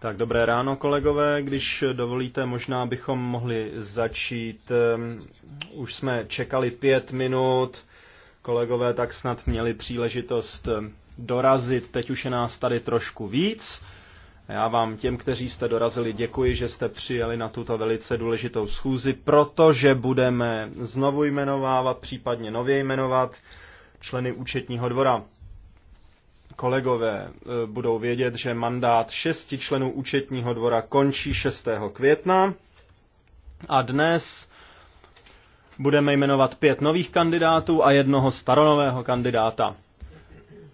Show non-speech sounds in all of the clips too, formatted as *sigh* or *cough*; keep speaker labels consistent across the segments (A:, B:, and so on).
A: Tak dobré ráno, kolegové. Když dovolíte, možná bychom mohli začít. Ehm, už jsme čekali pět minut. Kolegové tak snad měli příležitost ehm, dorazit. Teď už je nás tady trošku víc. Já vám těm, kteří jste dorazili, děkuji, že jste přijeli na tuto velice důležitou schůzi, protože budeme znovu jmenovávat, případně nově jmenovat členy účetního dvora kolegové eh, budou vědět, že mandát šesti členů účetního dvora končí 6. května a dnes budeme jmenovat pět nových kandidátů a jednoho staronového kandidáta.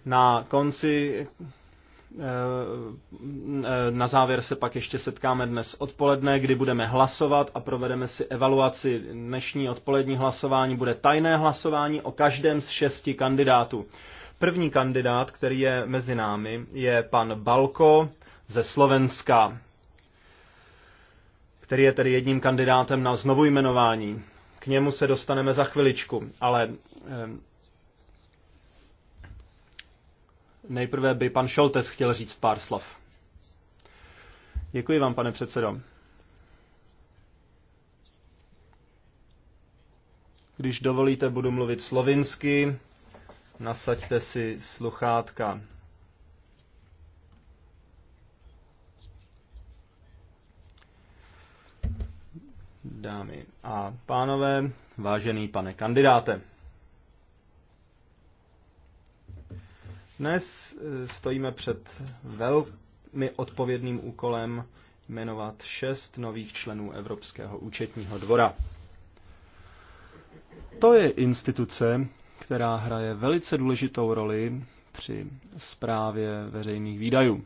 A: Na konci eh, eh, na závěr se pak ještě setkáme dnes odpoledne, kdy budeme hlasovat a provedeme si evaluaci. Dnešní odpolední hlasování bude tajné hlasování o každém z šesti kandidátů. První kandidát, který je mezi námi, je pan Balko ze Slovenska, který je tedy jedním kandidátem na znovu jmenování. K němu se dostaneme za chviličku, ale ehm, nejprve by pan Šoltes chtěl říct pár slov. Děkuji vám, pane předsedo. Když dovolíte, budu mluvit slovinsky, nasaďte si sluchátka. Dámy a pánové, vážený pane kandidáte. Dnes eh, stojíme před velmi odpovědným úkolem jmenovat šest nových členů Evropského účetního dvora. To je instituce, která hraje velice důležitou roli při zprávě veřejných výdajů.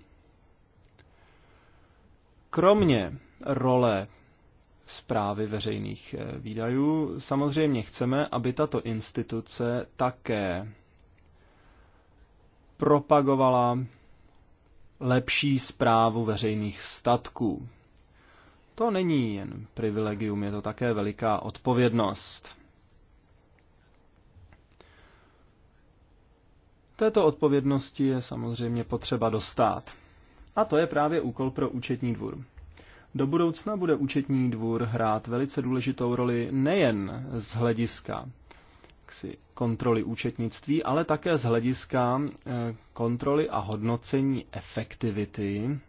A: Kromě role zprávy veřejných eh, výdajů samozřejmě chceme, aby tato instituce také propagovala lepší zprávu veřejných statků. To není jen privilegium, je to také veliká odpovědnost. Této odpovědnosti je samozřejmě potřeba dostat. A to je právě úkol pro účetní dvůr. Do budoucna bude účetní dvůr hrát velice důležitou roli nejen z hlediska kontroly účetnictví, ale také z hlediska eh, kontroly a hodnocení efektivity,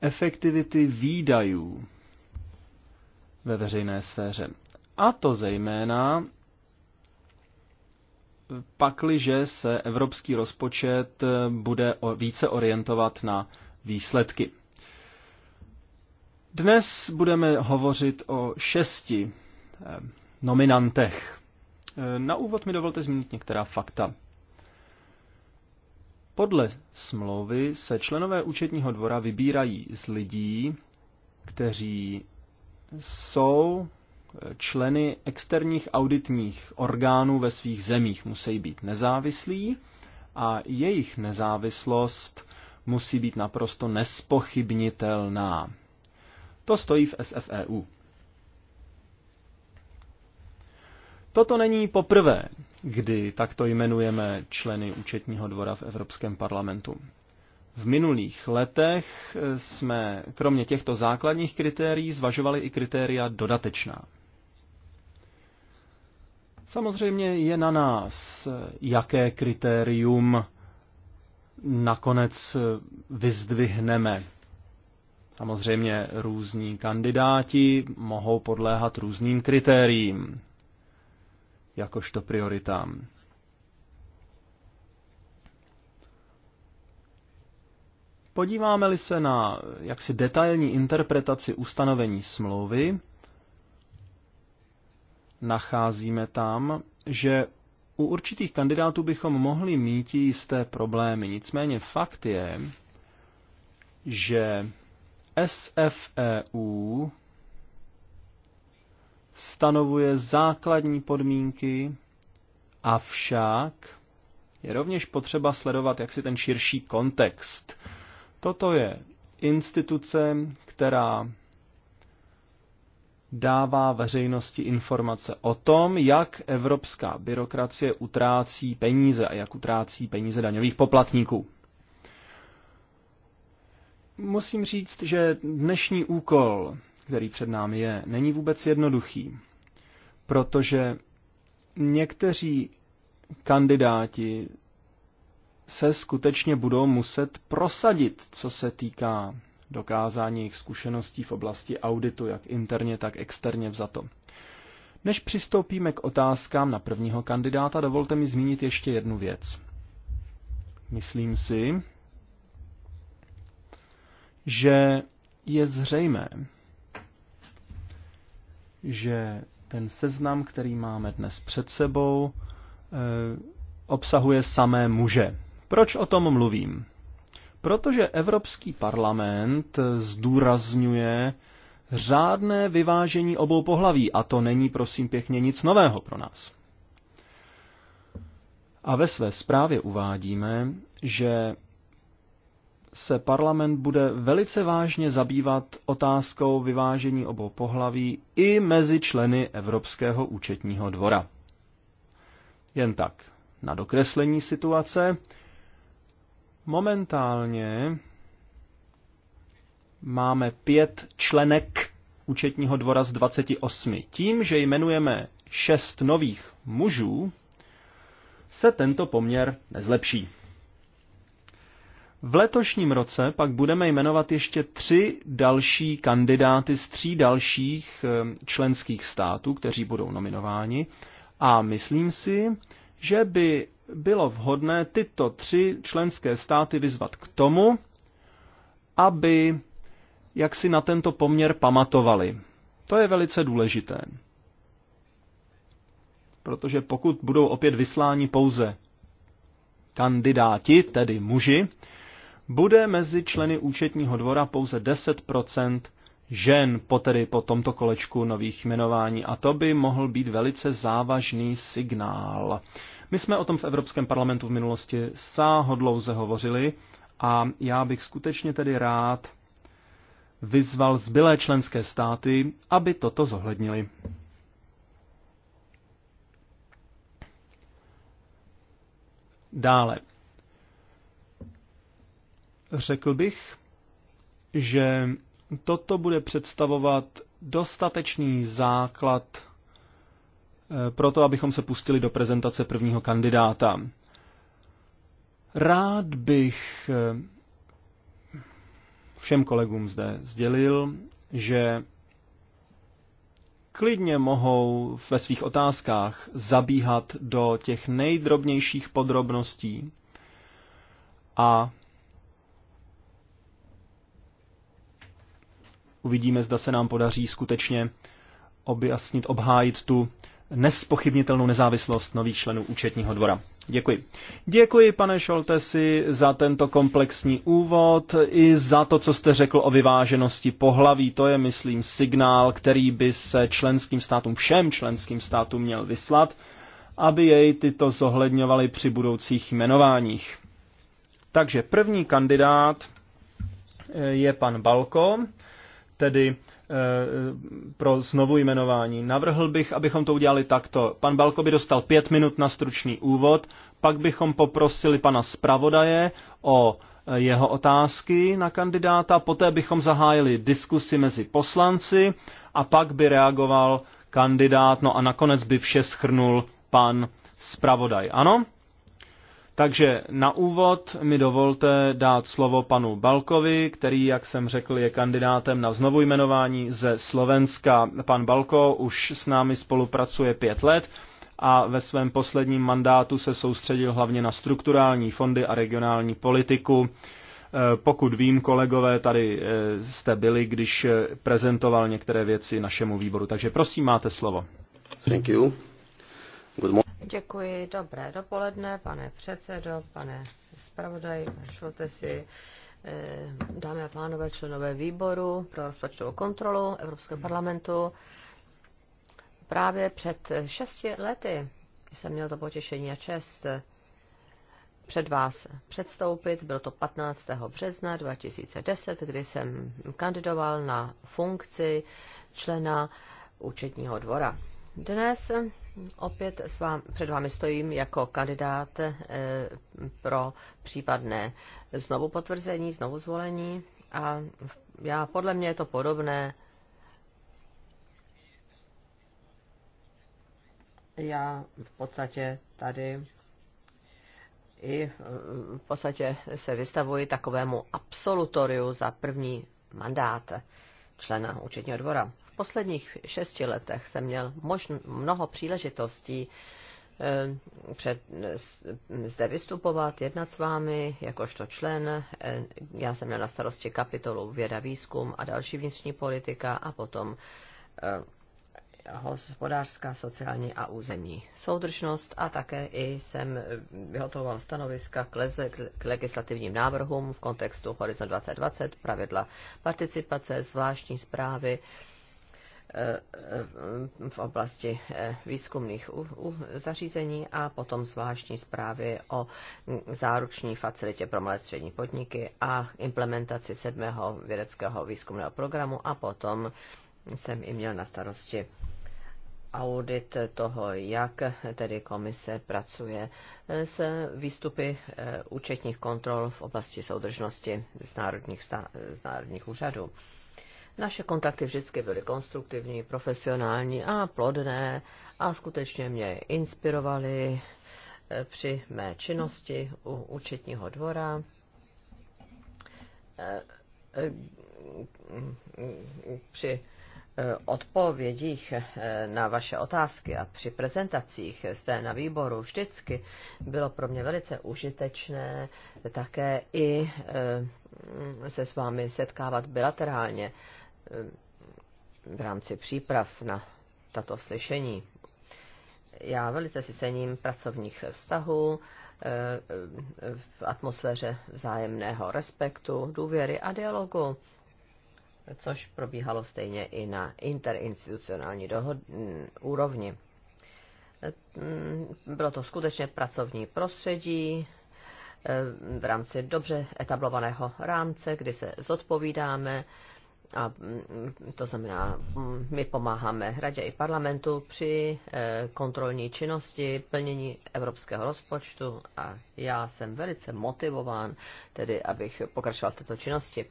A: efektivity výdajů ve veřejné sféře. A to zejména pakliže se evropský rozpočet eh, bude více orientovat na výsledky. Dnes budeme hovořit o šesti eh, nominantech. Eh, na úvod mi dovolte zmínit některá fakta. Podle smlouvy se členové účetního dvora vybírají z lidí, kteří jsou členy externích auditních orgánů ve svých zemích. Musí být nezávislí a jejich nezávislost musí být naprosto nespochybnitelná. To stojí v SFEU. Toto není poprvé, kdy takto jmenujeme členy účetního dvora v Evropském parlamentu. V minulých letech jsme kromě těchto základních kritérií zvažovali i kritéria dodatečná. Samozřejmě je na nás, jaké kritérium nakonec vyzdvihneme. Samozřejmě různí kandidáti mohou podléhat různým kritériím, jakožto prioritám. Podíváme-li se na jaksi detailní interpretaci ustanovení smlouvy, nacházíme tam, že u určitých kandidátů bychom mohli mít jisté problémy. Nicméně fakt je, že SFEU stanovuje základní podmínky, avšak je rovněž potřeba sledovat jaksi ten širší kontext. Toto je instituce, která dává veřejnosti informace o tom, jak evropská byrokracie utrácí peníze a jak utrácí peníze daňových poplatníků. Musím říct, že dnešní úkol, který před námi je, není vůbec jednoduchý, protože někteří kandidáti se skutečně budou muset prosadit, co se týká dokázání jejich zkušeností v oblasti auditu, jak interně, tak externě vzato. Než přistoupíme k otázkám na prvního kandidáta, dovolte mi zmínit ještě jednu věc. Myslím si, že je zřejmé, že ten seznam, který máme dnes před sebou, eh, obsahuje samé muže. Proč o tom mluvím? Protože Evropský parlament zdůrazňuje řádné vyvážení obou pohlaví a to není prosím pěkně nic nového pro nás. A ve své zprávě uvádíme, že se parlament bude velice vážně zabývat otázkou vyvážení obou pohlaví i mezi členy Evropského účetního dvora. Jen tak, na dokreslení situace, Momentálně máme pět členek účetního dvora z 28. Tím, že jmenujeme šest nových mužů, se tento poměr nezlepší. V letošním roce pak budeme jmenovat ještě tři další kandidáty z tří dalších eh, členských států, kteří budou nominováni. A myslím si, že by bylo vhodné tyto tři členské státy vyzvat k tomu, aby jak si na tento poměr pamatovali. To je velice důležité. Protože pokud budou opět vysláni pouze kandidáti, tedy muži, bude mezi členy účetního dvora pouze 10 žen po, tedy po tomto kolečku nových jmenování. A to by mohl být velice závažný signál. My jsme o tom v Evropském parlamentu v minulosti sáhodlouze hovořili a já bych skutečně tedy rád vyzval zbylé členské státy, aby toto zohlednili. Dále. Řekl bych, že Toto bude představovat dostatečný základ eh, pro to, abychom se pustili do prezentace prvního kandidáta. Rád bych eh, všem kolegům zde sdělil, že klidně mohou ve svých otázkách zabíhat do těch nejdrobnějších podrobností a Uvidíme, zda se nám podaří skutečně objasnit, obhájit tu nespochybnitelnou nezávislost nových členů účetního dvora. Děkuji. Děkuji, pane Šoltesi, za tento komplexní úvod i za to, co jste řekl o vyváženosti pohlaví. To je, myslím, signál, který by se členským státům, všem členským státům měl vyslat, aby jej tyto zohledňovali při budoucích jmenováních. Takže první kandidát je pan Balko tedy eh, pro znovu jmenování. Navrhl bych, abychom to udělali takto. Pan Balko by dostal pět minut na stručný úvod, pak bychom poprosili pana zpravodaje o eh, jeho otázky na kandidáta, poté bychom zahájili diskusi mezi poslanci a pak by reagoval kandidát, no a nakonec by vše schrnul pan zpravodaj. Ano? Takže na úvod mi dovolte dát slovo panu Balkovi, který, jak jsem řekl, je kandidátem na znovu jmenování ze Slovenska. Pan Balko už s námi spolupracuje pět let a ve svém posledním mandátu se soustředil hlavně na strukturální fondy a regionální politiku. E, pokud vím, kolegové, tady e, jste byli, když e, prezentoval některé věci našemu výboru. Takže prosím, máte slovo. Thank you. Good morning.
B: Děkuji, dobré dopoledne, pane předsedo, pane zpravodaj, šlote si, eh, dámy a pánové, členové výboru pro rozpočtovou kontrolu Evropského parlamentu. Právě před šesti lety jsem měl to potěšení a čest před vás předstoupit. Bylo to 15. března 2010, kdy jsem kandidoval na funkci člena účetního dvora. Dnes opět s vám, před vámi stojím jako kandidát eh, pro případné znovu potvrzení, znovu zvolení a já, podle mě je to podobné. Já v podstatě tady i eh, v podstatě se vystavuji takovému absolutoriu za první mandát člena účetního dvora posledních šesti letech jsem měl možno, mnoho příležitostí eh, před, zde vystupovat, jednat s vámi jakožto člen. Eh, já jsem měl na starosti kapitolu věda, výzkum a další vnitřní politika a potom eh, hospodářská, sociální a územní soudržnost a také i jsem vyhotoval stanoviska k, leze, k legislativním návrhům v kontextu Horizon 2020, pravidla participace, zvláštní zprávy, Eh, v oblasti eh, výzkumných zařízení a potom zvláštní zprávy o záruční facilitě pro malé střední podniky a implementaci sedmého vědeckého výzkumného programu a potom jsem i měl na starosti audit toho, jak tedy komise pracuje s výstupy eh, účetních kontrol v oblasti soudržnosti z národních, stá- z národních úřadů. Naše kontakty vždycky byly konstruktivní, profesionální a plodné a skutečně mě inspirovaly eh, při mé činnosti u účetního dvora eh, eh, při odpovědích na vaše otázky a při prezentacích jste na výboru vždycky bylo pro mě velice užitečné také i se s vámi setkávat bilaterálně v rámci příprav na tato slyšení. Já velice si cením pracovních vztahů eh, v atmosféře vzájemného respektu, důvěry a dialogu, což probíhalo stejně i na interinstitucionální mm, úrovni. Eh, mm, bylo to skutečně pracovní prostředí, eh, v rámci dobře etablovaného rámce, kdy se zodpovídáme a mm, to znamená, mm, my pomáháme radě i parlamentu při eh, kontrolní činnosti, plnění evropského rozpočtu a já jsem velice motivován, tedy abych pokračoval v této činnosti.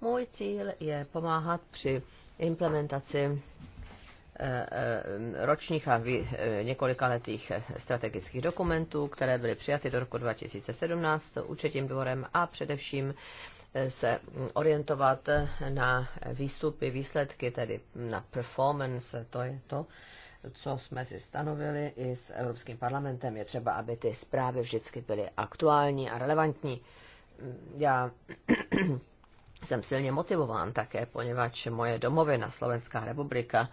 B: Můj cíl je pomáhat při implementaci eh, eh, ročních a několikaletých strategických dokumentů, které byly přijaty do roku 2017 účetním dvorem a především se orientovat na výstupy, výsledky, tedy na performance, to je to, co jsme si stanovili i s Evropským parlamentem. Je třeba, aby ty zprávy vždycky byly aktuální a relevantní. Já *clears throat* jsem silně motivován také, poněvadž moje domovina, Slovenská republika,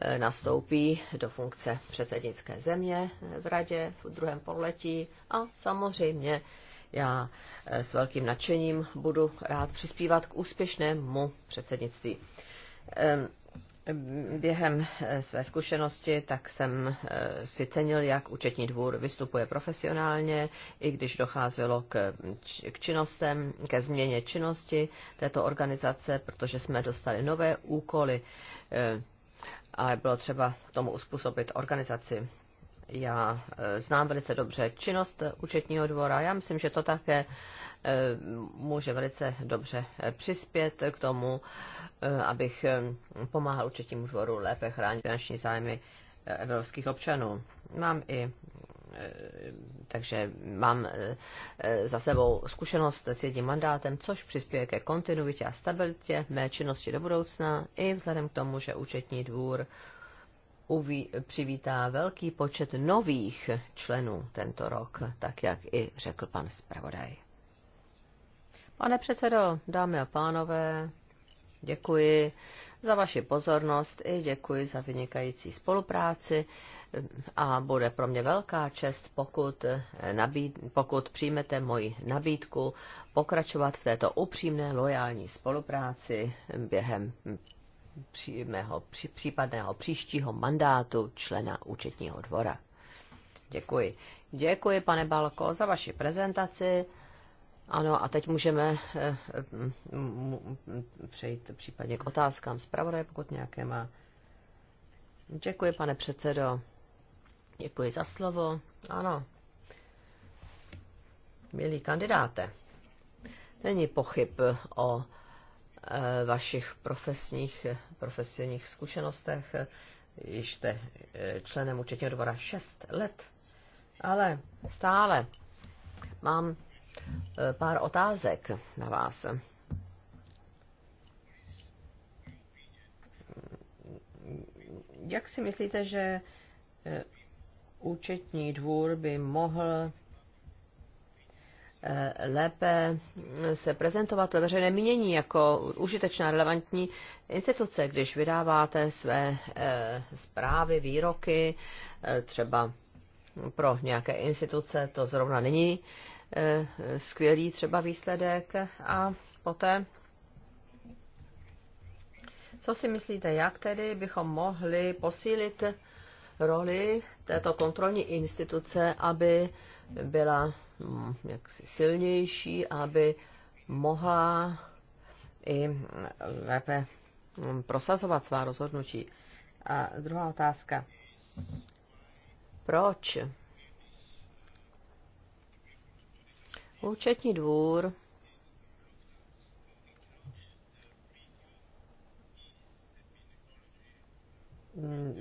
B: eh, nastoupí do funkce předsednické země v radě v druhém poletí a samozřejmě já eh, s velkým nadšením budu rád přispívat k úspěšnému předsednictví. Během eh, své zkušenosti tak jsem eh, si cenil, jak účetní dvůr vystupuje profesionálně, i když docházelo k, činnostem, ke změně činnosti této organizace, protože jsme dostali nové úkoly a bylo třeba tomu uspůsobit organizaci. Já e, znám velice dobře činnost účetního dvora. Já myslím, že to také e, může velice dobře e, přispět k tomu, abych pomáhal účetnímu dvoru lépe chránit finanční zájmy evropských občanů. Mám i takže mám za sebou zkušenost s jedním mandátem, což přispěje ke kontinuitě a stabilitě mé činnosti do budoucna i vzhledem k tomu, že účetní dvůr uví, přivítá velký počet nových členů tento rok, tak jak i řekl pan zpravodaj. Pane předsedo, dámy a pánové, děkuji za vaši pozornost i děkuji za vynikající spolupráci a bude pro mě velká čest, pokud, nabíd, pokud přijmete moji nabídku pokračovat v této upřímné, lojální spolupráci během mého případného příštího mandátu člena účetního dvora. Děkuji. Děkuji, pane Balko, za vaši prezentaci. Ano, a teď můžeme eh, eh, přejít případně k otázkám zpravodaje, pokud nějaké má. Děkuji, pane předsedo. Děkuji za slovo. Ano. Milí kandidáte, není pochyb o Eh, vašich profesních, profesních zkušenostech. Již jste eh, členem účetního dvora 6 let, ale stále mám eh, pár otázek na vás. Jak si myslíte, že účetní dvůr by mohl lépe se prezentovat ve veřejné mínění jako užitečná relevantní instituce, když vydáváte své eh, zprávy, výroky, eh, třeba pro nějaké instituce to zrovna není eh, skvělý třeba výsledek a poté co si myslíte, jak tedy bychom mohli posílit roli této kontrolní instituce, aby byla mm, jaksi silnější, aby mohla i lépe mm, prosazovat svá rozhodnutí. A druhá otázka. Proč účetní dvůr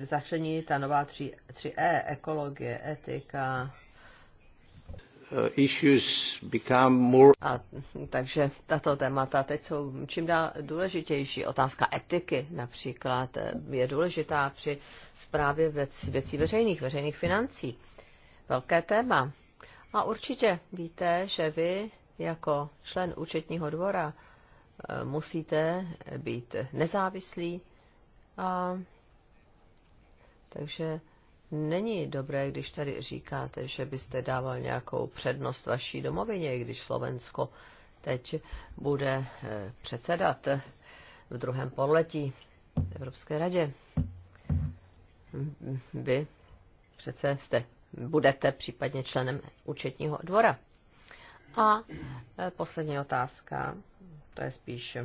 B: začlení ta nová 3, 3E, ekologie, etika, Uh, issues become more... A, takže tato témata teď jsou čím dál důležitější. Otázka etiky například eh, je důležitá při zprávě věcí, věcí veřejných, veřejných financí. Velké téma. A určitě víte, že vy jako člen účetního dvora eh, musíte být nezávislí. A, takže Není dobré, když tady říkáte, že byste dával nějakou přednost vaší domovině, když Slovensko teď bude eh, předsedat v druhém pololetí Evropské radě. Vy přece jste, budete případně členem účetního dvora. A eh, poslední otázka, to je spíš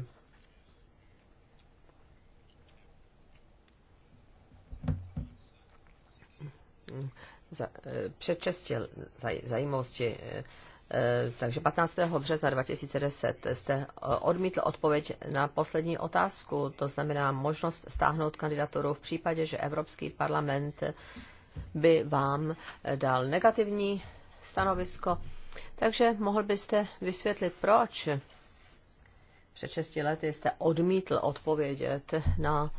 B: Eh, předčestil zaj, zajímavosti. Eh, eh, takže 15. března 2010 jste odmítl odpověď na poslední otázku, to znamená možnost stáhnout kandidaturu v případě, že Evropský parlament by vám dal negativní stanovisko. Takže mohl byste vysvětlit, proč před 6 lety jste odmítl odpovědět na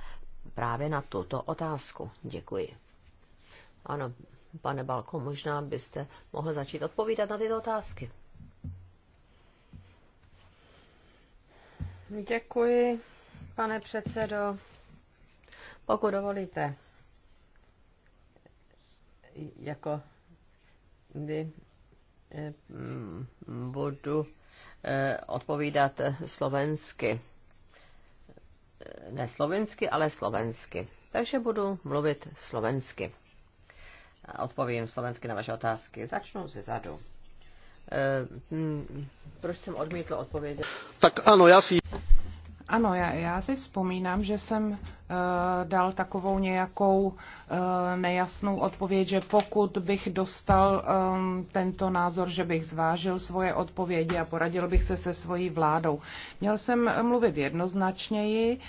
B: právě na tuto otázku. Děkuji. Ano, pane Balko, možná byste mohl začít odpovídat na tyto otázky. Děkuji, pane předsedo. Pokud dovolíte, jako vy eh, mm, budu eh, odpovídat slovensky. Eh, ne slovensky, ale slovensky. Takže budu mluvit slovensky odpovím slovensky na vaše otázky. Začnu ze zadu. Eh, hm, proč jsem odmítl odpovědět? Tak ano, já
A: si...
C: Ano, já, já si vzpomínám, že jsem Eh, dal takovou nějakou eh, nejasnou odpověď, že pokud bych dostal eh, tento názor, že bych zvážil svoje odpovědi a poradil bych se se svojí vládou. Měl jsem mluvit jednoznačněji,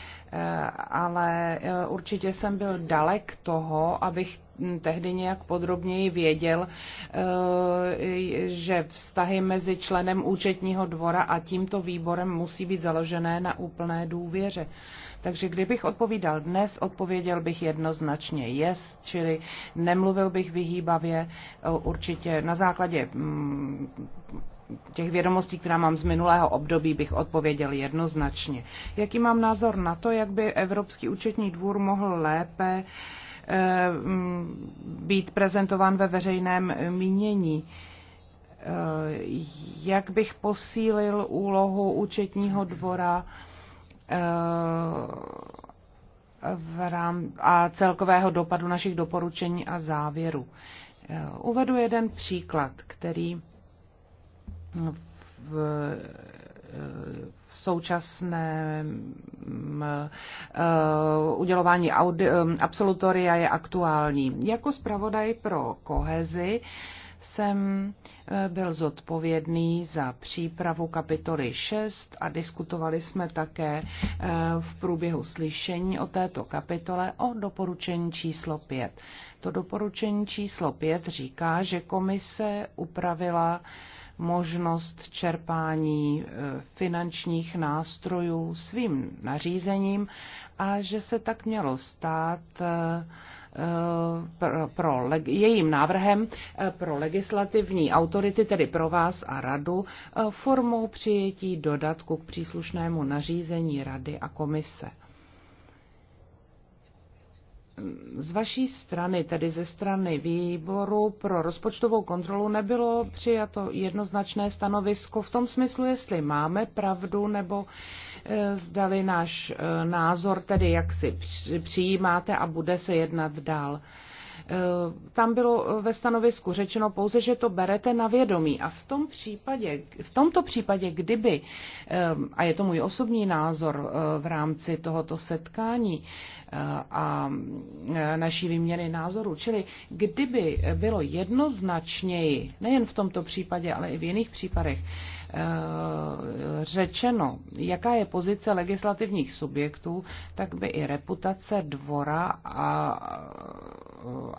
C: ale určitě jsem byl dalek toho, abych hm, tehdy nějak podrobněji věděl, že vztahy mezi členem účetního dvora a tímto výborem musí být založené na úplné důvěře. Takže kdybych odpovídal dnes, odpověděl bych jednoznačně yes, čili nemluvil bych vyhýbavě e, určitě na základě mm, těch vědomostí, která mám z minulého období, bych odpověděl jednoznačně. Jaký mám názor na to, jak by Evropský účetní dvůr mohl lépe e, mm, být prezentován ve veřejném mínění? E, jak bych posílil úlohu účetního dvora? v rám, a celkového dopadu našich doporučení a závěrů. Eh, uvedu jeden příklad, který v, eh, v současném uh, udělování audi, absolutoria je aktuální. Jako zpravodaj pro kohezi uh, jsem eh, byl zodpovědný za přípravu kapitoly 6 a diskutovali jsme také eh, v průběhu slyšení o této kapitole o doporučení číslo 5. To doporučení číslo 5 říká, že komise upravila možnost čerpání eh, finančních nástrojů svým nařízením a že se tak mělo stát Eh, pro, pro, jejím návrhem eh, pro legislativní autority, tedy pro vás a radu, eh, formou přijetí dodatku k příslušnému nařízení rady a komise z vaší strany, tedy ze strany výboru pro rozpočtovou kontrolu, nebylo přijato jednoznačné stanovisko v tom smyslu, jestli máme pravdu nebo zdali náš eh, názor tedy jak si přijímáte a bude se jednat dál. Eh, tam bylo eh, ve stanovisku řečeno pouze, že to berete na vědomí. A v, tom případě, v tomto případě, kdyby, a je to můj osobní názor v rámci tohoto setkání a naší výměny názorů, čili kdyby bylo jednoznačněji, nejen v tomto případě, ale i v jiných případech, Eh, řečeno, jaká je pozice legislativních subjektů, tak by i reputace dvora a,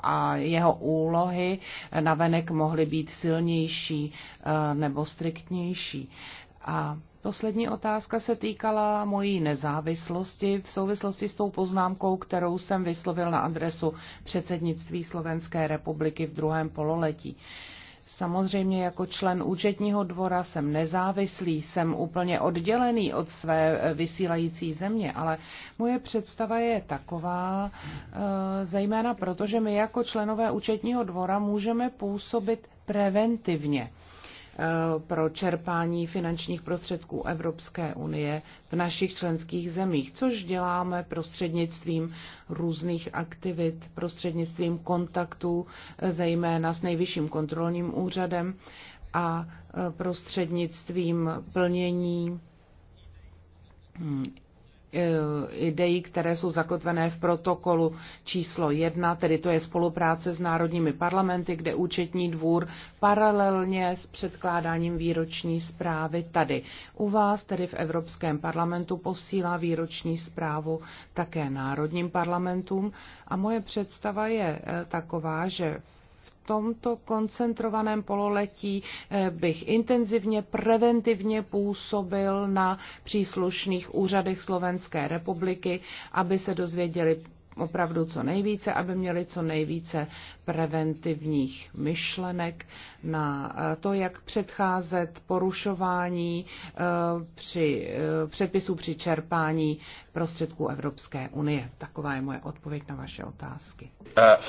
C: a jeho úlohy navenek mohly být silnější eh, nebo striktnější. A Poslední otázka se týkala mojí nezávislosti v souvislosti s tou poznámkou, kterou jsem vyslovil na adresu předsednictví Slovenské republiky v druhém pololetí. Uh, Samozřejmě jako člen účetního dvora jsem nezávislý, jsem úplně oddělený od své eh, vysílající země, ale moje představa je taková, eh, zejména proto, že my jako členové účetního dvora můžeme působit preventivně. Eh, pro čerpání finančních prostředků Evropské unie v našich členských zemích, což děláme prostřednictvím různých aktivit, prostřednictvím kontaktů, eh, zejména s nejvyšším kontrolním úřadem a eh, prostřednictvím plnění hm, E, ideí, které jsou zakotvené v protokolu číslo jedna. tedy to je spolupráce s národními parlamenty, kde účetní dvůr paralelně s předkládáním výroční zprávy tady u vás, tedy v Evropském parlamentu, posílá výroční zprávu také národním parlamentům. A moje představa je e, taková, že tomto koncentrovaném pololetí eh, bych intenzivně preventivně působil na příslušných úřadech Slovenské republiky, aby se dozvěděli opravdu co nejvíce, aby měli co nejvíce preventivních myšlenek na eh, to, jak předcházet porušování eh, při, eh, předpisů při čerpání prostředků Evropské unie. Taková je moje odpověď na vaše otázky.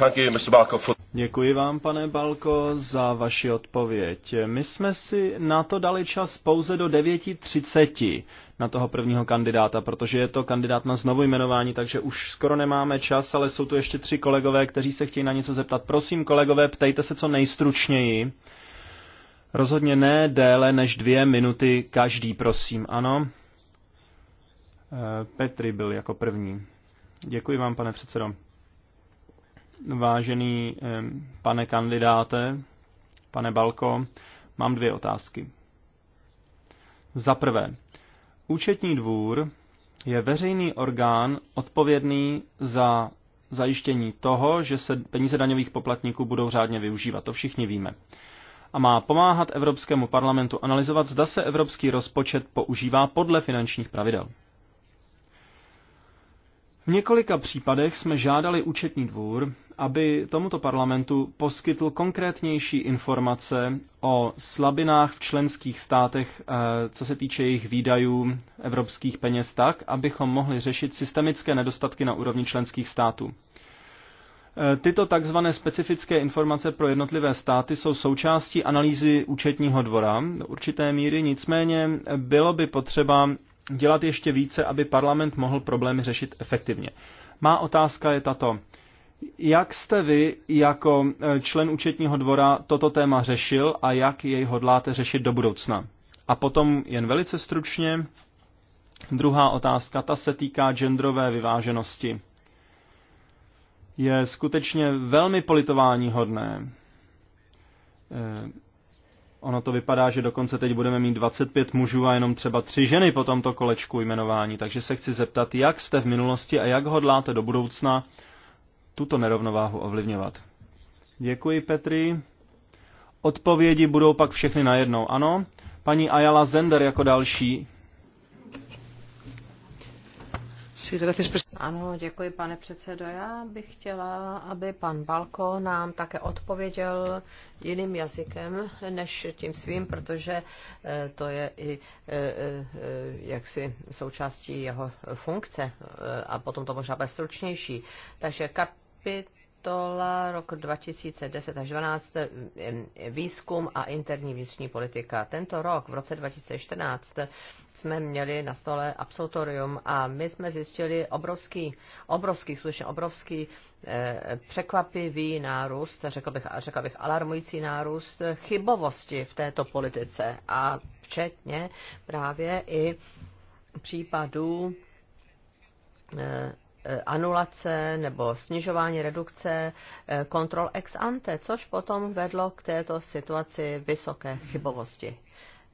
A: Uh, Děkuji vám, pane Balko, za vaši odpověď. My jsme si na to dali čas pouze do 9.30 na toho prvního kandidáta, protože je to kandidát na znovu jmenování, takže už skoro nemáme čas, ale jsou tu ještě tři kolegové, kteří se chtějí na něco zeptat. Prosím, kolegové, ptejte se co nejstručněji. Rozhodně ne déle než dvě minuty každý, prosím, ano. Eh, Petri byl jako první. Děkuji vám, pane předsedo. Vážený pane kandidáte, pane Balko, mám dvě otázky. Za prvé, Účetní dvůr je veřejný orgán odpovědný za zajištění toho, že se peníze daňových poplatníků budou řádně využívat. To všichni víme. A má pomáhat Evropskému parlamentu analyzovat, zda se evropský rozpočet používá podle finančních pravidel. V několika případech jsme žádali účetní dvůr, aby tomuto parlamentu poskytl konkrétnější informace o slabinách v členských státech, eh, co se týče jejich výdajů evropských peněz tak, abychom mohli řešit systemické nedostatky na úrovni členských států. Eh, tyto tzv. specifické informace pro jednotlivé státy jsou součástí analýzy účetního dvora do určité míry, nicméně bylo by potřeba dělat ještě více, aby parlament mohl problémy řešit efektivně. Má otázka je tato. Jak jste vy jako e, člen účetního dvora toto téma řešil a jak jej hodláte řešit do budoucna? A potom jen velice stručně, druhá otázka, ta se týká genderové vyváženosti. Je skutečně velmi politování hodné e, Ono to vypadá, že dokonce teď budeme mít 25 mužů a jenom třeba tři ženy po tomto kolečku jmenování. Takže se chci zeptat, jak jste v minulosti a jak hodláte do budoucna tuto nerovnováhu ovlivňovat. Děkuji, Petri. Odpovědi budou pak všechny najednou. Ano, paní Ayala Zender jako další
B: ano, děkuji, pane předsedo. Já bych chtěla, aby pan Balko nám také odpověděl jiným jazykem než tím svým, protože eh, to je i eh, eh, jaksi součástí jeho funkce a potom to možná bude stručnější. Takže kapit kapitola rok 2010 až 12 výzkum a interní vnitřní politika. Tento rok, v roce 2014, jsme měli na stole absolutorium a my jsme zjistili obrovský, obrovský, skutečně obrovský eh, překvapivý nárůst, řekl bych, řekl bych alarmující nárůst chybovosti v této politice a včetně právě i případů eh, Eh, anulace nebo snižování redukce eh, kontrol ex ante, což potom vedlo k této situaci vysoké chybovosti.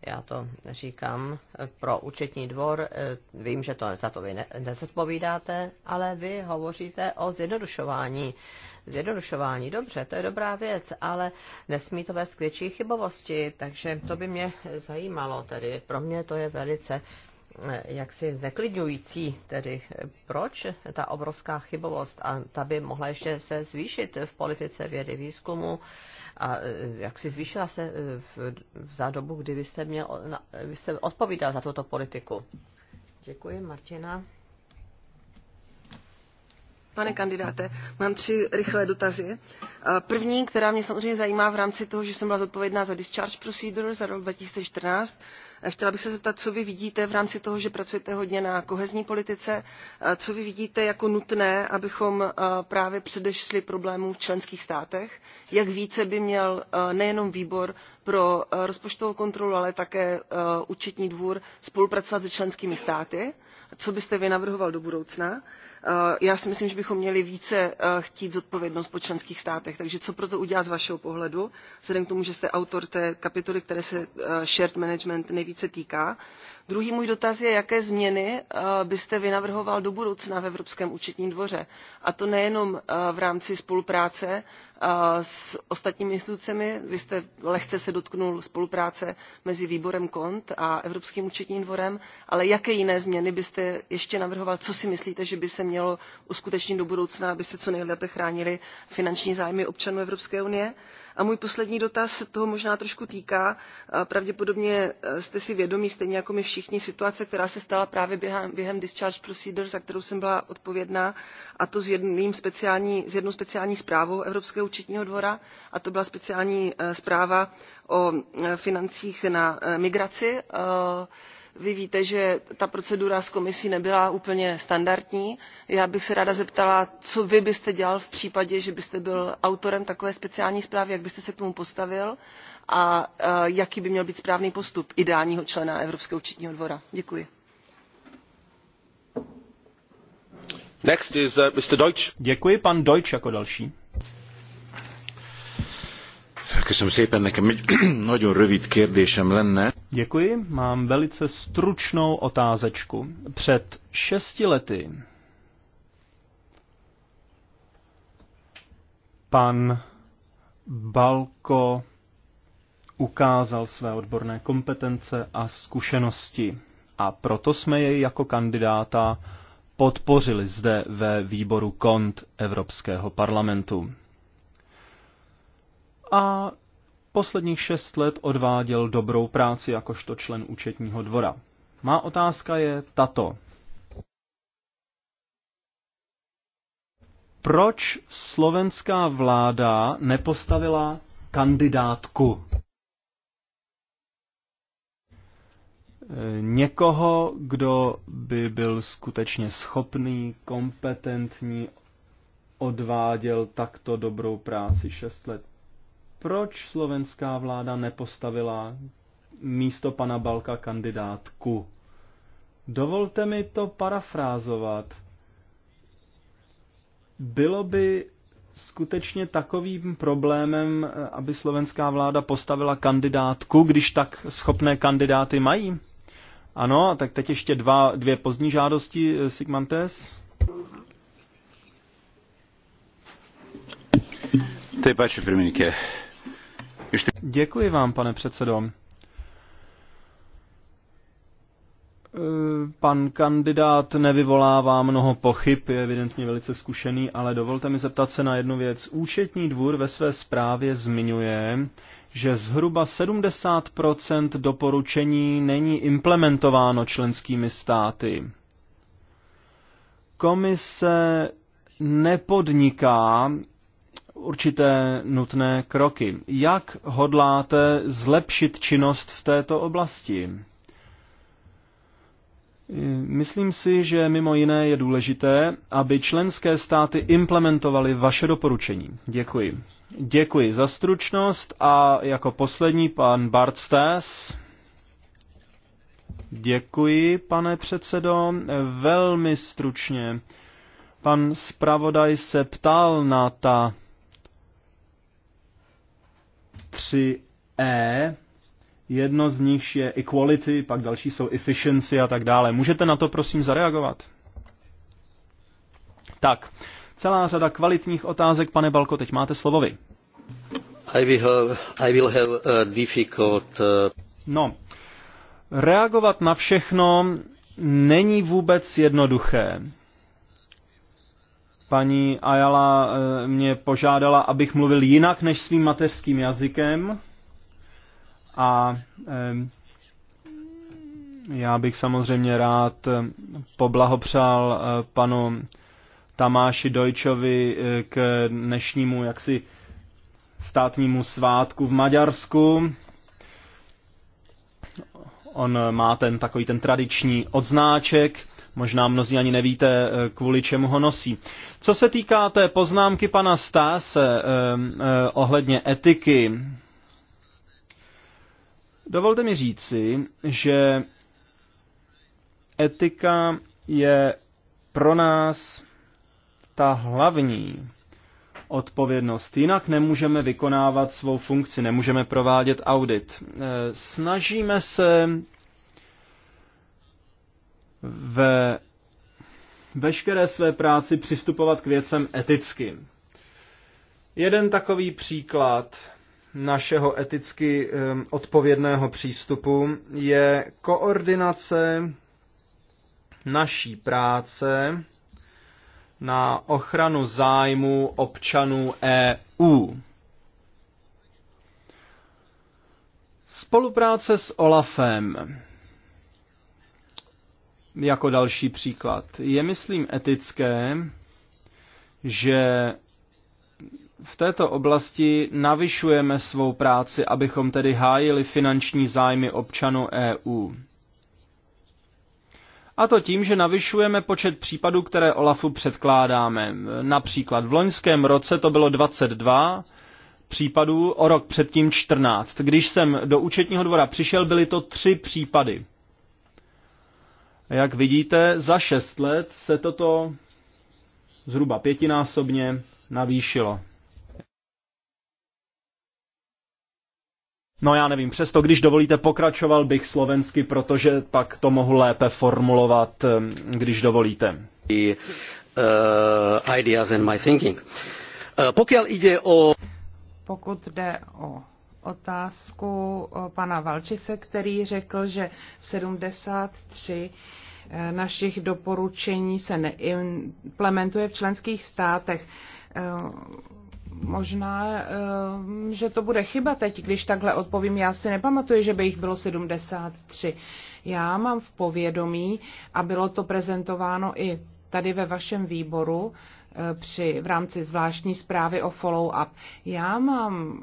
B: Já to říkám eh, pro účetní dvor, vím, že to za to vy nezodpovídáte, ale vy hovoříte o zjednodušování. Zjednodušování, dobře, to je dobrá věc, ale nesmí to vést k větší chybovosti, takže to by mě zajímalo. Tedy pro mě to je velice jaksi zneklidňující, tedy proč ta obrovská chybovost a ta by mohla ještě se zvýšit v politice vědy výzkumu a e, jak si zvýšila se v, e, v za dobu, kdy vy jste, měl, vy jste odpovídal za tuto politiku.
D: Děkuji, Martina. Pane kandidáte, mám tři rychlé dotazy. E, první, která mě samozřejmě zajímá v rámci toho, že jsem byla zodpovědná za discharge procedure za rok 2014, Eh, chtěla bych se zeptat, co vy vidíte v rámci toho, že pracujete hodně na kohezní politice, eh, co vy vidíte jako nutné, abychom eh, právě předešli problémům v členských státech, jak více by měl nejenom výbor pro rozpočtovou kontrolu, ale také účetní dvůr spolupracovat se členskými státy co byste vy navrhoval do budoucna. Eh, já si myslím, že bychom měli více eh, chtít zodpovědnost po členských státech, takže co proto udělat z vašeho pohledu, vzhledem k tomu, že jste autor té kapitoly, které se eh, shared management nejvíce týká, Druhý můj dotaz je, jaké změny eh, byste vynavrhoval do budoucna v Evropském účetním dvoře. A to nejenom eh, v rámci spolupráce eh, s ostatními institucemi. Vy jste lehce se dotknul spolupráce mezi výborem KONT a Evropským účetním dvorem, ale jaké jiné změny byste ještě navrhoval? Co si myslíte, že by se mělo uskutečnit do budoucna, aby se co nejlépe chránili finanční zájmy občanů Evropské unie? A můj poslední dotaz se toho možná trošku týká. Pravděpodobně e, jste si vědomí, stejně jako my všichni, situace, která se stala právě během, během discharge procedure, za kterou jsem byla odpovědná, a to s, jedným speciální, s jednou speciální zprávou Evropského účetního dvora, a to byla speciální e, zpráva o e, financích na migraci vy víte že ta procedura s komisí nebyla úplně standardní. já bych se ráda zeptala co vy byste dělal v případě že byste byl autorem takové speciální zprávy jak byste se k tomu postavil a jaký by měl být správný postup ideálního člena evropského účetního dvora? děkuji.
A: Next is, uh, Mr. Deutsch. Děkuji, Deutsch jako další.
E: Köszönöm szépen, nekem egy *clears throat* nagyon rövid kérdésem lenne.
A: Děkuji, mám velice stručnou otázečku. Před šesti lety pan Balko ukázal své odborné kompetence a zkušenosti a proto jsme jej jako kandidáta podpořili zde ve výboru KONT Evropského parlamentu a posledních šest let odváděl dobrou práci jakožto člen účetního dvora. Má otázka je tato. Proč slovenská vláda nepostavila kandidátku? Někoho, kdo by byl skutečně schopný, kompetentní, odváděl takto dobrou práci šest let proč slovenská vláda nepostavila místo pana Balka kandidátku? Dovolte mi to parafrázovat. Bylo by skutečně takovým problémem, aby slovenská vláda postavila kandidátku, když tak schopné kandidáty mají? Ano, tak teď ještě dva, dvě pozdní žádosti, eh, Sigmantes.
D: Ty ačiū pirmininkė.
A: Děkuji vám, pane předsedo. Eh, pan kandidát nevyvolává mnoho pochyb, je evidentně velice zkušený, ale dovolte mi zeptat se na jednu věc. Účetní dvůr ve své zprávě zmiňuje, že zhruba 70 doporučení není implementováno členskými státy. Komise nepodniká určité nutné kroky. Jak hodláte zlepšit činnost v této oblasti? Myslím si, že mimo jiné je důležité, aby členské státy implementovaly vaše doporučení. Děkuji. Děkuji za stručnost a jako poslední pan Bartstes. Děkuji, pane předsedo. Velmi stručně. Pan zpravodaj se ptal na ta Tři e jedno z nich je equality, pak další jsou efficiency a tak dále. Můžete na to prosím zareagovat? Tak, celá řada kvalitních otázek, pane Balko, teď máte slovo vy.
B: I will have, I will have a difficult... Uh,
A: no, reagovat na všechno není vůbec jednoduché. Paní Ayala eh, mě požádala, abych mluvil jinak než svým mateřským jazykem. A eh, já bych samozřejmě rád eh, poblahopřál panu Tamáši Dojčovi k dnešnímu jaksi státnímu svátku v Maďarsku. On má ten takový ten tradiční odznáček Možná mnozí ani nevíte, eh, kvůli čemu ho nosí. Co se týká té poznámky pana Stáse eh, eh, ohledně etiky, dovolte mi říci, že etika je pro nás ta hlavní odpovědnost. Jinak nemůžeme vykonávat svou funkci, nemůžeme provádět audit. Eh, snažíme se ve veškeré své práci přistupovat k věcem eticky. Jeden takový příklad našeho eticky odpovědného přístupu je koordinace naší práce na ochranu zájmu občanů EU. Spolupráce s OLAFem jako další příklad. Je, myslím, etické, že v této oblasti navyšujeme svou práci, abychom tedy hájili finanční zájmy občanů EU. A to tím, že navyšujeme počet případů, které OLAFu předkládáme. Například v loňském roce to bylo 22 případů, o rok předtím 14. Když jsem do účetního dvora přišel, byly to tři případy. Jak vidíte, za šest let se toto zhruba pětinásobně navýšilo. No já nevím, přesto když dovolíte, pokračoval bych slovensky, protože pak to mohu lépe formulovat, eh, když dovolíte. The, uh, ideas and my thinking. Uh, eh, pokud
C: jde o... Pokud jde o otázku eh, pana Valčise, který řekl, že 73 eh, našich doporučení se neimplementuje v členských státech. Eh, možná, že to bude chyba teď, když takhle odpovím. Já si nepamatuji, že by jich bylo 73. Já mám v povědomí, a bylo to prezentováno i tady ve vašem výboru, při, v rámci zvláštní zprávy o follow-up. Já mám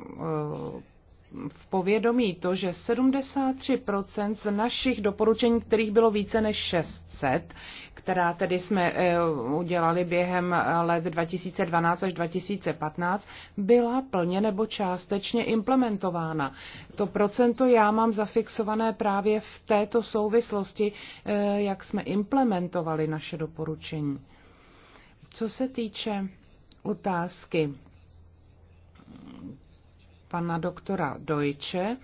C: v povědomí to, že 73% z našich doporučení, kterých bylo více než 600, která tedy jsme eh, udělali během eh, let 2012 až 2015, byla plně nebo částečně implementována. To procento já mám zafixované právě v této souvislosti, eh, jak jsme implementovali naše doporučení. Co se týče otázky pana doktora Dojče,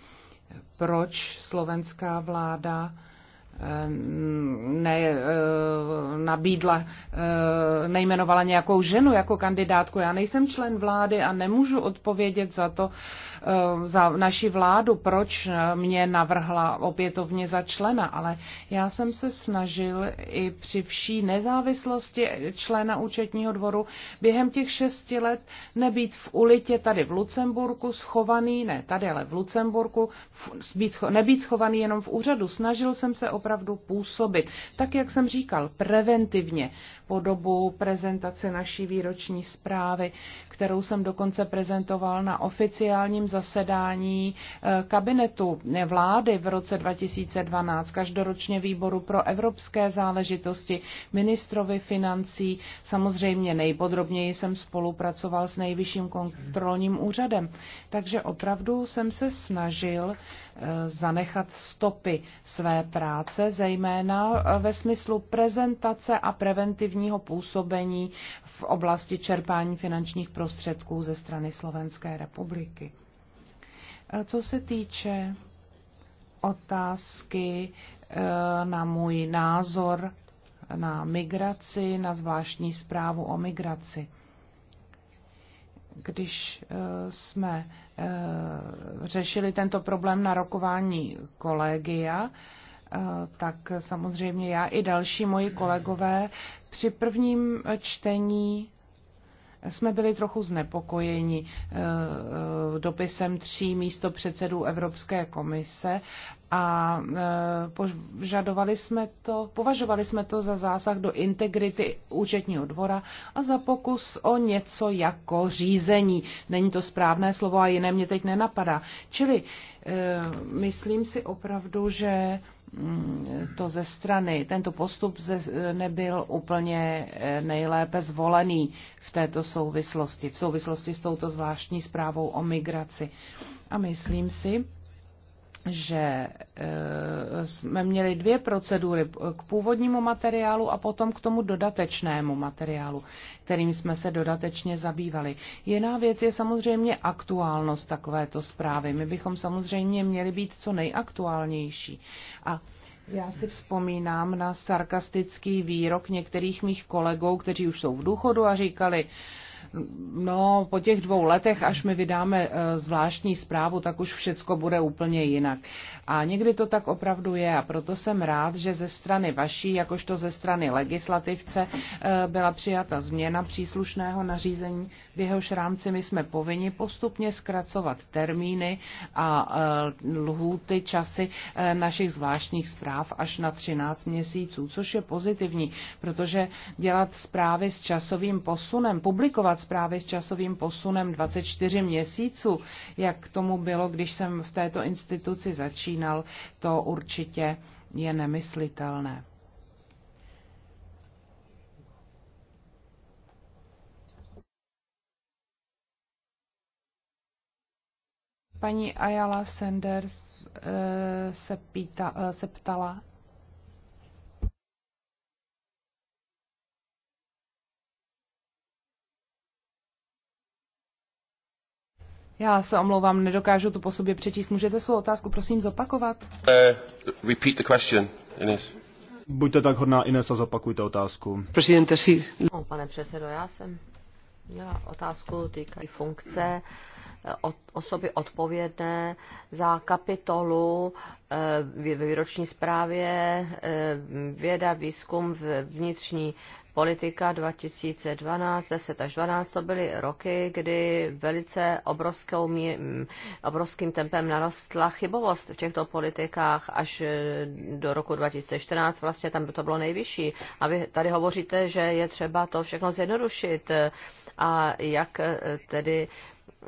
C: proč slovenská vláda Eh, ne, eh, nabídla, eh, nejmenovala nějakou ženu jako kandidátku. Já nejsem člen vlády a nemůžu odpovědět za to, za naši vládu, proč mě navrhla opětovně za člena, ale já jsem se snažil i při vší nezávislosti člena účetního dvoru během těch šesti let nebýt v ulitě tady v Lucemburku schovaný, ne tady, ale v Lucemburku, nebýt schovaný jenom v úřadu. Snažil jsem se opravdu opravdu působit. Tak, jak jsem říkal, preventivně po dobu prezentace naší výroční zprávy, kterou jsem dokonce prezentoval na oficiálním zasedání eh, kabinetu vlády v roce 2012, každoročně výboru pro evropské záležitosti, ministrovi financí. Samozřejmě nejpodrobněji jsem spolupracoval s nejvyšším kontrolním úřadem. Takže opravdu jsem se snažil Eh, zanechat stopy své práce, zejména eh, ve smyslu prezentace a preventivního působení v oblasti čerpání finančních prostředků ze strany Slovenské republiky. Eh, co se týče otázky na můj názor na migraci, na zvláštní zprávu o migraci když eh, jsme eh, řešili tento problém na rokování kolegia, eh, tak samozřejmě já i další moji kolegové při prvním čtení jsme byli trochu znepokojeni eh, eh, dopisem tří místo předsedů Evropské komise a eh, požadovali jsme to, považovali jsme to za zásah do integrity účetního dvora a za pokus o něco jako řízení. Není to správné slovo a jiné mě teď nenapadá. Čili myslím si opravdu, že Mm, to ze strany, tento postup ze, nebyl úplně eh, nejlépe zvolený v této souvislosti, v souvislosti s touto zvláštní zprávou o migraci. A myslím si, že e, jsme měli dvě procedury k původnímu materiálu a potom k tomu dodatečnému materiálu, kterým jsme se dodatečně zabývali. Jiná věc je samozřejmě aktuálnost takovéto zprávy. My bychom samozřejmě měli být co nejaktuálnější. A já si vzpomínám na sarkastický výrok některých mých kolegů, kteří už jsou v důchodu a říkali, no po těch dvou letech, až my vydáme eh, zvláštní zprávu, tak už všecko bude úplně jinak. A někdy to tak opravdu je a proto jsem rád, že ze strany vaší, jakožto ze strany legislativce, eh, byla přijata změna příslušného nařízení, v jehož rámci my jsme povinni postupně zkracovat termíny a eh, lhůty časy našich zvláštních zpráv až na 13 měsíců, což je pozitivní, protože dělat zprávy s časovým posunem, publikovat podávat zprávy s časovým posunem 24 měsíců, jak tomu bylo, když jsem v této instituci začínal, to určitě je nemyslitelné. Paní Ayala Sanders eh, se, pýta, eh, se ptala Já se omlouvám, nedokážu to po sobě přečíst. Můžete svou otázku prosím zopakovat?
D: Uh, repeat the question, Ines.
A: Buďte tak hodná, Ines, a zopakujte otázku. Presidente, sí.
B: No, pane předsedo, já jsem měla otázku týkají funkce eh, od, osoby odpovědné za kapitolu eh, ve výroční zprávě eh, věda, výzkum, vnitřní politika 2012, 10 až 12, to byly roky, kdy velice obrovskou, obrovským tempem narostla chybovost v těchto politikách až eh, do roku 2014, vlastně tam by to bylo nejvyšší. A vy tady hovoříte, že je třeba to všechno zjednodušit a jak eh, tedy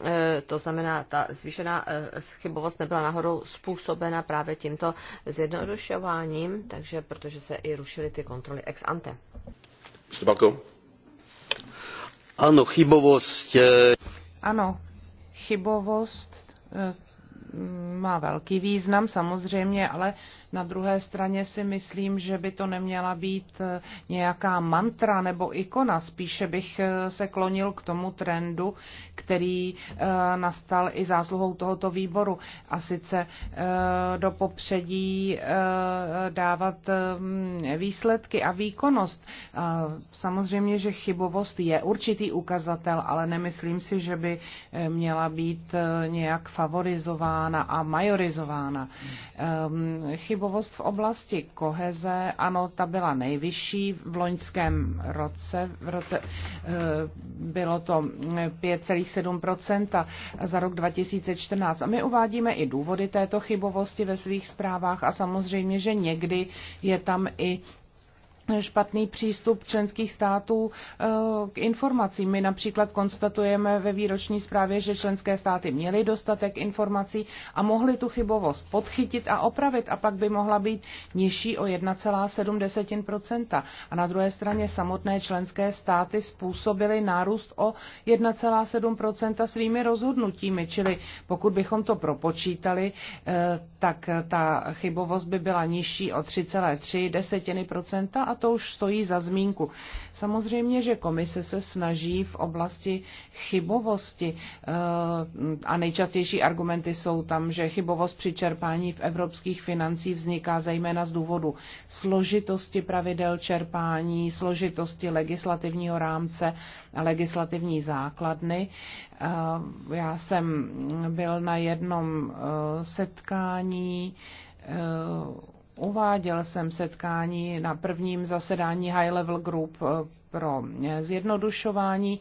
B: eh, to znamená, ta zvýšená chybovost nebyla nahoru způsobena právě tímto zjednodušováním, takže protože se i rušily ty kontroly ex
C: ante.
E: Ano, chybovost. Eh,
C: ano, chybovost eh, má velký význam samozřejmě, ale na druhé straně si myslím, že by to neměla být eh, nějaká mantra nebo ikona. Spíše bych eh, se klonil k tomu trendu, který eh, nastal i zásluhou tohoto výboru. A sice do popředí dávat výsledky a výkonnost. Samozřejmě, že chybovost je určitý ukazatel, ale nemyslím si, že by měla být nějak favorizována kontrolována a majorizována. Ehm, chybovost v oblasti koheze, ano, ta byla nejvyšší v loňském roce. V roce eh, bylo to 5,7% eh, za rok 2014. A my uvádíme i důvody této chybovosti ve svých zprávách a samozřejmě, že někdy je tam i špatný přístup členských států eh, k informacím. My například konstatujeme ve výroční zprávě, že členské státy měly dostatek informací a mohly tu chybovost podchytit a opravit a pak by mohla být nižší o 1,7 A na druhé straně samotné členské státy způsobily nárůst o 1,7 svými rozhodnutími, čili pokud bychom to propočítali, eh, tak ta chybovost by byla nižší o 3,3 desetiny procenta a to už stojí za zmínku. Samozřejmě, že komise se snaží v oblasti chybovosti eh, a nejčastější argumenty jsou tam, že chybovost při čerpání v evropských financí vzniká zejména z důvodu složitosti pravidel čerpání, složitosti legislativního rámce a legislativní základny. Eh, já jsem byl na jednom eh, setkání Uváděl jsem setkání na prvním zasedání High Level Group eh, pro zjednodušování,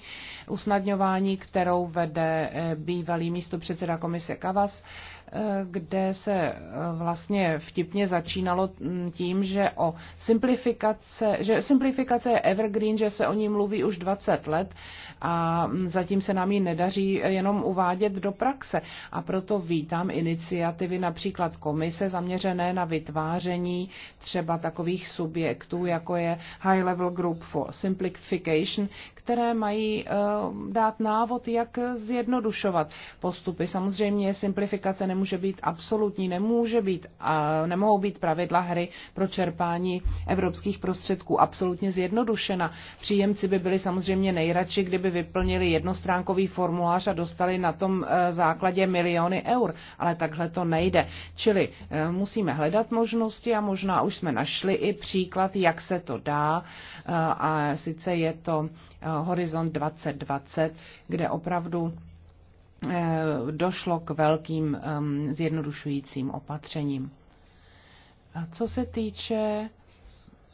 C: usnadňování, kterou vede eh, bývalý místo předseda komise Kavas, eh, kde se eh, vlastně vtipně začínalo mm, tím, že o simplifikace, že simplifikace je evergreen, že se o ní mluví už 20 let a mm, zatím se nám ji nedaří jenom uvádět do praxe. A proto vítám iniciativy například komise zaměřené na vytváření třeba takových subjektů, jako je High Level Group for Simplification, simplification, které mají eh, dát návod, jak zjednodušovat postupy. Samozřejmě simplifikace nemůže být absolutní, nemůže být, nemohou být pravidla hry pro čerpání evropských prostředků absolutně zjednodušena. Příjemci by byli samozřejmě nejradši, kdyby vyplnili jednostránkový formulář a dostali na tom eh, základě miliony eur, ale takhle to nejde. Čili eh, musíme hledat možnosti a možná už jsme našli i příklad, jak se to dá a si sice je to eh, Horizont 2020, kde opravdu eh, došlo k velkým ehm, zjednodušujícím opatřením. A co se týče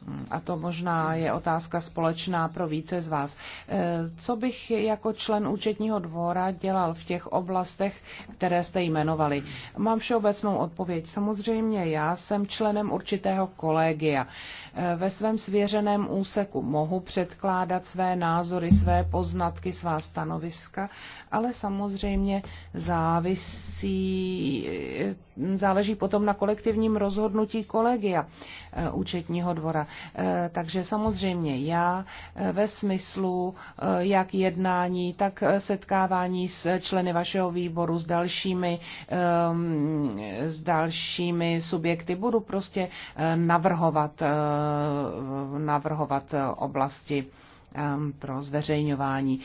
C: Hmm, a to možná je otázka společná pro více z vás. Eh, co bych jako člen účetního dvora dělal v těch oblastech, které jste jmenovali? Mám všeobecnou odpověď. Samozřejmě já jsem členem určitého kolegia. Eh, ve svém svěřeném úseku mohu předkládat své názory, své poznatky, svá stanoviska, ale samozřejmě závisí, eh, záleží potom na kolektivním rozhodnutí kolegia účetního dvora. Eh, takže samozřejmě já eh, ve smyslu eh, jak jednání, tak setkávání s členy vašeho výboru, s dalšími, ehm, s dalšími subjekty budu prostě navrhovat, navrhovat oblasti ehm, pro zveřejňování.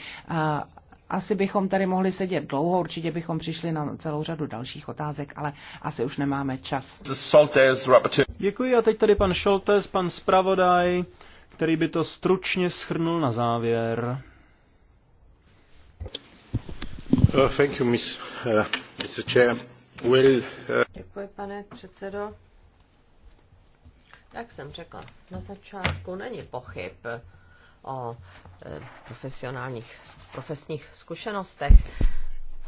C: Asi bychom tady mohli sedět dlouho, určitě bychom přišli na celou řadu dalších otázek, ale asi už nemáme čas. Děkuji a teď tady pan Šoltes, pan zpravodaj, který
A: by to stručně schrnul na závěr.
E: Uh, thank you, miss, uh, Mr. Chair. Will, uh... Děkuji, pane
D: předsedo.
B: Jak jsem řekla, na začátku není pochyb, o e, profesionálních, profesních zkušenostech.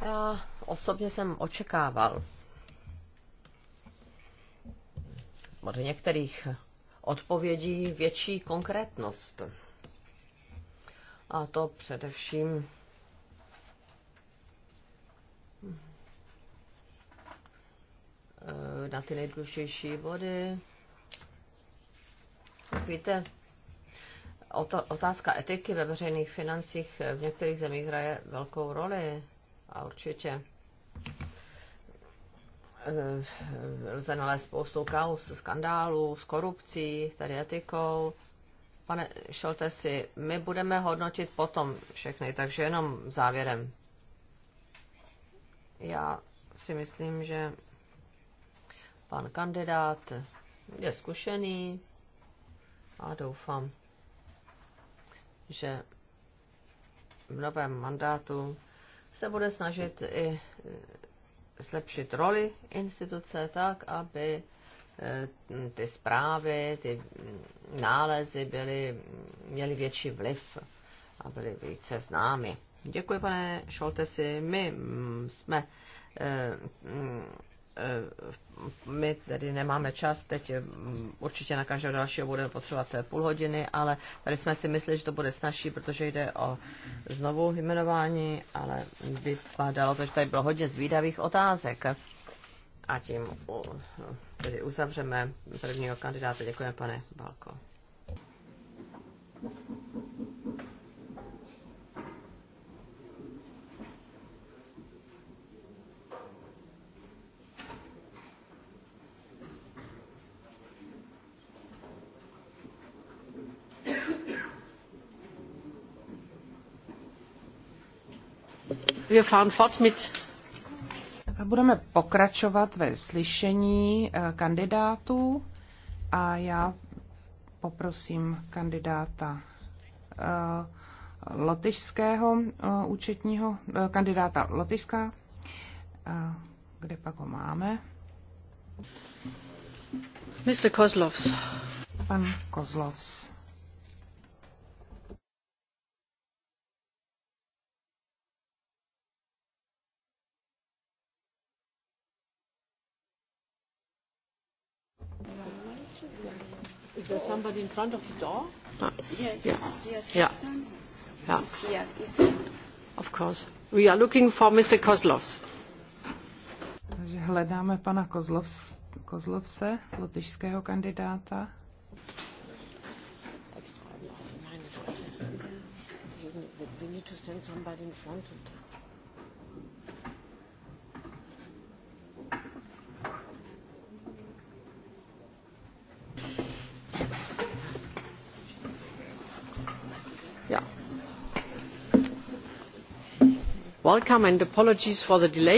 B: Já osobně jsem očekával od některých odpovědí větší konkrétnost. A to především na ty nejdůležitější body. Víte, otázka etiky ve veřejných financích v některých zemích hraje velkou roli a určitě eh, lze nalézt spoustu kaus, skandálů, s korupcí, tady etikou. Pane Šoltesi, my budeme hodnotit potom všechny, takže jenom závěrem. Já si myslím, že pan kandidát je zkušený a doufám, že v novém mandátu se bude snažit i zlepšit roli instituce tak, aby eh, ty zprávy, ty nálezy byly, měly větší vliv a byly více známy. Děkuji, pane Šoltesi. My mm, jsme eh, mm, Eh, my tedy nemáme čas, teď eh, určitě na každého dalšího budeme potřebovat eh, půl hodiny, ale tady jsme si mysleli, že to bude snažší, protože jde o znovu jmenování, ale vypadalo to, že tady bylo hodně zvídavých otázek. A tím tedy uzavřeme prvního kandidáta. Děkujeme, pane Balko.
C: Budeme pokračovat ve slyšení eh, kandidátů a já poprosím kandidáta eh, lotyšského eh, účetního, kandidáta Lotyšská, kde pak ho máme. Mr. Kozlovs. Pan Kozlovs.
E: Is there somebody in front of the door? Uh, Yes, yeah. the assistant yeah. is yeah. here. Is here.
C: Of course. We are looking for Mr. Kozlovs. Takže hledáme pana Kozlovs, Kozlovse, lotyšského kandidáta.
B: We need to send somebody in front of them.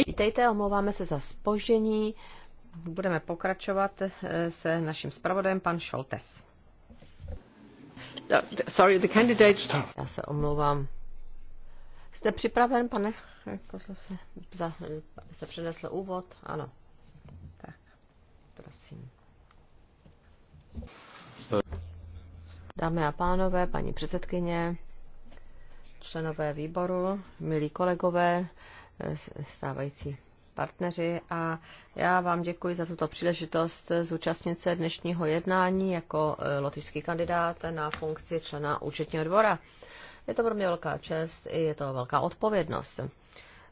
B: Vítejte, omlouváme se za spoždění. Budeme pokračovat eh, se naším zpravodajem, pan Šoltes. Uh, Já se omlouvám. Jste připraven, pane Kozlovce, za, abyste přinesl úvod? Ano. Tak, prosím. Dámy a pánové, paní předsedkyně, členové výboru, milí kolegové, stávající partneři a já vám děkuji za tuto příležitost zúčastnit se dnešního jednání jako e, lotyšský kandidát na funkci člena účetního dvora. Je to pro mě velká čest i je to velká odpovědnost.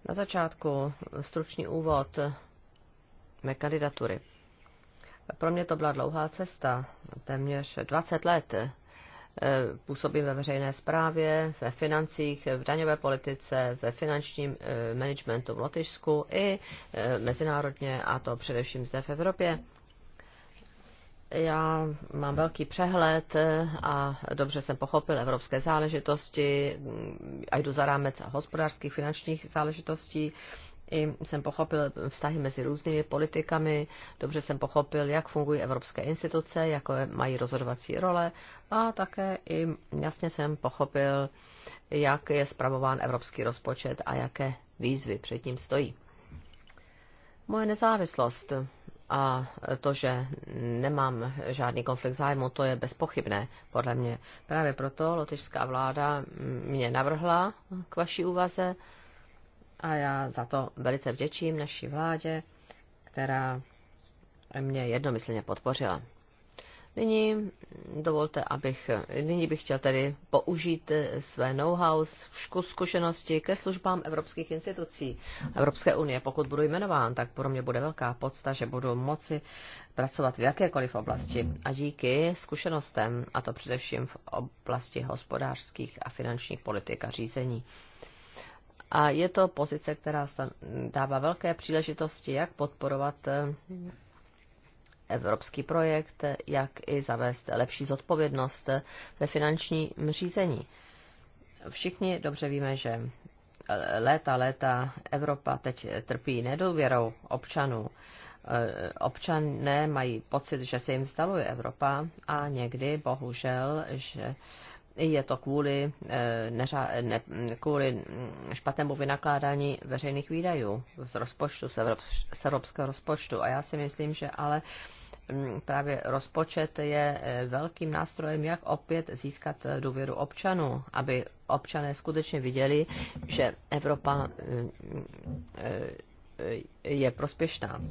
B: Na začátku stručný úvod mé kandidatury. Pro mě to byla dlouhá cesta, téměř 20 let Eh, působím ve veřejné správě, ve financích, v daňové politice, ve finančním eh, managementu v Lotyšsku i eh, mezinárodně, a to především zde v Evropě. Já mám velký přehled a dobře jsem pochopil evropské záležitosti mm, a jdu za rámec hospodářských finančních záležitostí i jsem pochopil vztahy mezi různými politikami, dobře jsem pochopil, jak fungují evropské instituce, jako mají rozhodovací role a také i jasně jsem pochopil, jak je spravován evropský rozpočet a jaké výzvy před ním stojí. Moje nezávislost a to, že nemám žádný konflikt zájmu, to je bezpochybné, podle mě. Právě proto lotyšská vláda mě navrhla k vaší úvaze, a já za to velice vděčím naší vládě, která mě jednomyslně podpořila. Nyní dovolte, abych, nyní bych chtěl tedy použít eh, své know-how, zkušenosti ke službám evropských institucí Evropské unie. Pokud budu jmenován, tak pro mě bude velká podsta, že budu moci pracovat v jakékoliv oblasti. A díky zkušenostem, a to především v oblasti hospodářských a finančních politik a řízení. A je to pozice, která dává velké příležitosti, jak podporovat eh, evropský projekt, jak i zavést lepší zodpovědnost eh, ve finančním řízení. Všichni dobře víme, že eh, léta, léta Evropa teď trpí nedůvěrou občanů. Občané mají pocit, že se jim vzdaluje Evropa a někdy, bohužel, že je to kvůli, eh, neřa, ne, kvůli špatnému vynakládání veřejných výdajů z rozpočtu, z, Evrop, z evropského rozpočtu. A já si myslím, že ale mm, právě rozpočet je eh, velkým nástrojem, jak opět získat důvěru občanů, aby občané skutečně viděli, že Evropa mm, mm, eh, je prospěšná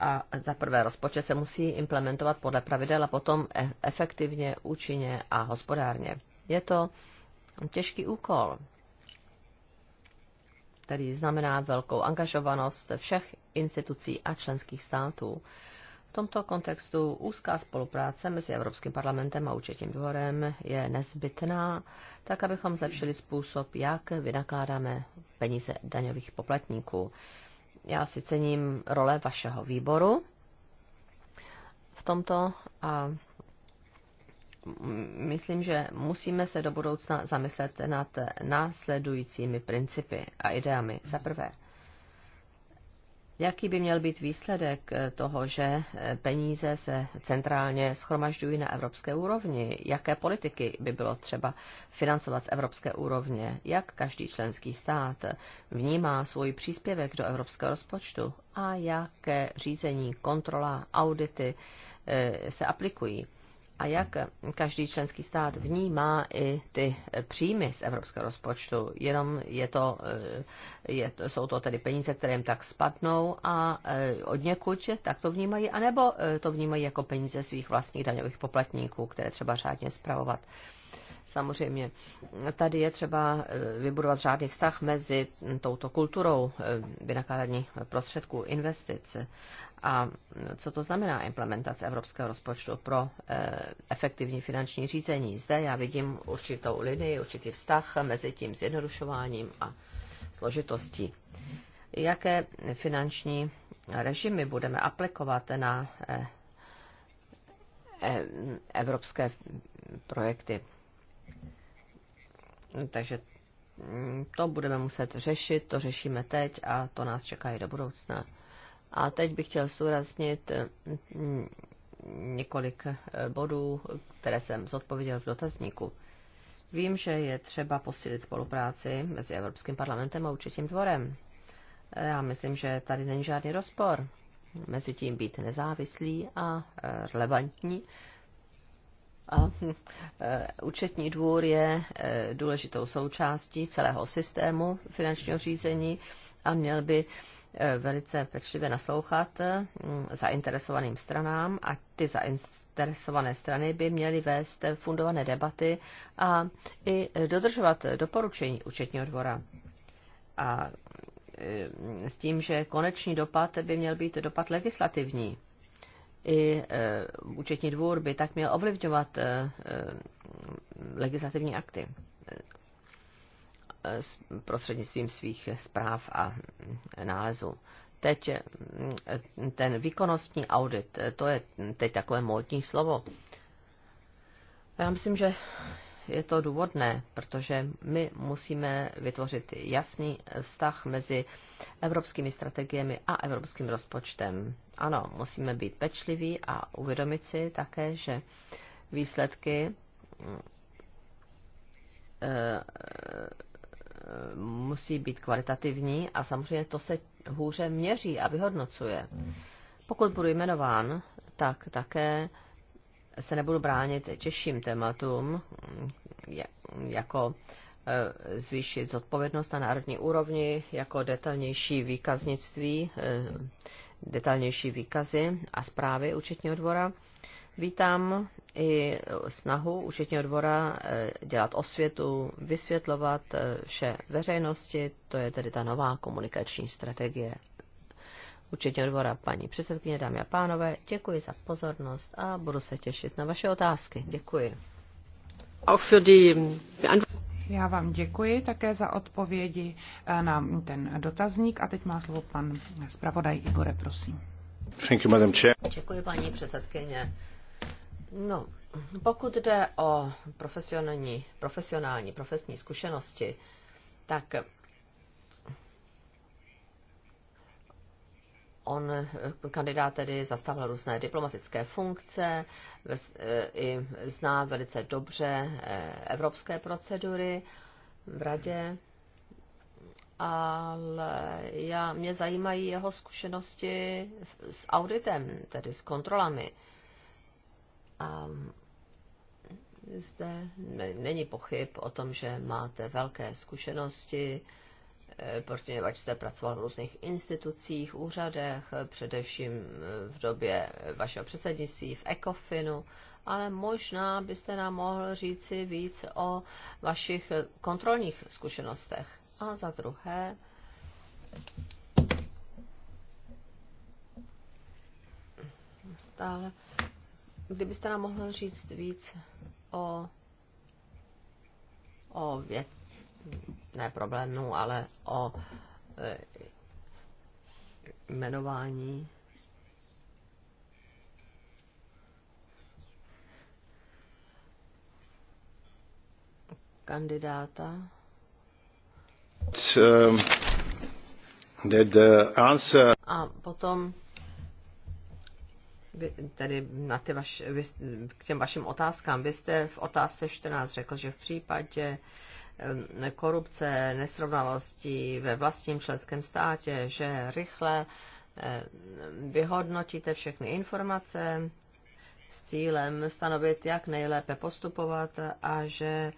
B: a za prvé rozpočet se musí implementovat podle pravidel a potom e, efektivně, účinně a hospodárně. Je to těžký úkol, který znamená velkou angažovanost všech institucí a členských států. V tomto kontextu úzká spolupráce mezi Evropským parlamentem a účetním dvorem je nezbytná, tak abychom zlepšili způsob, jak vynakládáme peníze daňových poplatníků. Já si cením role vašeho výboru v tomto a myslím, že musíme se do budoucna zamyslet nad následujícími principy a ideami. Za prvé, Jaký by měl být výsledek eh, toho, že eh, peníze se centrálně schromažďují na evropské úrovni? Jaké politiky by bylo třeba financovat z evropské úrovně? Jak každý členský stát eh, vnímá svůj příspěvek do evropského rozpočtu? A jaké řízení, kontrola, audity se aplikují? a jak každý členský stát vnímá i ty příjmy z evropského rozpočtu. Jenom je to, eh, je, jsou to tedy peníze, které jim tak spadnou a eh, od někud tak to vnímají, anebo eh, to vnímají jako peníze svých vlastních daňových poplatníků, které třeba řádně zpravovat. Samozřejmě, tady je třeba vybudovat řádný vztah mezi touto kulturou vynakládání prostředků, investice. A co to znamená implementace evropského rozpočtu pro eh, efektivní finanční řízení? Zde já vidím určitou linii, určitý vztah mezi tím zjednodušováním a složitostí. Jaké finanční režimy budeme aplikovat na eh, eh, evropské projekty? Takže hm, to budeme muset řešit, to řešíme teď a to nás čeká i do budoucna a teď bych chtěl zúraznit eh, mm, několik eh, bodů, které jsem zodpověděl v dotazníku. Vím, že je třeba posílit spolupráci mezi Evropským parlamentem a určitým dvorem. Já myslím, že tady není žádný rozpor mezi tím být nezávislý a eh, relevantní. A hm, účetní dvůr je důležitou součástí celého systému finančního řízení a měl by Eh, velice pečlivě naslouchat mm, zainteresovaným stranám a ty zainteresované strany by měly vést fundované debaty a i dodržovat doporučení účetního dvora. A eh, s tím, že konečný dopad by měl být dopad legislativní. I eh, účetní dvůr by tak měl ovlivňovat legislativní akty prostřednictvím svých zpráv a nálezů. Teď mm, ten výkonnostní audit, to je teď takové módní slovo. Já myslím, že je to důvodné, protože my musíme vytvořit jasný vztah mezi evropskými strategiemi a evropským rozpočtem. Ano, musíme být pečliví a uvědomit si také, že výsledky mm, e, musí být kvalitativní a samozřejmě to se hůře měří a vyhodnocuje. Pokud budu jmenován, tak také se nebudu bránit těžším tématům, jako e, zvýšit zodpovědnost na národní úrovni, jako detailnější výkaznictví, e, detailnější výkazy a zprávy účetního dvora Vítám i snahu účetního dvora eh, dělat osvětu, vysvětlovat eh, vše veřejnosti, to je tedy ta nová komunikační strategie. Účetního dvora paní předsedkyně, dámy a pánové, děkuji za pozornost a budu se těšit na vaše otázky. Děkuji.
C: Ähm, Já vám děkuji také za odpovědi eh, na ten dotazník a teď má slovo pan zpravodaj Igore, prosím.
D: Děkuji,
B: paní předsedkyně. No, pokud jde o profesionální, profesionální, profesní zkušenosti, tak on, eh, kandidát tedy zastával různé diplomatické funkce, eh, i zná velice dobře eh, evropské procedury v radě, ale já, mě zajímají jeho zkušenosti s auditem, tedy s kontrolami. A zde není pochyb o tom, že máte velké zkušenosti, eh, protože jste pracoval v různých institucích, úřadech, především eh, v době vašeho předsednictví v ECOFINu, ale možná byste nám mohl říci víc o vašich kontrolních zkušenostech. A za druhé, stále Kdybyste nám mohl říct víc o, o věc, ne problému, ale o e, jmenování kandidáta? Um, A potom tedy na ty vaš, vy, k těm vašim otázkám. Vy jste v otázce 14 řekl, že v případě korupce, nesrovnalosti ve vlastním členském státě, že rychle vyhodnotíte všechny informace s cílem stanovit, jak nejlépe postupovat a že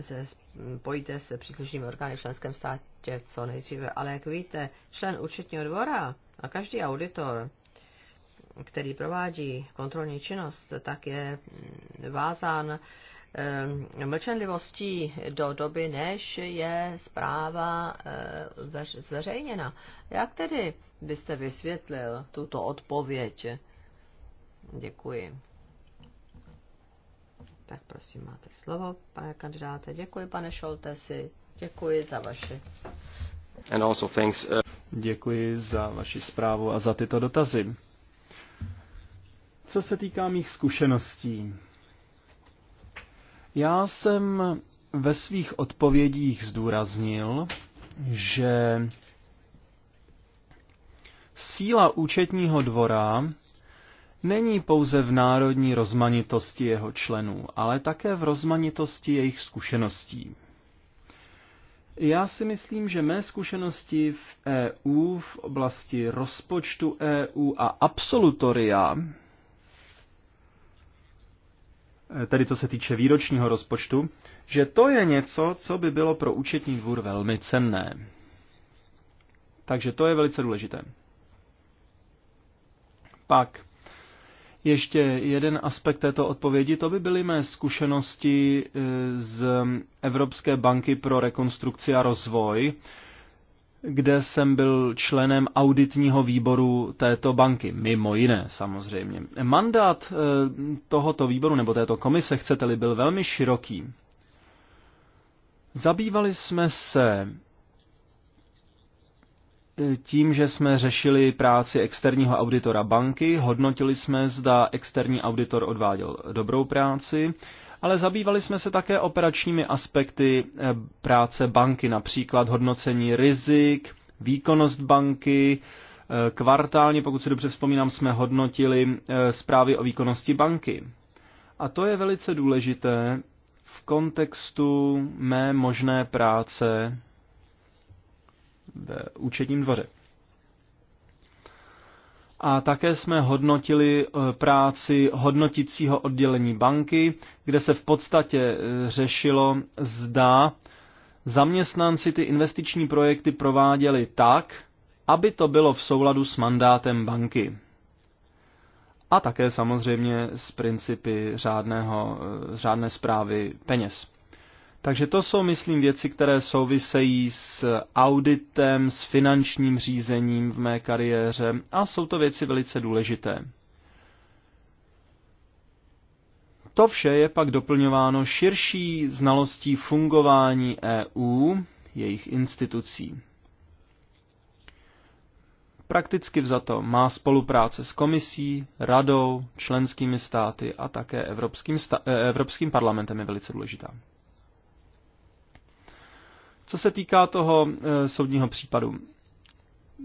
B: se spojíte se příslušnými orgány v členském státě co nejdříve. Ale jak víte, člen účetního dvora a každý auditor který provádí kontrolní činnost, tak je vázán eh, mlčenlivostí do doby, než je zpráva eh, zveřejněna. Jak tedy byste vysvětlil tuto odpověď? Děkuji. Tak prosím, máte slovo, pane kandidáte. Děkuji, pane Šoltesi. Děkuji za vaše.
A: And also thanks, uh... Děkuji za vaši zprávu a za tyto dotazy. Co se týká mých zkušeností, já jsem ve svých odpovědích zdůraznil, že síla účetního dvora není pouze v národní rozmanitosti jeho členů, ale také v rozmanitosti jejich zkušeností. Já si myslím, že mé zkušenosti v EU v oblasti rozpočtu EU a absolutoria Eh, tedy co se týče výročního rozpočtu, že to je něco, co by bylo pro účetní dvůr velmi cenné. Takže to je velice důležité. Pak ještě jeden aspekt této odpovědi, to by byly mé zkušenosti eh, z Evropské banky pro rekonstrukci a rozvoj, kde jsem byl členem auditního výboru této banky, mimo jiné samozřejmě. Mandát eh, tohoto výboru nebo této komise, chcete-li, byl velmi široký. Zabývali jsme se eh, tím, že jsme řešili práci externího auditora banky, hodnotili jsme, zda externí auditor odváděl dobrou práci, ale zabývali jsme se také operačními aspekty eh, práce banky, například hodnocení rizik, výkonnost banky, eh, kvartálně, pokud si dobře vzpomínám, jsme hodnotili eh, zprávy o výkonnosti banky. A to je velice důležité v kontextu mé možné práce ve účetním dvoře a také jsme hodnotili eh, práci hodnoticího oddělení banky, kde se v podstatě eh, řešilo, zda zaměstnanci ty investiční projekty prováděli tak, aby to bylo v souladu s mandátem banky. A také samozřejmě s principy řádného, eh, řádné zprávy peněz. Takže to jsou, myslím, věci, které souvisejí s auditem, s finančním řízením v mé kariéře a jsou to věci velice důležité. To vše je pak doplňováno širší znalostí fungování EU, jejich institucí. Prakticky vzato má spolupráce s komisí, radou, členskými státy a také Evropským, sta- e, Evropským parlamentem je velice důležitá. Co se týká toho eh, soudního případu,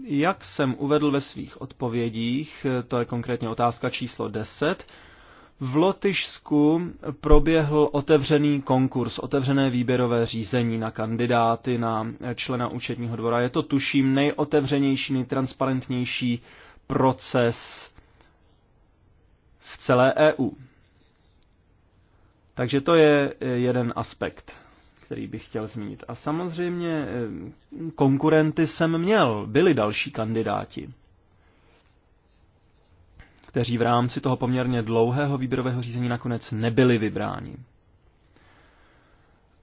A: jak jsem uvedl ve svých odpovědích, eh, to je konkrétně otázka číslo 10, v Lotyšsku proběhl otevřený konkurs, otevřené výběrové řízení na kandidáty na eh, člena účetního dvora. Je to, tuším, nejotevřenější, nejtransparentnější proces v celé EU. Takže to je jeden aspekt který bych chtěl zmínit. A samozřejmě eh, konkurenty jsem měl, byli další kandidáti, kteří v rámci toho poměrně dlouhého výběrového řízení nakonec nebyli vybráni.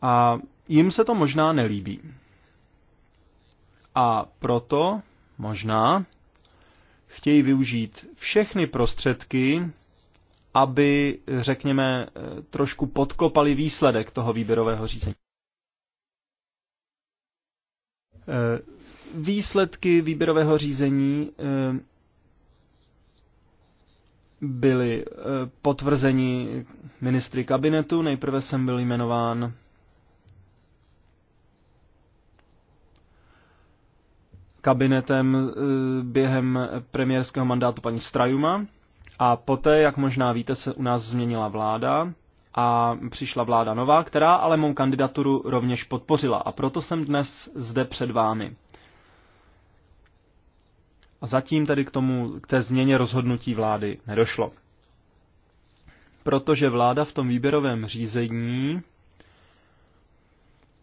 A: A jim se to možná nelíbí. A proto možná chtějí využít všechny prostředky, aby, řekněme, eh, trošku podkopali výsledek toho výběrového řízení. Eh, výsledky výběrového řízení eh, byly eh, potvrzeni ministry kabinetu. Nejprve jsem byl jmenován kabinetem během premiérského mandátu paní Strajuma. A poté, jak možná víte, se u nás změnila vláda a přišla vláda nová, která ale mou kandidaturu rovněž podpořila a proto jsem dnes zde před vámi. A zatím tedy k, tomu, k té změně rozhodnutí vlády nedošlo. Protože vláda v tom výběrovém řízení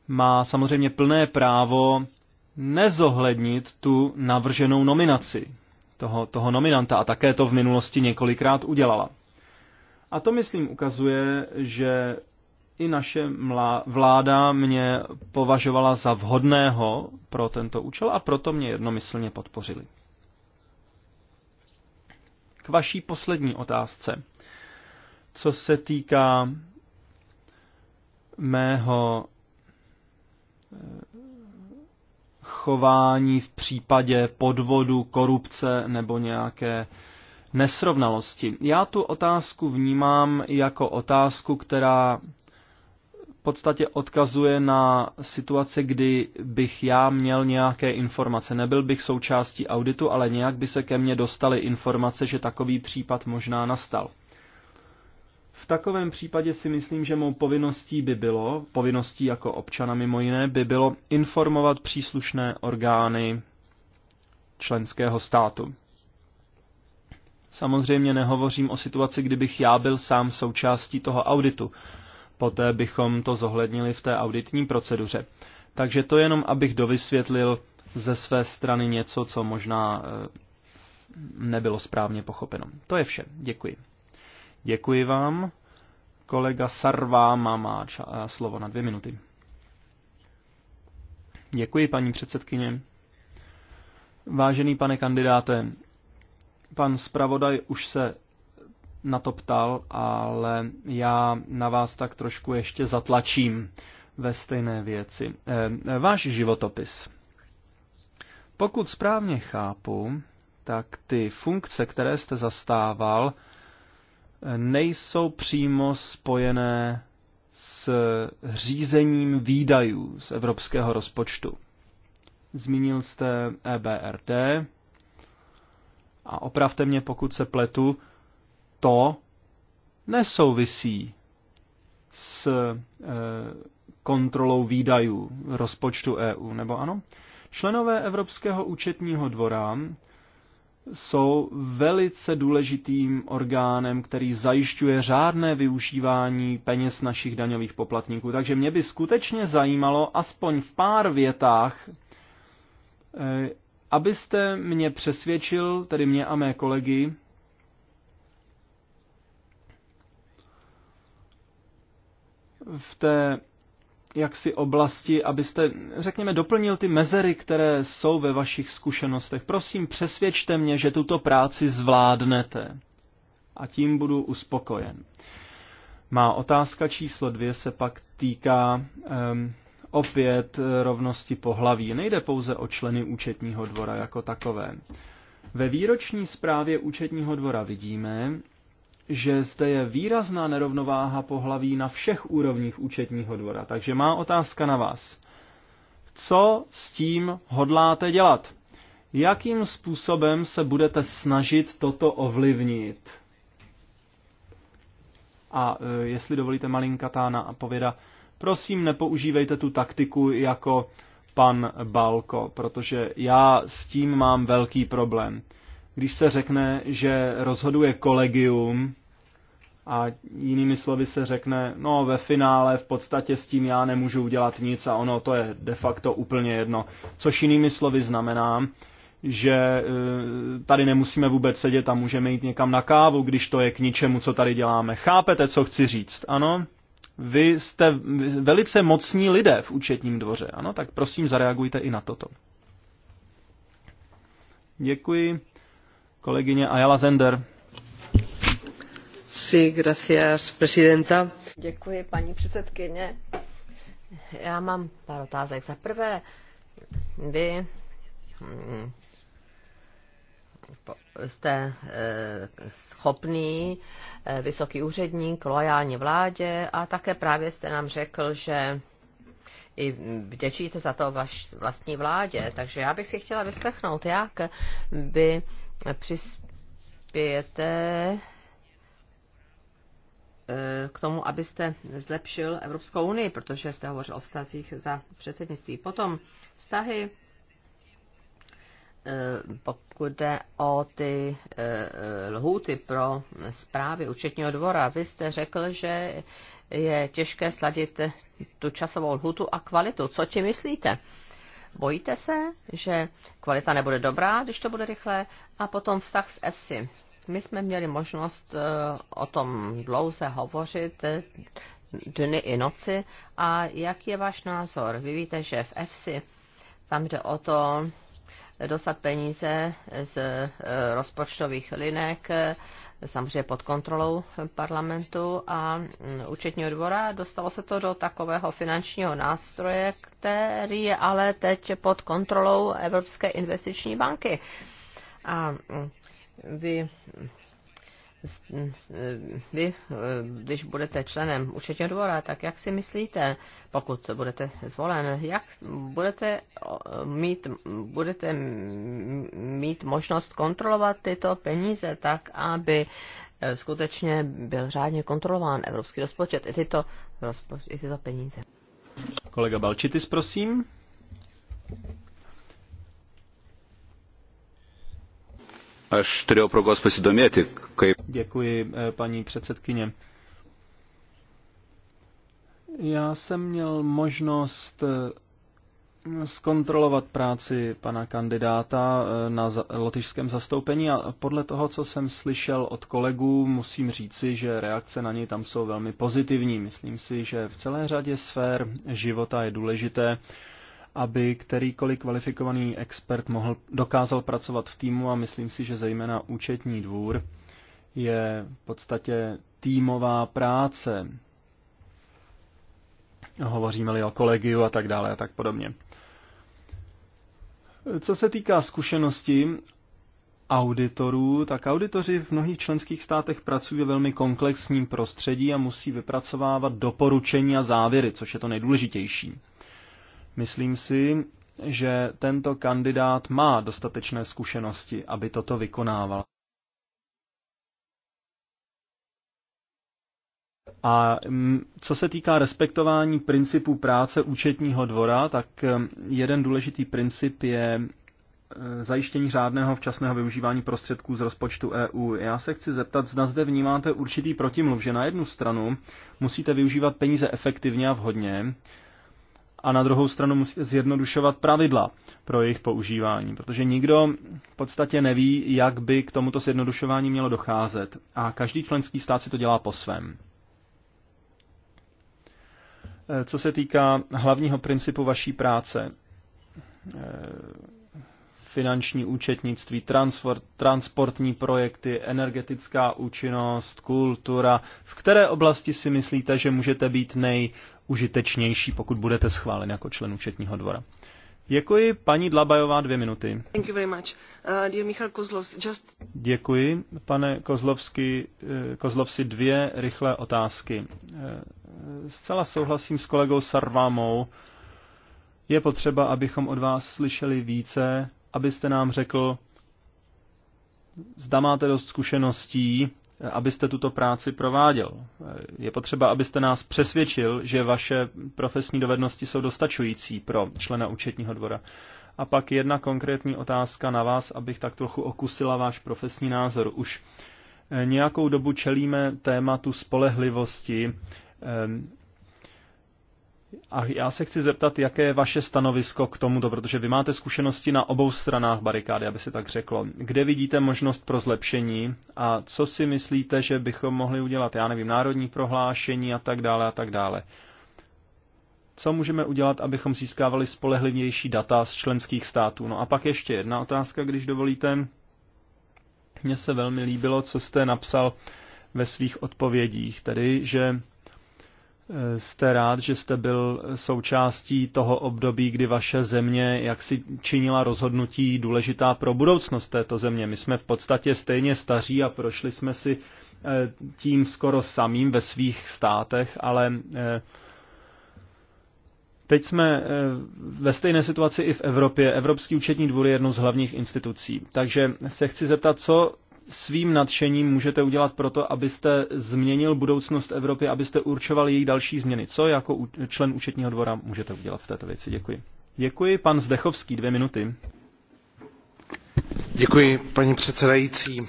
A: má samozřejmě plné právo nezohlednit tu navrženou nominaci toho, toho nominanta a také to v minulosti několikrát udělala. A to, myslím, ukazuje, že i naše vláda mě považovala za vhodného pro tento účel a proto mě jednomyslně podpořili. K vaší poslední otázce. Co se týká mého eh, chování v případě podvodu, korupce nebo nějaké nesrovnalosti. Já tu otázku vnímám jako otázku, která v podstatě odkazuje na situace, kdy bych já měl nějaké informace. Nebyl bych součástí auditu, ale nějak by se ke mně dostaly informace, že takový případ možná nastal. V takovém případě si myslím, že mou povinností by bylo, povinností jako občana mimo jiné, by bylo informovat příslušné orgány členského státu. Samozřejmě nehovořím o situaci, kdybych já byl sám součástí toho auditu. Poté bychom to zohlednili v té auditní proceduře. Takže to jenom, abych dovysvětlil ze své strany něco, co možná eh, nebylo správně pochopeno. To je vše. Děkuji. Děkuji vám. Kolega Sarvá má eh, slovo na dvě minuty. Děkuji, paní předsedkyně. Vážený pane kandidáte, Pan zpravodaj už se na to ptal, ale já na vás tak trošku ještě zatlačím ve stejné věci. Eh, váš životopis. Pokud správně chápu, tak ty funkce, které jste zastával, nejsou přímo spojené s řízením výdajů z evropského rozpočtu. Zmínil jste EBRD, a opravte mě, pokud se pletu, to nesouvisí s e, kontrolou výdajů rozpočtu EU, nebo ano? Členové Evropského účetního dvora jsou velice důležitým orgánem, který zajišťuje řádné využívání peněz našich daňových poplatníků. Takže mě by skutečně zajímalo aspoň v pár větách, e, abyste mě přesvědčil, tedy mě a mé kolegy, v té jaksi oblasti, abyste, řekněme, doplnil ty mezery, které jsou ve vašich zkušenostech. Prosím, přesvědčte mě, že tuto práci zvládnete. A tím budu uspokojen. Má otázka číslo dvě se pak týká um, opět eh, rovnosti pohlaví. Nejde pouze o členy účetního dvora jako takové. Ve výroční zprávě účetního dvora vidíme, že zde je výrazná nerovnováha pohlaví na všech úrovních účetního dvora. Takže má otázka na vás. Co s tím hodláte dělat? Jakým způsobem se budete snažit toto ovlivnit? A eh, jestli dovolíte malinkatá na pověda, Prosím, nepoužívejte tu taktiku jako pan Balko, protože já s tím mám velký problém. Když se řekne, že rozhoduje kolegium, a jinými slovy se řekne, no ve finále v podstatě s tím já nemůžu udělat nic a ono to je de facto úplně jedno. Což jinými slovy znamená, že eh, tady nemusíme vůbec sedět a můžeme jít někam na kávu, když to je k ničemu, co tady děláme. Chápete, co chci říct, ano? Vy jste velice mocní lidé v účetním dvoře, ano, tak prosím zareagujte i na toto. Děkuji. Kolegyně Ayala Zender. Sí, gracias, presidenta.
B: Děkuji, paní předsedkyně. Já mám pár otázek. Za prvé, vy hm, jste eh, schopný, eh, vysoký úředník, loajální vládě a také právě jste nám řekl, že i vděčíte za to vaš vlastní vládě. Takže já bych si chtěla vyslechnout, jak by přispějete eh, k tomu, abyste zlepšil Evropskou unii, protože jste hovořil o vztazích za předsednictví. Potom vztahy Eh, pokud jde o ty eh, lhůty pro zprávy účetního dvora, vy jste řekl, že je těžké sladit tu časovou lhůtu a kvalitu. Co ti myslíte? Bojíte se, že kvalita nebude dobrá, když to bude rychle? A potom vztah s EFSI. My jsme měli možnost eh, o tom dlouze hovořit dny i noci. A jaký je váš názor? Vy víte, že v EFSI tam jde o to, dostat peníze z eh, rozpočtových linek, eh, samozřejmě pod kontrolou parlamentu a mm, účetního dvora. Dostalo se to do takového finančního nástroje, který je ale teď pod kontrolou Evropské investiční banky. A mm, vy vy, když budete členem účetního dvora, tak jak si myslíte, pokud budete zvolen, jak budete mít, budete mít možnost kontrolovat tyto peníze tak, aby e, skutečně byl řádně kontrolován evropský rozpočet i tyto, rozpočet, i tyto peníze.
A: Kolega Balčitis, prosím. turėjau progos pasidomėti, kaip... Děkuji, eh, paní předsedkyně. Já jsem měl možnost eh, zkontrolovat práci pana kandidáta eh, na lotyšském zastoupení a podle toho, co jsem slyšel od kolegů, musím říci, že reakce na něj tam jsou velmi pozitivní. Myslím si, že v celé řadě sfér života je důležité, aby kterýkoliv kvalifikovaný expert mohl, dokázal pracovat v týmu a myslím si, že zejména účetní dvůr je v podstatě týmová práce. Hovoříme-li o kolegiu a tak dále a tak podobně. Co se týká zkušenosti auditorů, tak auditoři v mnohých členských státech pracují ve velmi komplexním prostředí a musí vypracovávat doporučení a závěry, což je to nejdůležitější. Myslím si, že tento kandidát má dostatečné zkušenosti, aby toto vykonával. A mm, co se týká respektování principů práce účetního dvora, tak mm, jeden důležitý princip je mm, zajištění řádného včasného využívání prostředků z rozpočtu EU. Já se chci zeptat, zda zde vnímáte určitý protimluv, že na jednu stranu musíte využívat peníze efektivně a vhodně, a na druhou stranu musíte zjednodušovat pravidla pro jejich používání, protože nikdo v podstatě neví, jak by k tomuto zjednodušování mělo docházet a každý členský stát si to dělá po svém. E, co se týká hlavního principu vaší práce, e, finanční účetnictví, transport, transportní projekty, energetická účinnost, kultura. V které oblasti si myslíte, že můžete být nejužitečnější, pokud budete schválen jako člen účetního dvora? Děkuji, paní Dlabajová, dvě minuty.
D: Thank you very much. Uh, dear Michal Kozlovs, just...
A: Děkuji, pane Kozlovsky, eh, Kozlovsi, dvě rychlé otázky. Eh, zcela souhlasím s kolegou Sarvámou. je potřeba, abychom od vás slyšeli více abyste nám řekl, zda máte dost zkušeností, abyste tuto práci prováděl. Je potřeba, abyste nás přesvědčil, že vaše profesní dovednosti jsou dostačující pro člena účetního dvora. A pak jedna konkrétní otázka na vás, abych tak trochu okusila váš profesní názor. Už eh, nějakou dobu čelíme tématu spolehlivosti eh, a já se chci zeptat, jaké je vaše stanovisko k tomuto, protože vy máte zkušenosti na obou stranách barikády, aby se tak řeklo. Kde vidíte možnost pro zlepšení a co si myslíte, že bychom mohli udělat? Já nevím, národní prohlášení a tak dále a tak dále. Co můžeme udělat, abychom získávali spolehlivější data z členských států? No a pak ještě jedna otázka, když dovolíte. Mně se velmi líbilo, co jste napsal ve svých odpovědích, tedy že jste rád, že jste byl součástí toho období, kdy vaše země jak si činila rozhodnutí důležitá pro budoucnost této země. My jsme v podstatě stejně staří a prošli jsme si eh, tím skoro samým ve svých státech, ale eh, Teď jsme eh, ve stejné situaci i v Evropě. Evropský účetní dvůr je jednou z hlavních institucí. Takže se chci zeptat, co svým nadšením můžete udělat proto, abyste změnil budoucnost Evropy, abyste určoval její další změny? Co jako člen účetního dvora můžete udělat v této věci? Děkuji. Děkuji, pan Zdechovský, dvě minuty
E: paní předsedající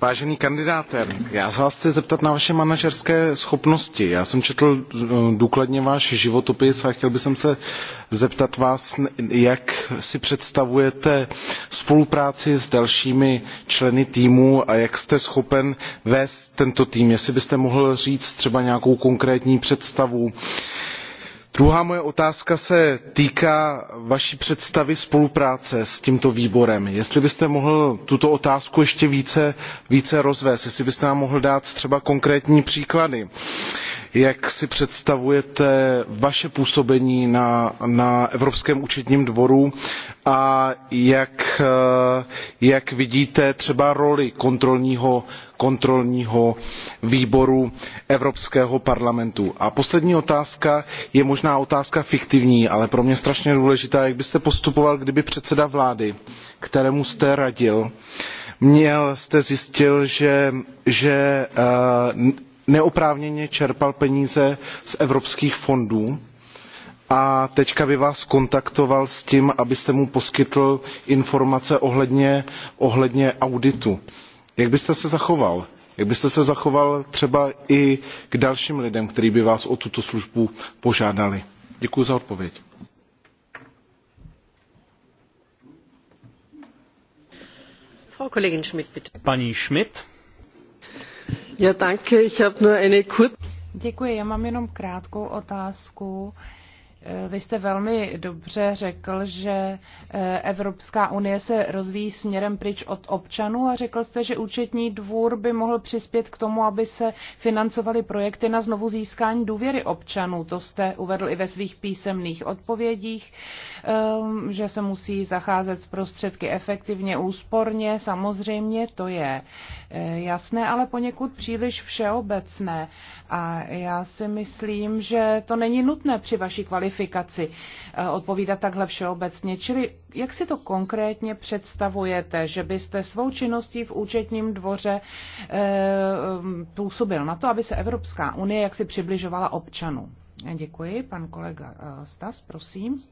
E: vážený kandidáte já se vás chci zeptat na vaše manažerské schopnosti. já jsem četl eh, důkladně váš životopis a chtěl bych se zeptat vás jak si představujete spolupráci s dalšími členy týmu a jak jste schopen vést tento tým jestli byste mohl říct třeba nějakou konkrétní představu jak druhá moje otázka se týká vaší představy spolupráce s tímto výborem jestli byste mohl tuto otázku ještě více, rozvést jestli byste nám mohl dát třeba konkrétní příklady jak si představujete vaše působení na, evropském účetním dvoru a jak eh, vidíte třeba roli kontrolního kontrolního výboru evropského parlamentu. a poslední otázka je možná otázka fiktivní ale pro mě strašně důležitá jak byste postupoval kdyby předseda vlády kterému jste radil měl jste zjistil že, že eh, neoprávněně čerpal peníze z evropských fondů a teďka by vás kontaktoval s tím abyste mu poskytl informace ohledně, ohledně auditu jak byste se zachoval? Jak byste se zachoval třeba i k dalším lidem, kteří by vás o tuto službu požádali? Děkuji za odpověď.
A: Paní Schmidt. Ja,
B: danke. Ich nur eine
C: Děkuji, já mám jenom krátkou otázku. Uh, Eh, vy jste velmi dobře řekl, že eh, Evropská unie se rozvíjí směrem pryč od občanů a řekl jste, že účetní dvůr by mohl přispět k tomu, aby se financovaly projekty na znovu získání důvěry občanů. To jste uvedl i ve svých písemných odpovědích, ehm, že se musí zacházet s prostředky efektivně, úsporně. Samozřejmě to je Eh, jasné, ale poněkud příliš všeobecné. A já si myslím, že to není nutné při vaší kvalifikaci eh, odpovídat takhle všeobecně. Čili jak si to konkrétně představujete, že byste svou činností v účetním dvoře eh, působil na to, aby se Evropská unie jaksi přibližovala občanům? Děkuji. Pan kolega Stas, prosím.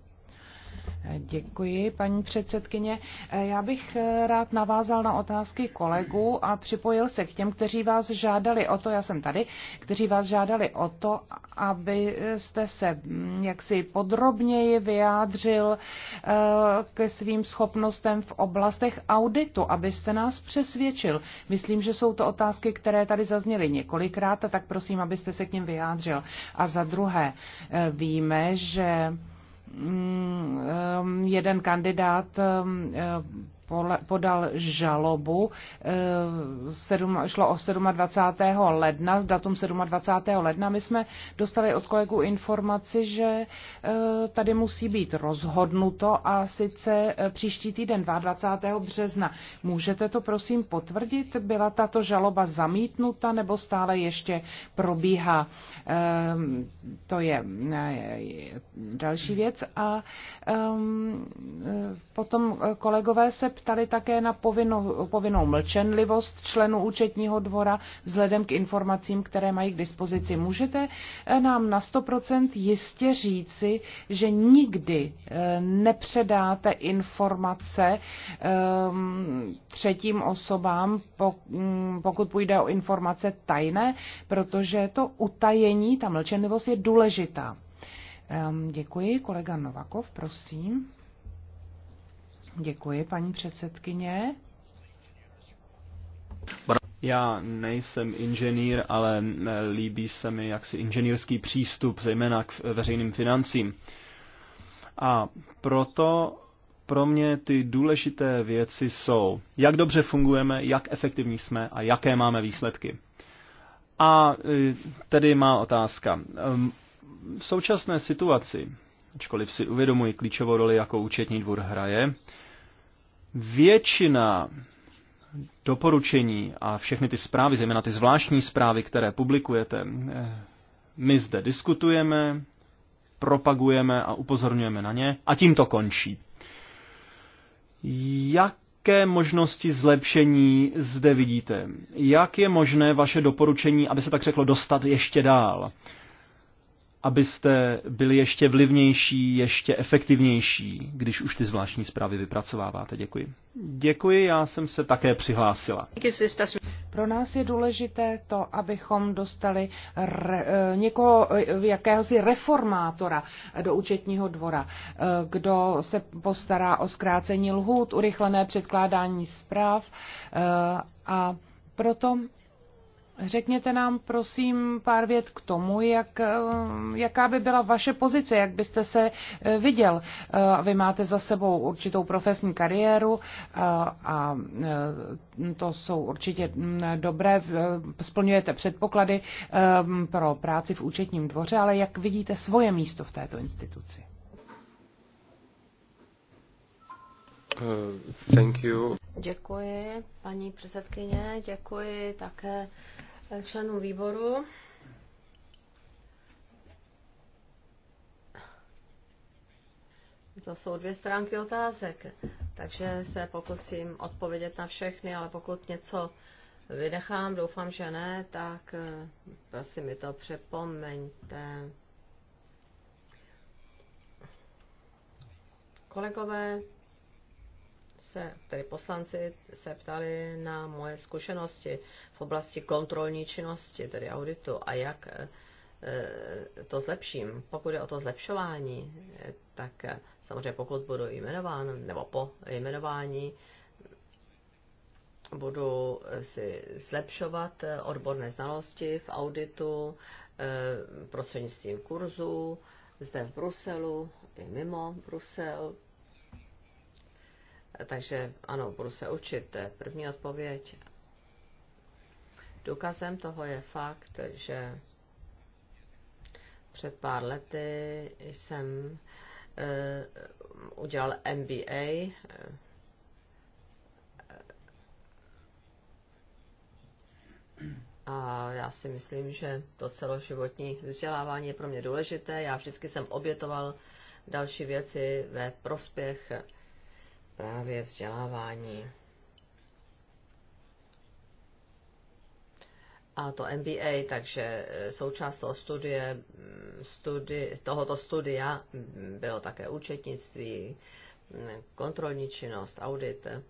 C: Děkuji, paní předsedkyně. Já bych rád navázal na otázky kolegů a připojil se k těm, kteří vás žádali o to, já jsem tady, kteří vás žádali o to, abyste se mm, jaksi podrobněji vyjádřil eh, ke svým schopnostem v oblastech auditu, abyste nás přesvědčil. Myslím, že jsou to otázky, které tady zazněly několikrát, tak prosím, abyste se k ním vyjádřil. A za druhé, eh, víme, že Mm, um, jeden kandidát um, podal žalobu. Eh, šlo o 27. ledna, s datum 27. ledna. My jsme dostali od kolegu informaci, že eh, tady musí být rozhodnuto a sice eh, příští týden 22. března. Můžete to prosím potvrdit? Byla tato žaloba zamítnuta nebo stále ještě probíhá? To je další věc. A ehm, potom kolegové se ptali také na povinnou, povinnou mlčenlivost členů účetního dvora vzhledem k informacím, které mají k dispozici. Můžete eh, nám na 100% jistě říci, že nikdy eh, nepředáte informace ehm, třetím osobám, mm, pokud půjde o informace tajné, protože to utajení, ta mlčenlivost je důležitá. Ehm, děkuji. Kolega Novakov, prosím. Děkuji, paní předsedkyně.
A: Já nejsem inženýr, ale eh, líbí se mi jaksi inženýrský přístup, zejména k veřejným financím. A proto pro mě ty důležité věci jsou, jak dobře fungujeme, jak efektivní jsme a jaké máme výsledky. A eh, tedy má otázka. Ehm, v současné situaci ačkoliv si uvědomuji klíčovou roli, jako účetní dvůr hraje, většina doporučení a všechny ty zprávy, zejména ty zvláštní zprávy, které publikujete, eh, my zde diskutujeme, propagujeme a upozorňujeme na ně a tím to končí. Jaké možnosti zlepšení zde vidíte? Jak je možné vaše doporučení, aby se tak řeklo, dostat ještě dál? abyste byli ještě vlivnější, ještě efektivnější, když už ty zvláštní zprávy vypracováváte. Děkuji. Děkuji, já jsem se také přihlásila.
C: Pro nás je důležité to, abychom dostali re, e, někoho, e, jakéhosi reformátora do účetního dvora, e, kdo se postará o zkrácení lhůt, urychlené předkládání zpráv a proto Řekněte nám prosím pár vět k tomu, jak, eh, jaká by byla vaše pozice, jak byste se eh, viděl. Eh, vy máte za sebou určitou profesní kariéru a to jsou určitě mm, dobré, splňujete předpoklady pro práci v účetním dvoře, ale jak vidíte svoje místo v této instituci?
E: Thank you.
B: Děkuji, paní předsedkyně, děkuji také členů výboru. To jsou dvě stránky otázek, takže se pokusím odpovědět na všechny, ale pokud něco vynechám, doufám, že ne, tak eh, prosím mi to přepomeňte. Kolegové, se, tedy poslanci se ptali na moje zkušenosti v oblasti kontrolní činnosti, tedy auditu a jak eh, to zlepším. Pokud je o to zlepšování, eh, tak eh, samozřejmě pokud budu jmenován, nebo po jmenování, budu si zlepšovat odborné znalosti v auditu prostřednictvím kurzů zde v Bruselu i mimo Brusel takže ano, budu se učit, to je první odpověď. Důkazem toho je fakt, že před pár lety jsem uh, udělal MBA. Eh, a já si myslím, že to celoživotní vzdělávání je pro mě důležité. Já vždycky jsem obětoval další věci ve prospěch právě vzdělávání. a to MBA, takže eh, součást toho studie, mm, studi, tohoto studia mm, bylo také účetnictví, mm, kontrolní činnost, audit eh,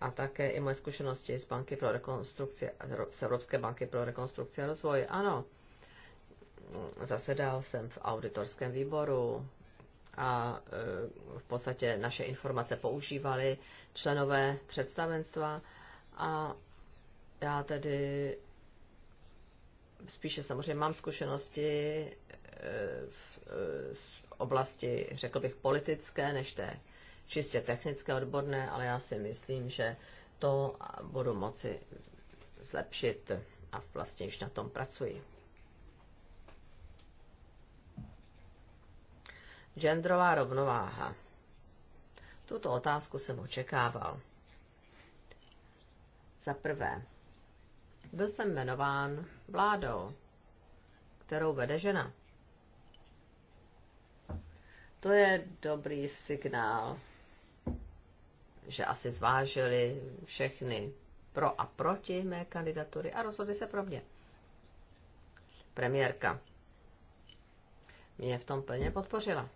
B: a také i moje zkušenosti z banky pro rekonstrukci, z Evropské banky pro rekonstrukci a rozvoj. Ano, zasedal jsem v auditorském výboru a e, v podstatě naše informace používali členové představenstva a já tedy spíše samozřejmě mám zkušenosti e, v e, oblasti, řekl bych, politické, než té čistě technické, odborné, ale já si myslím, že to budu moci zlepšit a vlastně již na tom pracuji. Gendrová rovnováha. Tuto otázku jsem očekával. Za prvé, byl jsem jmenován vládou, kterou vede žena. To je dobrý signál, že asi zvážili všechny pro a proti mé kandidatury a rozhodli se pro mě. Premiérka mě v tom plně podpořila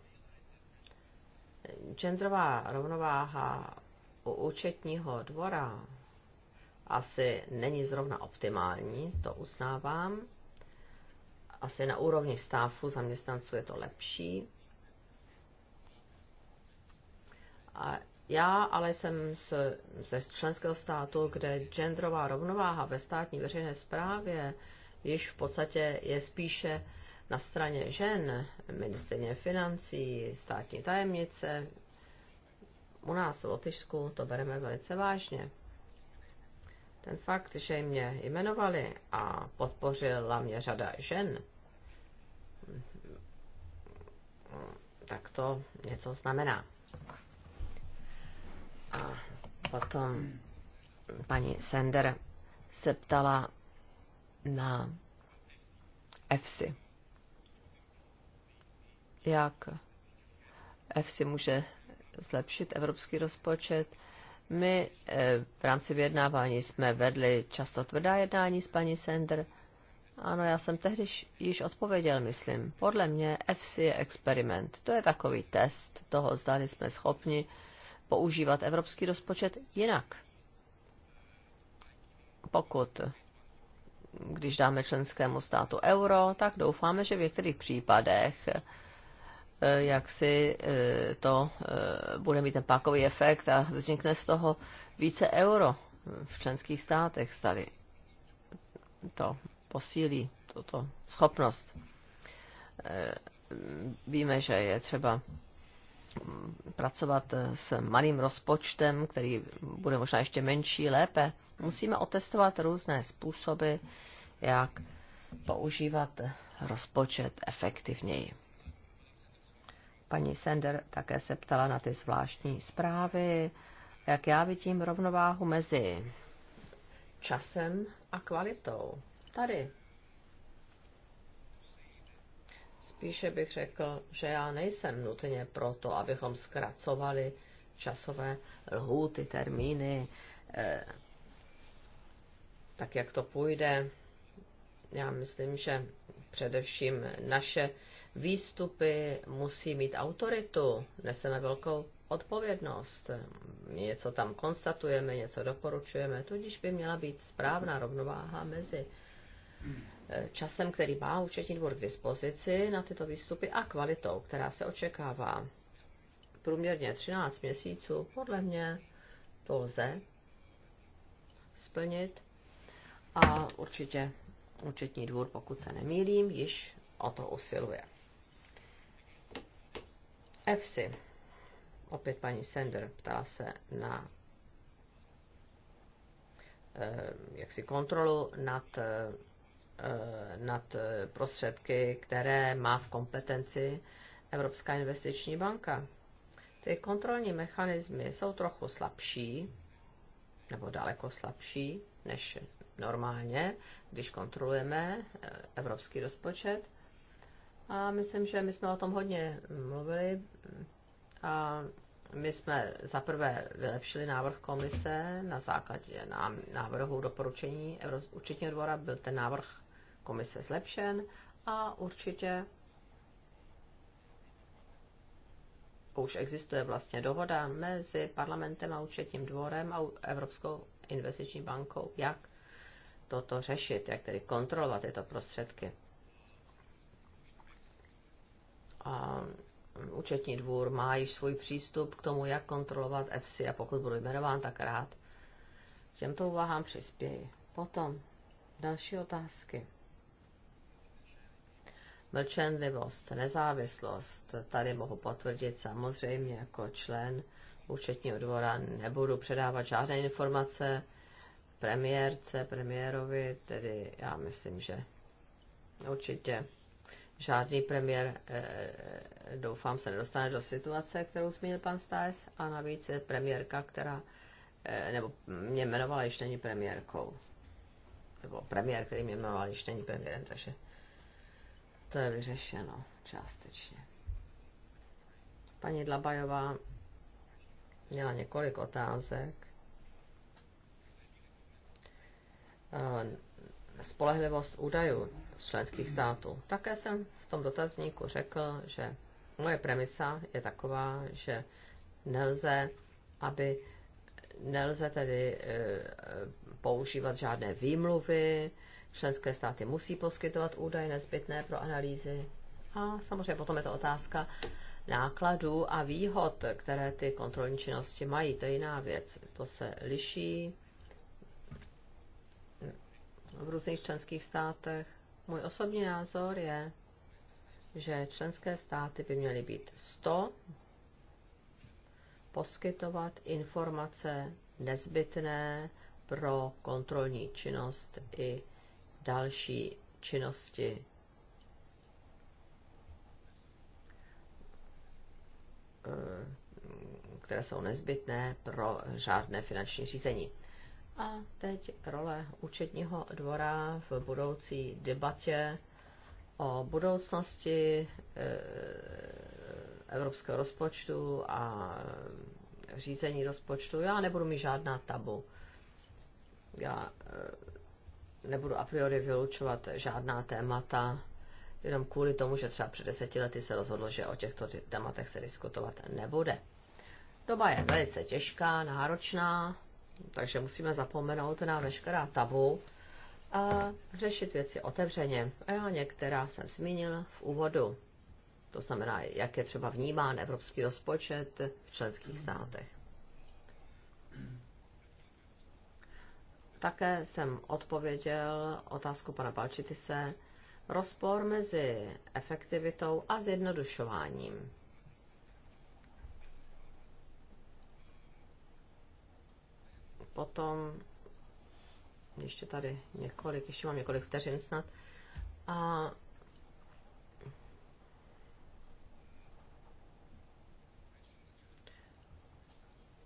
B: genderová rovnováha u účetního dvora asi není zrovna optimální, to uznávám. Asi na úrovni stáfu zaměstnanců je to lepší. A já ale jsem z, ze členského státu, kde genderová rovnováha ve státní veřejné správě již v podstatě je spíše na straně žen, ministrině financí, státní tajemnice, u nás v Lotyšsku to bereme velice vážně. Ten fakt, že mě jmenovali a podpořila mě řada žen, tak to něco znamená. A potom paní Sender se ptala na EFSI jak EFSI může zlepšit evropský rozpočet. My eh, v rámci vyjednávání jsme vedli často tvrdá jednání s paní Sender. Ano, já jsem tehdy již odpověděl, myslím. Podle mě FC je experiment. To je takový test toho, zda jsme schopni používat evropský rozpočet jinak. Pokud, když dáme členskému státu euro, tak doufáme, že v některých případech Eh, jak si eh, to eh, bude mít ten pákový efekt a vznikne z toho více euro v členských státech tady. To posílí tuto schopnost. Víme, že je třeba mm, pracovat s malým rozpočtem, který bude možná ještě menší, lépe. Musíme otestovat různé způsoby, jak používat rozpočet efektivněji. Paní Sender také se ptala na ty zvláštní zprávy, jak já vidím rovnováhu mezi časem a kvalitou. Tady. Spíše bych řekl, že já nejsem nutně proto, abychom zkracovali časové lhůty, termíny, eh, tak jak to půjde. Já myslím, že především naše eh, výstupy musí mít autoritu, neseme velkou odpovědnost. Něco tam konstatujeme, něco doporučujeme, tudíž by měla být správná rovnováha mezi eh, časem, který má účetní dvor k dispozici na tyto výstupy a kvalitou, která se očekává. Průměrně 13 měsíců, podle mě to lze splnit a určitě účetní dvůr, pokud se nemýlím, již o to usiluje. EFSI. Opět paní Sender ptala se na eh, jaksi kontrolu nad, eh, nad prostředky, které má v kompetenci Evropská investiční banka. Ty kontrolní mechanismy jsou trochu slabší, nebo daleko slabší, než normálně, když kontrolujeme eh, evropský rozpočet. A myslím, že my jsme o tom hodně mluvili a my jsme zaprvé vylepšili návrh komise na základě návrhu doporučení Určitního dvora. Byl ten návrh komise zlepšen a určitě už existuje vlastně dohoda mezi parlamentem a účetním dvorem a Evropskou investiční bankou, jak toto řešit, jak tedy kontrolovat tyto prostředky a mm, účetní dvůr má již svůj přístup k tomu, jak kontrolovat EFSI a pokud budu jmenován, tak rád těmto úvahám přispěji. Potom další otázky. Mlčenlivost, nezávislost, tady mohu potvrdit samozřejmě jako člen účetního dvora, nebudu předávat žádné informace premiérce, premiérovi, tedy já myslím, že určitě žádný premiér, eh, doufám, se nedostane do situace, kterou zmínil pan Stajs, a navíc premiérka, která, eh, nebo mě jmenovala, ještě není premiérkou. Nebo premiér, který mě jmenoval, ještě není premiérem, takže to je vyřešeno částečně. Paní Dlabajová měla několik otázek. Eh, spolehlivost údajů z členských států. Také jsem v tom dotazníku řekl, že moje premisa je taková, že nelze, aby nelze tedy e, používat žádné výmluvy, členské státy musí poskytovat údaje nezbytné pro analýzy a samozřejmě potom je to otázka nákladů a výhod, které ty kontrolní činnosti mají. To je jiná věc. To se liší v různých členských státech můj osobní názor je, že členské státy by měly být 100, poskytovat informace nezbytné pro kontrolní činnost i další činnosti. Eh, které jsou nezbytné pro žádné finanční řízení. A teď role účetního dvora v budoucí debatě o budoucnosti eh, evropského rozpočtu a eh, řízení rozpočtu. Já nebudu mít žádná tabu. Já eh, nebudu a priori vylučovat žádná témata, jenom kvůli tomu, že třeba před deseti lety se rozhodlo, že o těchto tématech se diskutovat nebude. Doba je velice těžká, náročná, takže musíme zapomenout na veškerá tabu a řešit věci otevřeně. A já některá jsem zmínil v úvodu. To znamená, jak je třeba vnímán evropský rozpočet v členských státech. Také jsem odpověděl otázku pana Balčitise, rozpor mezi efektivitou a zjednodušováním. potom ještě tady několik, ještě mám několik vteřin snad. A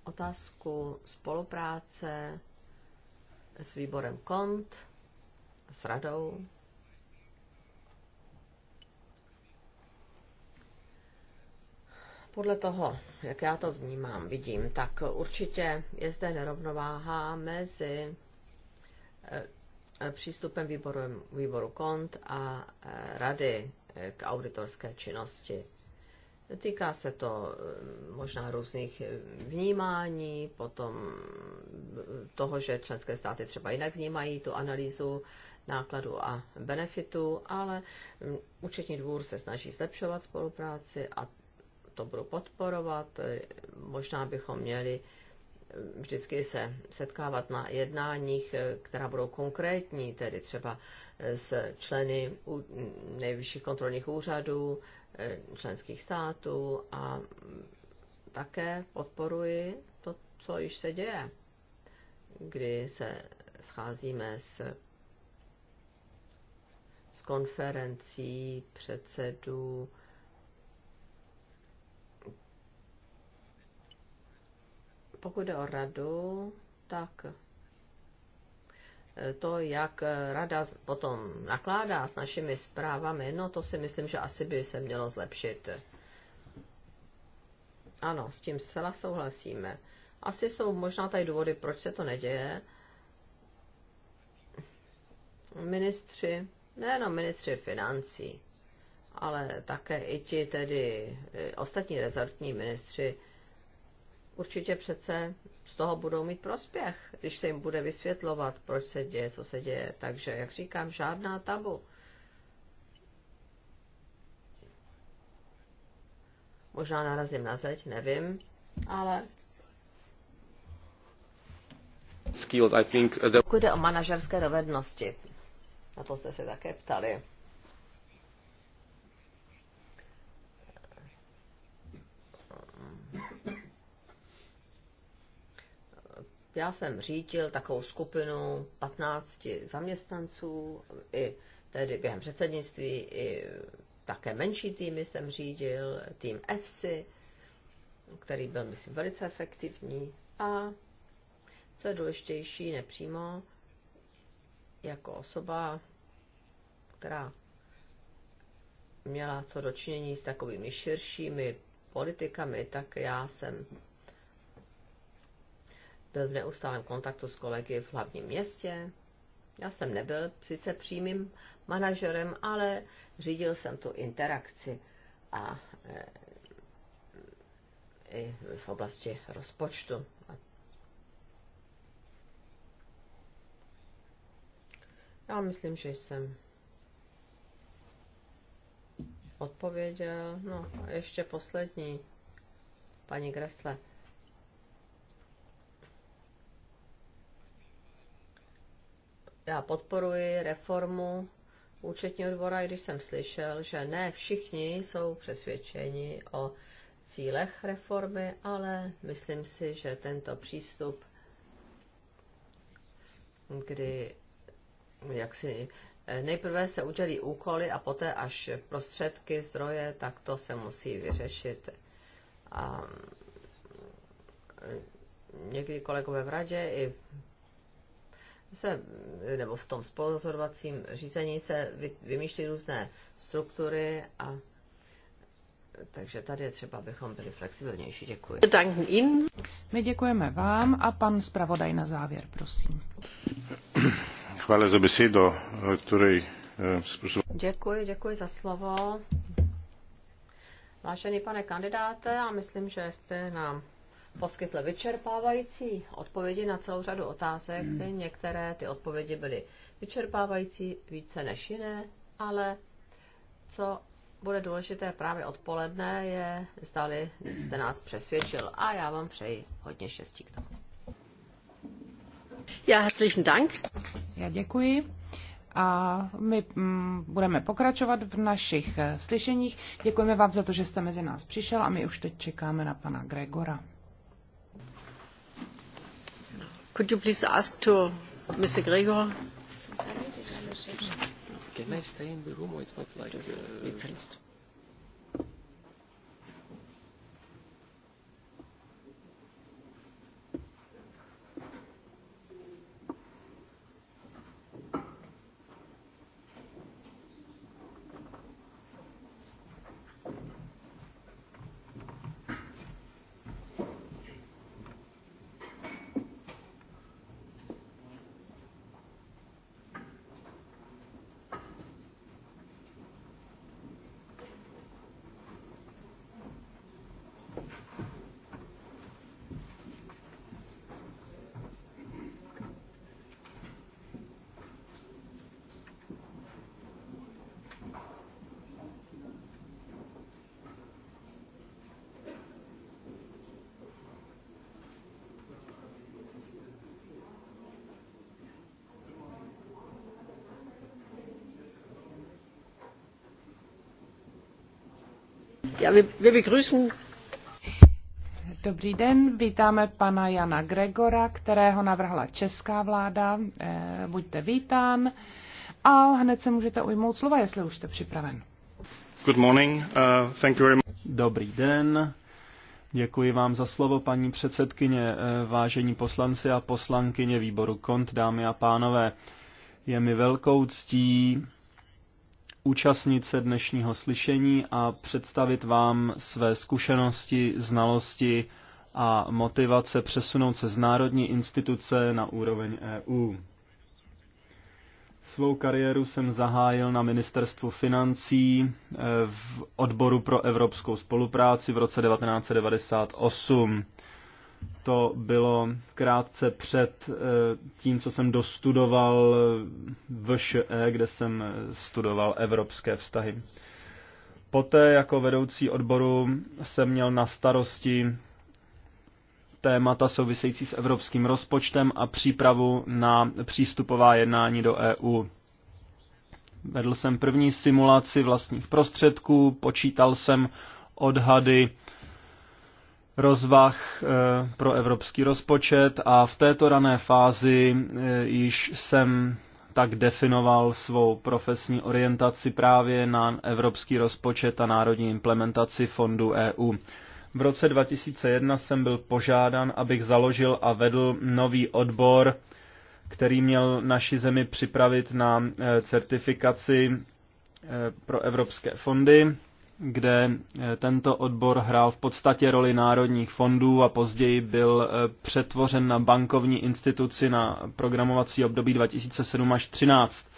B: otázku spolupráce s výborem KONT, s radou. Podle toho, jak já to vnímám, vidím, tak určitě je zde nerovnováha mezi eh, přístupem výboru, výboru kont a eh, rady eh, k auditorské činnosti. Týká se to možná různých vnímání, potom toho, že členské státy třeba jinak vnímají tu analýzu nákladu a benefitu, ale mm, účetní dvůr se snaží zlepšovat spolupráci a to budu podporovat. Možná bychom měli vždycky se setkávat na jednáních, která budou konkrétní, tedy třeba s členy nejvyšších kontrolních úřadů, členských států a také podporuji to, co již se děje, kdy se scházíme s, s konferencí předsedů Pokud jde o radu, tak eh, to, jak rada potom nakládá s našimi zprávami, no to si myslím, že asi by se mělo zlepšit. Ano, s tím zcela souhlasíme. Asi jsou možná tady důvody, proč se to neděje. Ministři, nejenom ministři financí, ale také i ti tedy eh, ostatní rezortní ministři určitě přece z toho budou mít prospěch, když se jim bude vysvětlovat, proč se děje, co se děje. Takže, jak říkám, žádná tabu. Možná narazím na zeď, nevím, ale...
A: Skills, I think the... Pokud jde
B: o manažerské dovednosti, na to jste se také ptali. já jsem řídil takovou skupinu 15 zaměstnanců, i tedy během předsednictví, i také menší týmy jsem řídil, tým EFSI, který byl, myslím, velice efektivní. A co je důležitější, nepřímo, jako osoba, která měla co dočinění s takovými širšími politikami, tak já jsem byl v neustálém kontaktu s kolegy v hlavním městě. Já jsem nebyl sice přímým manažerem, ale řídil jsem tu interakci a e, i v oblasti rozpočtu. Já myslím, že jsem odpověděl. No a ještě poslední, paní Gresle. já podporuji reformu účetního dvora, i když jsem slyšel, že ne všichni jsou přesvědčeni o cílech reformy, ale myslím si, že tento přístup, kdy jak si eh, nejprve se udělí úkoly a poté až prostředky, zdroje, tak to se musí vyřešit. A eh, někdy kolegové v radě i se, nebo v tom spolurozhodovacím řízení se vy, vymýšlí různé struktury a takže tady je třeba, abychom byli flexibilnější.
C: Děkuji. My děkujeme vám a pan zpravodaj na závěr, prosím.
D: Chvále za besedo, který
A: eh,
B: Děkuji, děkuji za slovo. Vážený pane kandidáte, já myslím, že jste nám poskytl vyčerpávající odpovědi na celou řadu otázek. Hmm. Některé ty odpovědi byly vyčerpávající více než jiné, ale co bude důležité právě odpoledne je, zdali jste nás přesvědčil a já vám přeji hodně štěstí k tomu.
C: Já herzlichen Dank. Já děkuji a my mm, budeme pokračovat v našich eh, slyšeních. Děkujeme vám za to, že jste mezi nás přišel a my už teď čekáme na pana Gregora. Could you please ask to Mr. Gregor?
D: Can I stay
E: in the room or it's not like... Uh,
C: Dobrý den, vítáme pana Jana Gregora, kterého navrhla česká vláda. Eh, buďte vítán a hned se můžete ujmout slova, jestli už jste připraven.
A: Good morning. Uh, thank you very much. Dobrý den. Děkuji vám za slovo, paní předsedkyně, eh, vážení poslanci a poslankyně výboru KONT, dámy a pánové. Je mi velkou ctí účastnit se dnešního slyšení a představit vám své zkušenosti, znalosti a motivace přesunout se z národní instituce na úroveň EU. Svou kariéru jsem zahájil na ministerstvu financí eh, v odboru pro evropskou spolupráci v roce 1998. To bylo krátce před eh, tím, co jsem dostudoval eh, v ŠE, kde jsem eh, studoval evropské vztahy. Poté jako vedoucí odboru jsem měl na starosti témata související s evropským rozpočtem a přípravu na přístupová jednání do EU. Vedl jsem první simulaci vlastních prostředků, počítal jsem odhady rozvah eh, pro evropský rozpočet a v této rané fázi eh, již jsem tak definoval svou profesní orientaci právě na evropský rozpočet a národní implementaci fondu EU. V roce 2001 jsem byl požádan, abych založil a vedl nový odbor, který měl naši zemi připravit na eh, certifikaci pro evropské fondy kde eh, tento odbor hrál v podstatě roli národních fondů a později byl eh, přetvořen na bankovní instituci na programovací období 2007 až 2013.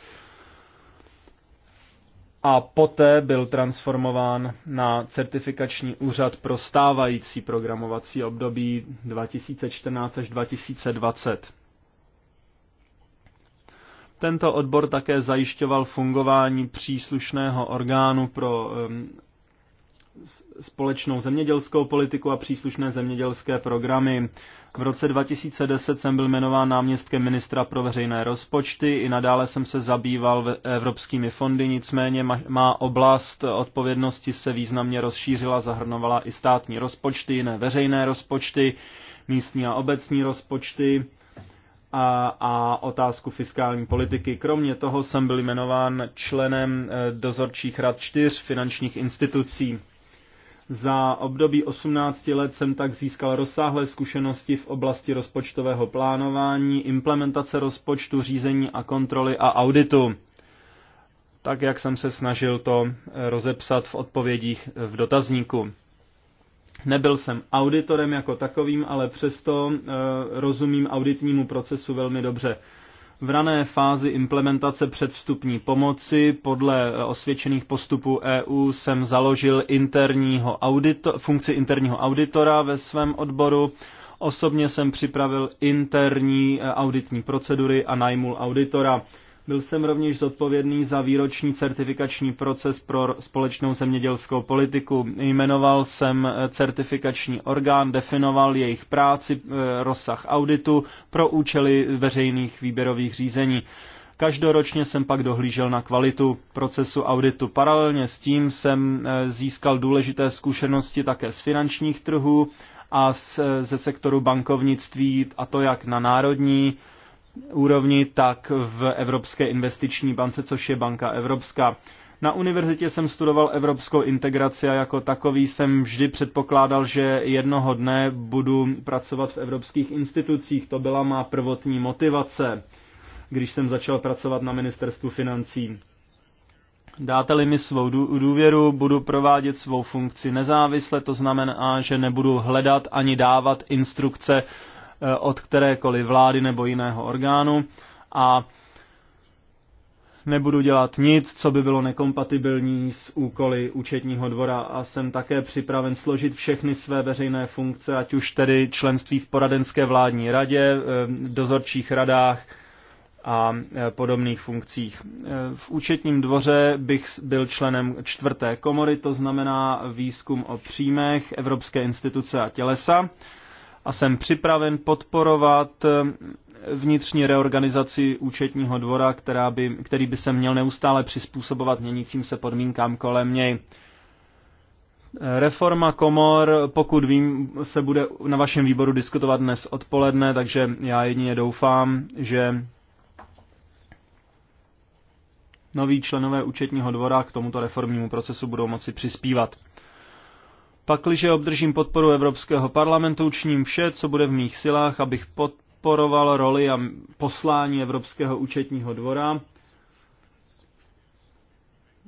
A: A poté byl transformován na certifikační úřad pro stávající programovací období 2014 až 2020. Tento odbor také zajišťoval fungování příslušného orgánu pro ehm, společnou zemědělskou politiku a příslušné zemědělské programy. V roce 2010 jsem byl jmenován náměstkem ministra pro veřejné rozpočty, i nadále jsem se zabýval evropskými fondy, nicméně má oblast odpovědnosti se významně rozšířila, zahrnovala i státní rozpočty, jiné veřejné rozpočty, místní a obecní rozpočty a, a otázku fiskální politiky. Kromě toho jsem byl jmenován členem eh, dozorčích rad čtyř finančních institucí. Za období 18 let jsem tak získal rozsáhlé zkušenosti v oblasti rozpočtového plánování, implementace rozpočtu, řízení a kontroly a auditu. Tak, jak jsem se snažil to eh, rozepsat v odpovědích eh, v dotazníku. Nebyl jsem auditorem jako takovým, ale přesto eh, rozumím auditnímu procesu velmi dobře v rané fázi implementace předvstupní pomoci podle eh, osvědčených postupů EU jsem založil interního audito- funkci interního auditora ve svém odboru. Osobně jsem připravil interní eh, auditní procedury a najmul auditora. Byl jsem rovněž zodpovědný za výroční certifikační proces pro společnou zemědělskou politiku. Jmenoval jsem eh, certifikační orgán, definoval jejich práci, eh, rozsah auditu pro účely veřejných výběrových řízení. Každoročně jsem pak dohlížel na kvalitu procesu auditu. Paralelně s tím jsem eh, získal důležité zkušenosti také z finančních trhů a ze sektoru bankovnictví, a to jak na národní, úrovni, tak v Evropské investiční bance, což je banka evropská. Na univerzitě jsem studoval evropskou integraci a jako takový jsem vždy předpokládal, že jednoho dne budu pracovat v evropských institucích. To byla má prvotní motivace, když jsem začal pracovat na ministerstvu financí. Dáte-li mi svou důvěru, budu provádět svou funkci nezávisle, to znamená, že nebudu hledat ani dávat instrukce Eh, od kterékoliv vlády nebo jiného orgánu a nebudu dělat nic, co by bylo nekompatibilní s úkoly účetního dvora a jsem také připraven složit všechny své veřejné funkce, ať už tedy členství v poradenské vládní radě, eh, dozorčích radách a eh, podobných funkcích. V účetním dvoře bych byl členem čtvrté komory, to znamená výzkum o příjmech Evropské instituce a tělesa a jsem připraven podporovat eh, vnitřní reorganizaci účetního dvora, která by, který by se měl neustále přizpůsobovat měnícím se podmínkám kolem něj. Eh, reforma komor, pokud vím, se bude na vašem výboru diskutovat dnes odpoledne, takže já jedině doufám, že noví členové účetního dvora k tomuto reformnímu procesu budou moci přispívat. Pakliže obdržím podporu Evropského parlamentu, učiním vše, co bude v mých silách, abych podporoval roli a poslání Evropského účetního dvora,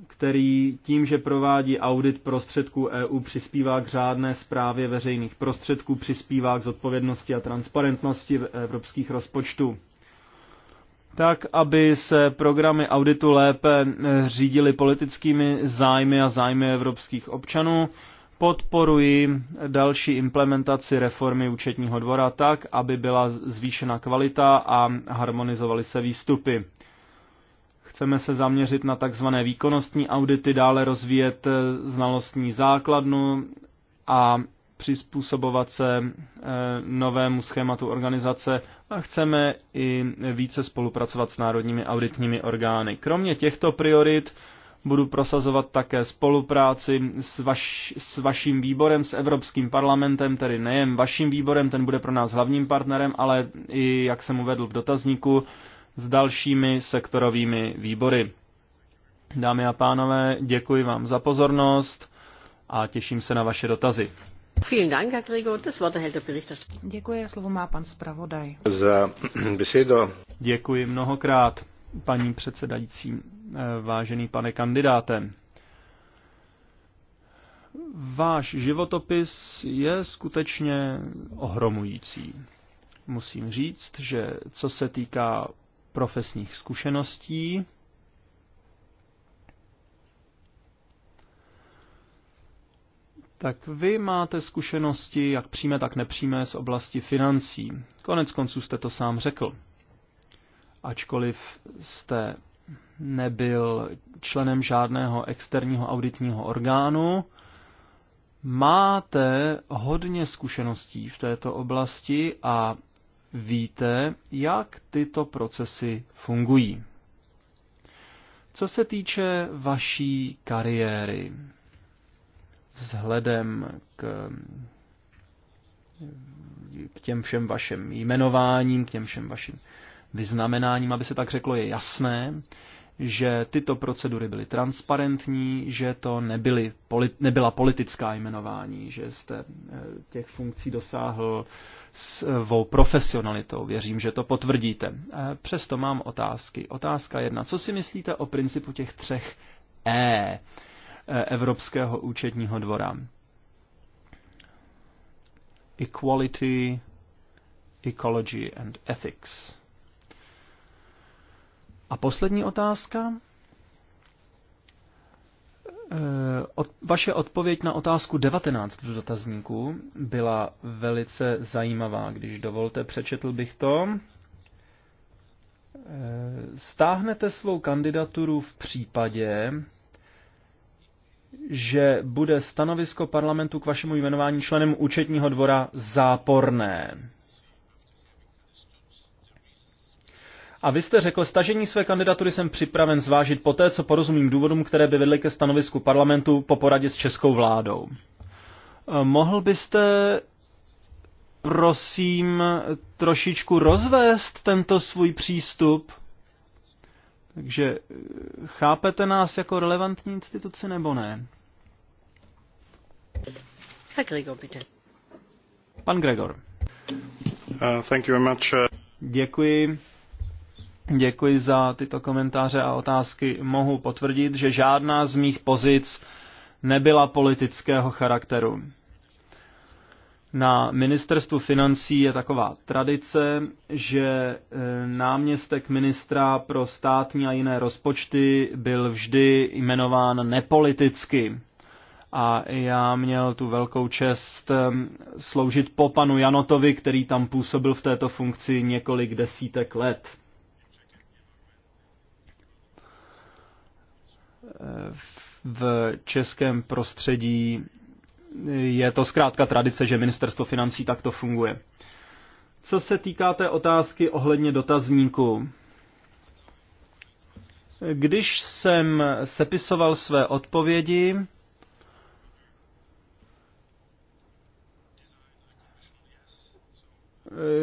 A: který tím, že provádí audit prostředků EU, přispívá k řádné zprávě veřejných prostředků, přispívá k zodpovědnosti a transparentnosti evropských rozpočtů. Tak, aby se programy auditu lépe řídily politickými zájmy a zájmy evropských občanů, podporuji další implementaci reformy účetního dvora tak, aby byla zvýšena kvalita a harmonizovaly se výstupy. Chceme se zaměřit na tzv. výkonnostní audity, dále rozvíjet eh, znalostní základnu a přizpůsobovat se eh, novému schématu organizace a chceme i více spolupracovat s národními auditními orgány. Kromě těchto priorit Budu prosazovat také spolupráci s, vaš, s vaším výborem, s Evropským parlamentem, tedy nejen vaším výborem, ten bude pro nás hlavním partnerem, ale i, jak jsem uvedl v dotazníku, s dalšími sektorovými výbory. Dámy a pánové, děkuji vám za pozornost a těším se na vaše dotazy.
B: Děkuji, slovo má pan zpravodaj.
E: Za *clears throat* besedo.
A: Děkuji mnohokrát paní předsedající, eh, vážený pane kandidáte. Váš životopis je skutečně ohromující. Musím říct, že co se týká profesních zkušeností, Tak vy máte zkušenosti, jak přímé, tak nepřímé, z oblasti financí. Konec konců jste to sám řekl ačkoliv jste nebyl členem žádného externího auditního orgánu, máte hodně zkušeností v této oblasti a víte, jak tyto procesy fungují. Co se týče vaší kariéry, vzhledem k, k těm všem vašim jmenováním, k těm všem vašim vyznamenáním, aby se tak řeklo, je jasné, že tyto procedury byly transparentní, že to nebyly, nebyla politická jmenování, že jste eh, těch funkcí dosáhl svou eh, profesionalitou. Věřím, že to potvrdíte. Eh, přesto mám otázky. Otázka jedna. Co si myslíte o principu těch třech E Evropského účetního dvora? Equality, Ecology and Ethics. A poslední otázka. Eh, od, vaše odpověď na otázku 19 do dotazníku byla velice zajímavá. Když dovolte, přečetl bych to. Eh, stáhnete svou kandidaturu v případě, že bude stanovisko parlamentu k vašemu jmenování členem účetního dvora záporné. A vy jste řekl, stažení své kandidatury jsem připraven zvážit poté, co porozumím důvodům, které by vedly ke stanovisku parlamentu po poradě s českou vládou. Eh, mohl byste prosím trošičku rozvést tento svůj přístup? Takže eh, chápete nás jako relevantní instituci nebo ne?
B: Tak Gregor,
D: bitte.
E: Pan Gregor. Uh, thank you very much. Uh,
A: Děkuji. Děkuji za tyto komentáře a otázky. Mohu potvrdit, že žádná z mých pozic nebyla politického charakteru. Na ministerstvu financí je taková tradice, že e, náměstek ministra pro státní a jiné rozpočty byl vždy jmenován nepoliticky. A já měl tu velkou čest e, sloužit po panu Janotovi, který tam působil v této funkci několik desítek let. v českém prostředí je to zkrátka tradice, že ministerstvo financí takto funguje. Co se týká té otázky ohledně dotazníku, když jsem sepisoval své odpovědi,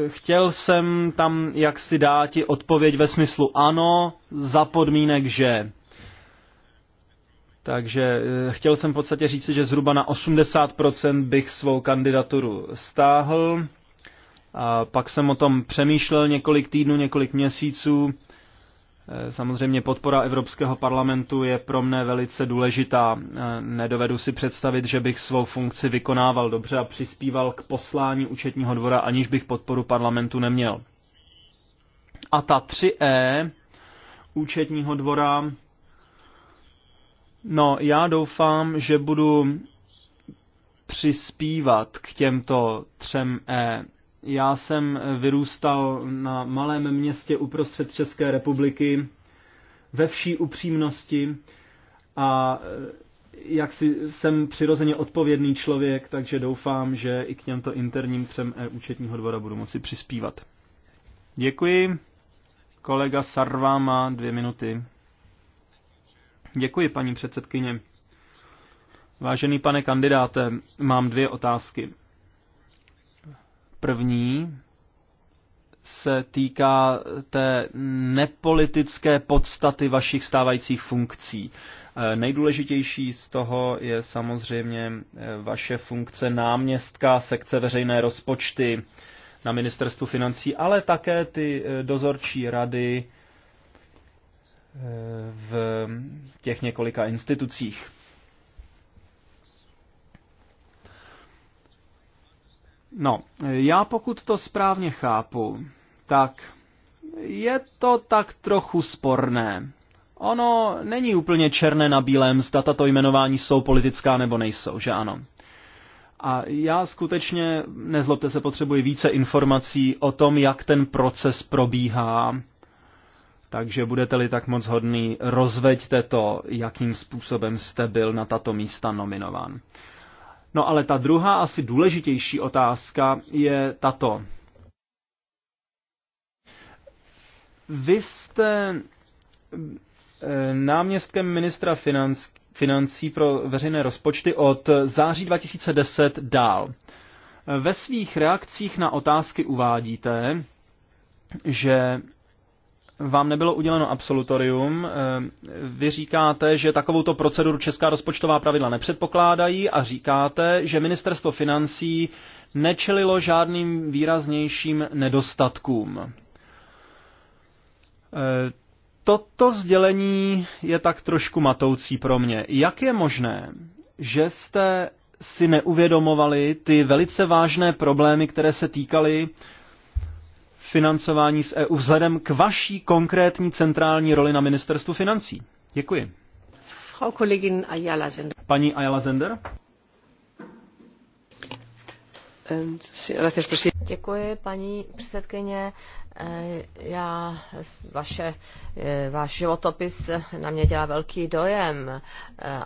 A: chtěl jsem tam jaksi dát odpověď ve smyslu ano, za podmínek, že. Takže eh, chtěl jsem v podstatě říct, že zhruba na 80% bych svou kandidaturu stáhl. A pak jsem o tom přemýšlel několik týdnů, několik měsíců. Eh, samozřejmě podpora Evropského parlamentu je pro mne velice důležitá. Eh, nedovedu si představit, že bych svou funkci vykonával dobře a přispíval k poslání účetního dvora, aniž bych podporu parlamentu neměl. A ta 3E účetního dvora No, já doufám, že budu přispívat k těmto třem E. Já jsem vyrůstal na malém městě uprostřed České republiky ve vší upřímnosti a eh, jak si jsem přirozeně odpovědný člověk, takže doufám, že i k těmto interním třem E účetního dvora budu moci přispívat. Děkuji. Kolega Sarva má dvě minuty. Děkuji, paní předsedkyně. Vážený pane kandidáte, mám dvě otázky. První se týká té nepolitické podstaty vašich stávajících funkcí. Nejdůležitější z toho je samozřejmě vaše funkce náměstka sekce veřejné rozpočty na ministerstvu financí, ale také ty dozorčí rady v těch několika institucích. No, já pokud to správně chápu, tak je to tak trochu sporné. Ono není úplně černé na bílém, zda tato jmenování jsou politická nebo nejsou, že ano. A já skutečně, nezlobte se, potřebuji více informací o tom, jak ten proces probíhá, takže budete-li tak moc hodný, rozveďte to, jakým způsobem jste byl na tato místa nominován. No ale ta druhá, asi důležitější otázka je tato. Vy jste eh, náměstkem ministra financí pro veřejné rozpočty od září 2010 dál. Ve svých reakcích na otázky uvádíte, že vám nebylo uděleno absolutorium. Eh, vy říkáte, že takovouto proceduru česká rozpočtová pravidla nepředpokládají a říkáte, že ministerstvo financí nečelilo žádným výraznějším nedostatkům. Eh, toto sdělení je tak trošku matoucí pro mě. Jak je možné, že jste si neuvědomovali ty velice vážné problémy, které se týkaly financování z EU vzhledem k vaší konkrétní centrální roli na ministerstvu financí? Děkuji.
B: Frau Kollegin Ayala Sender.
A: Paní Ayala Zender. Ehm,
B: Děkuji, paní předsedkyně. Eh, já, vaše, eh, váš životopis na mě dělá velký dojem. Eh,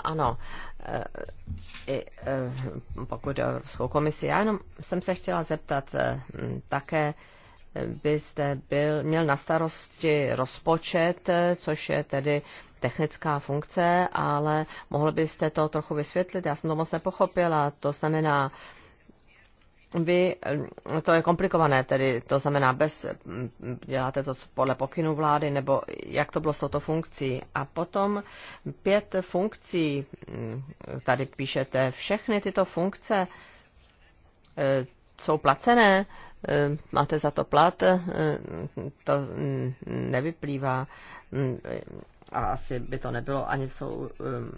B: ano, i, pokud jde o Evropskou komisi. Já jenom jsem se chtěla zeptat také, byste byl, měl na starosti rozpočet, což je tedy technická funkce, ale mohl byste to trochu vysvětlit? Já jsem to moc nepochopila. To znamená, vy, to je komplikované, tedy to znamená, bez, děláte to podle pokynu vlády, nebo jak to bylo s touto funkcí. A potom pět funkcí, tady píšete, všechny tyto funkce eh, jsou placené, Eh, máte za to plat, eh, to mm, nevyplývá mm, a asi by to nebylo ani v, sou, mm,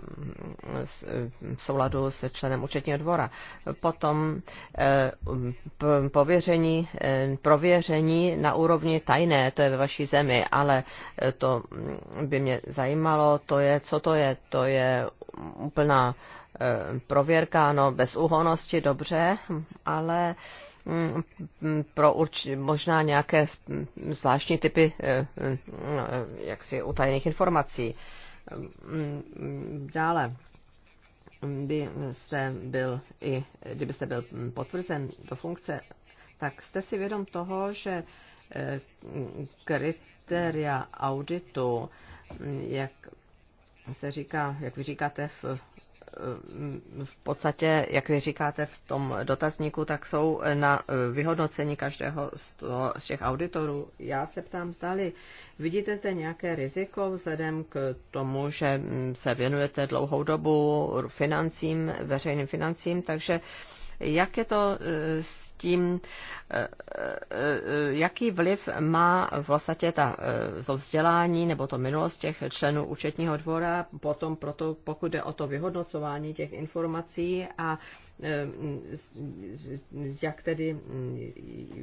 B: v souladu s členem účetního dvora. Potom eh, pověření, prověření na úrovni tajné, to je ve vaší zemi, ale to by mě zajímalo, to je, co to je, to je úplná prověrka, no bez úhonosti, dobře, ale Mm, pro urč- možná nějaké zvláštní typy eh, eh, jaksi utajených informací. Mm, dále byste byl i, kdybyste byl potvrzen do funkce, tak jste si vědom toho, že eh, kritéria auditu, jak se říká, jak vy říkáte v Eh, v podstatě, jak vy říkáte v tom dotazníku, tak jsou na eh, vyhodnocení každého z, toho, z těch auditorů. Já se ptám, zdali vidíte zde nějaké riziko vzhledem k tomu, že mm, se věnujete dlouhou dobu financím, veřejným financím, takže jak je to eh, s tím, eh, eh, eh, jaký vliv má vlastně ta, to vzdělání nebo to minulost těch členů účetního dvora, potom proto, pokud jde o to vyhodnocování těch informací a jak tedy mm,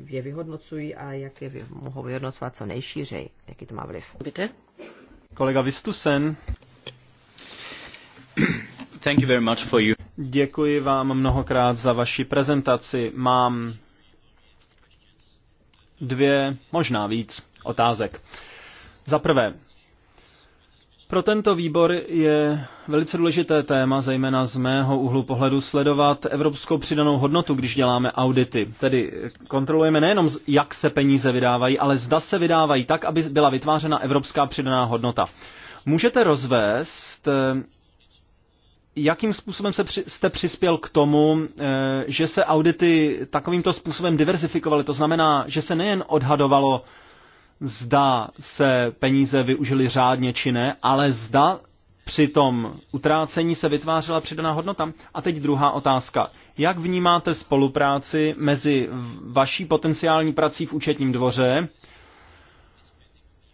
A: je vyhodnocují a jak je
B: mohou vyhodnocovat
A: co nejšířej, jaký to má vliv. Bitte? Kolega Vistusen. Thank you very much for you. Děkuji vám mnohokrát za vaši prezentaci. Mám dvě, možná víc, otázek. Za prvé, pro tento výbor je velice důležité téma, zejména z mého úhlu pohledu, sledovat evropskou přidanou hodnotu, když děláme audity. Tedy kontrolujeme nejenom, jak se peníze vydávají, ale zda se vydávají tak, aby byla vytvářena evropská přidaná hodnota. Můžete rozvést eh, jakým způsobem se při, jste přispěl k tomu, eh, že se audity takovýmto způsobem diverzifikovaly? To znamená, že se nejen odhadovalo, zda se peníze využily řádně či ne, ale zda při tom utrácení se vytvářela přidaná hodnota. A teď druhá otázka. Jak vnímáte spolupráci mezi vaší potenciální prací v účetním dvoře,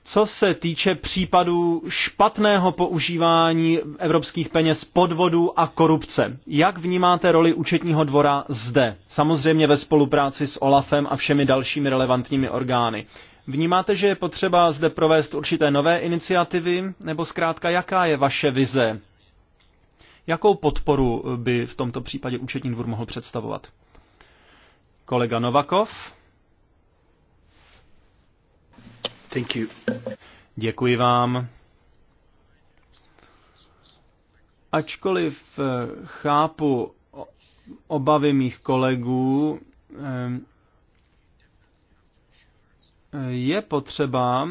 A: co se týče případů špatného používání evropských peněz, podvodu a korupce, jak vnímáte roli účetního dvora zde? Samozřejmě ve spolupráci s OLAFem a všemi dalšími relevantními orgány. Vnímáte, že je potřeba zde provést určité nové iniciativy, nebo zkrátka jaká je vaše vize? Jakou podporu by v tomto případě účetní dvůr mohl představovat? Kolega Novakov. Thank you. Děkuji vám. Ačkoliv eh, chápu obavy mých kolegů, eh, je potřeba,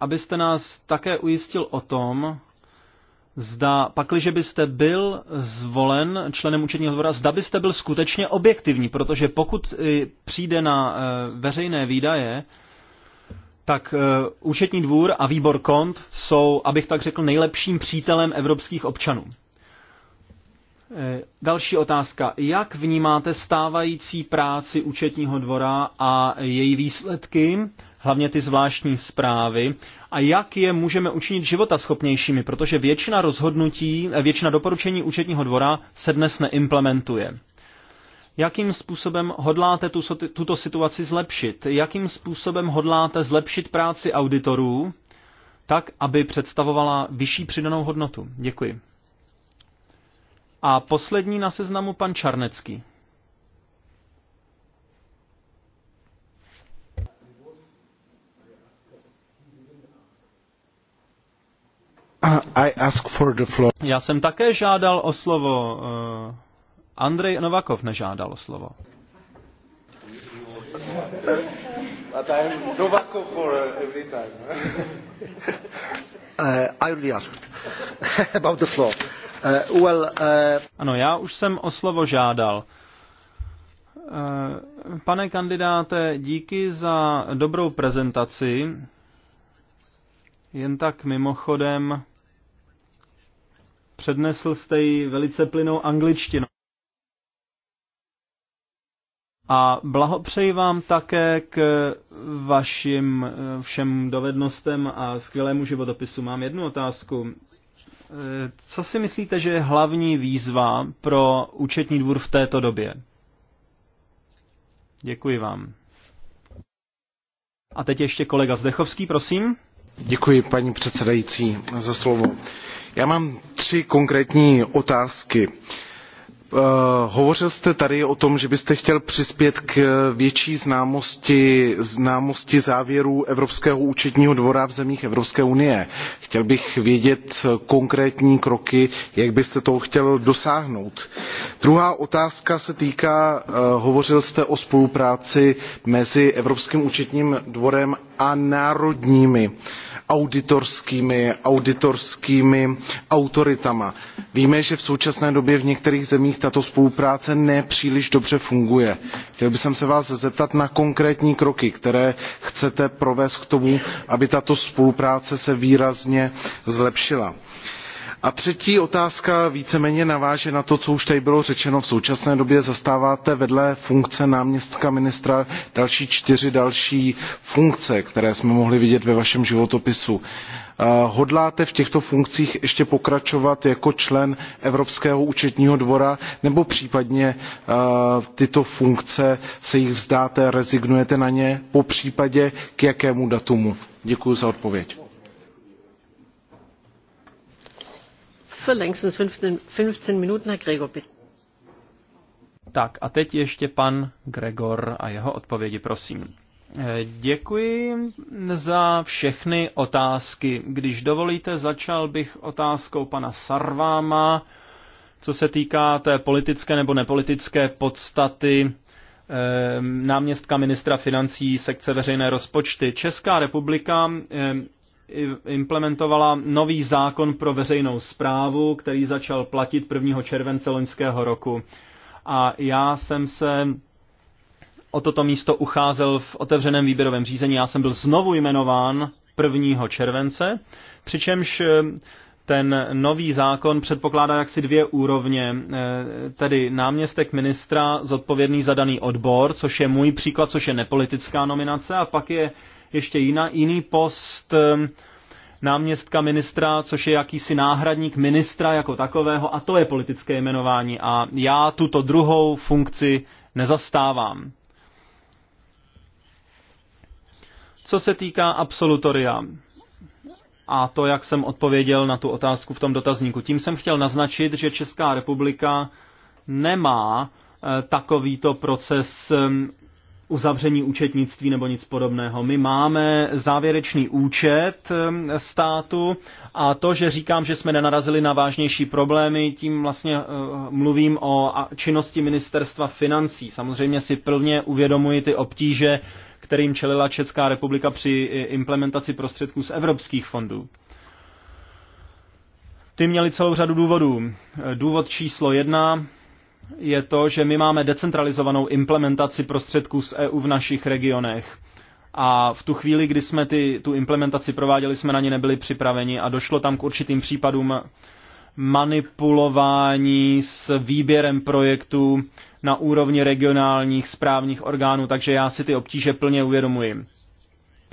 A: abyste nás také ujistil o tom, zda, pakliže byste byl zvolen členem účetního odbora, zda byste byl skutečně objektivní, protože pokud přijde na eh, veřejné výdaje, tak eh, účetní dvůr a výbor kont jsou, abych tak řekl, nejlepším přítelem evropských občanů. Eh, další otázka. Jak vnímáte stávající práci účetního dvora a její výsledky, hlavně ty zvláštní zprávy, a jak je můžeme učinit životaschopnějšími, protože většina rozhodnutí, eh, většina doporučení účetního dvora se dnes neimplementuje. Jakým způsobem hodláte tu, tuto situaci zlepšit? Jakým způsobem hodláte zlepšit práci auditorů tak, aby představovala vyšší přidanou hodnotu? Děkuji. A poslední na seznamu pan Čarnecký.
E: I ask for the floor.
A: Já jsem také žádal o slovo, eh, Andrej Novakov nežádal slovo. Ano, já už jsem o slovo žádal. Uh, pane kandidáte, díky za dobrou prezentaci. Jen tak mimochodem, přednesl jste ji velice plynou angličtinou. A blahopřeji vám také k vašim eh, všem dovednostem a skvělému životopisu. Mám jednu otázku. Eh, co si myslíte, že je hlavní výzva pro účetní dvůr v této době? Děkuji vám. A teď ještě kolega Zdechovský,
E: prosím. Děkuji, paní předsedající, za slovo. Já mám tři konkrétní otázky. Uh, Eh, hovořil jste tady o tom že byste chtěl přispět k větší známosti, známosti závěrů evropského účetního dvora v zemích evropské unie. chtěl bych vědět konkrétní kroky jak byste toho chtěl dosáhnout. druhá otázka se týká eh, hovořil jste o spolupráci mezi evropským účetním dvorem a národními orgány auditorskými, auditorskými autoritami. Víme, že v současné době v některých zemích tato spolupráce nepříliš dobře funguje. Chtěl bych se vás zeptat na konkrétní kroky, které chcete provést k tomu, aby tato spolupráce se výrazně zlepšila. A třetí otázka víceméně naváže na to, co už tady bylo řečeno. V současné době zastáváte vedle funkce náměstka ministra další čtyři další funkce, které jsme mohli vidět ve vašem životopisu. Hodláte v těchto funkcích ještě pokračovat jako člen Evropského účetního dvora nebo případně tyto funkce se jich vzdáte, rezignujete na ně, po případě k jakému datumu? Děkuji za odpověď.
A: Tak a teď ještě pan Gregor a jeho odpovědi, prosím. Eh, děkuji za všechny otázky. Když dovolíte, začal bych otázkou pana Sarváma, co se týká té politické nebo nepolitické podstaty eh, náměstka ministra financí sekce veřejné rozpočty. Česká republika eh, implementovala nový zákon pro veřejnou zprávu, který začal platit 1. července loňského roku. A já jsem se o toto místo ucházel v otevřeném výběrovém řízení. Já jsem byl znovu jmenován 1. července, přičemž eh, ten nový zákon předpokládá jaksi dvě úrovně, eh, tedy náměstek ministra zodpovědný za daný odbor, což je můj příklad, což je nepolitická nominace, a pak je ještě jiná, jiný post náměstka ministra, což je jakýsi náhradník ministra jako takového a to je politické jmenování a já tuto druhou funkci nezastávám. Co se týká absolutoria, a to, jak jsem odpověděl na tu otázku v tom dotazníku. Tím jsem chtěl naznačit, že Česká republika nemá eh, takovýto proces uzavření účetnictví nebo nic podobného. My máme závěrečný účet státu a to, že říkám, že jsme nenarazili na vážnější problémy, tím vlastně eh, mluvím o činnosti ministerstva financí. Samozřejmě si plně uvědomuji ty obtíže, kterým čelila Česká republika při eh, implementaci prostředků z evropských fondů. Ty měly celou řadu důvodů. Eh, důvod číslo jedna je to, že my máme decentralizovanou implementaci prostředků z EU v našich regionech. A v tu chvíli, kdy jsme ty, tu implementaci prováděli, jsme na ně nebyli připraveni a došlo tam k určitým případům manipulování s výběrem projektů na úrovni regionálních správních orgánů, takže já si ty obtíže plně uvědomuji.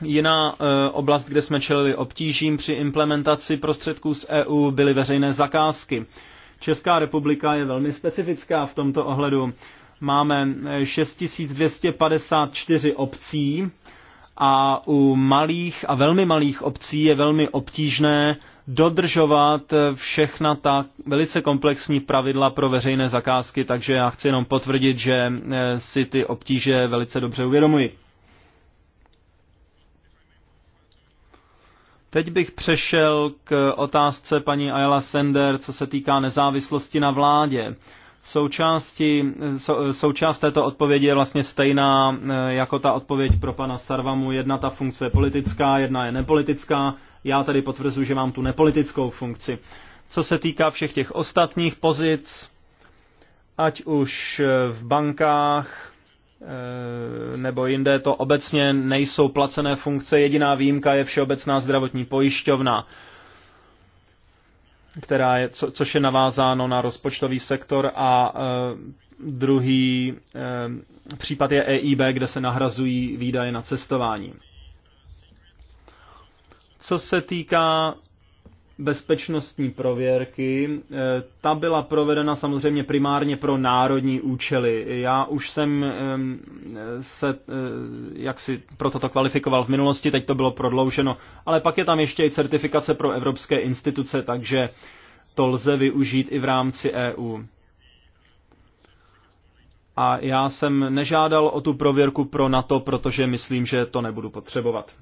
A: Jiná e, oblast, kde jsme čelili obtížím při implementaci prostředků z EU, byly veřejné zakázky. Česká republika je velmi specifická v tomto ohledu. Máme 6254 eh, obcí a u malých a velmi malých obcí je velmi obtížné dodržovat eh, všechna ta velice komplexní pravidla pro veřejné zakázky, takže já chci jenom potvrdit, že eh, si ty obtíže velice dobře uvědomuji. Teď bych přešel k otázce paní Ayala Sender, co se týká nezávislosti na vládě. Součástí, sou, součást této odpovědi je vlastně stejná eh, jako ta odpověď pro pana Sarvamu. Jedna ta funkce je politická, jedna je nepolitická. Já tady potvrzuji, že mám tu nepolitickou funkci. Co se týká všech těch ostatních pozic, ať už v bankách, Eh, nebo jinde to obecně nejsou placené funkce. Jediná výjimka je Všeobecná zdravotní pojišťovna, která je, co, což je navázáno na rozpočtový sektor a eh, druhý eh, případ je EIB, kde se nahrazují výdaje na cestování. Co se týká bezpečnostní prověrky. E, ta byla provedena samozřejmě primárně pro národní účely. Já už jsem se e, jak si pro toto kvalifikoval v minulosti, teď to bylo prodlouženo, ale pak je tam ještě i certifikace pro evropské instituce, takže to lze využít i v rámci EU. A já jsem nežádal o tu prověrku pro NATO, protože myslím, že to nebudu potřebovat.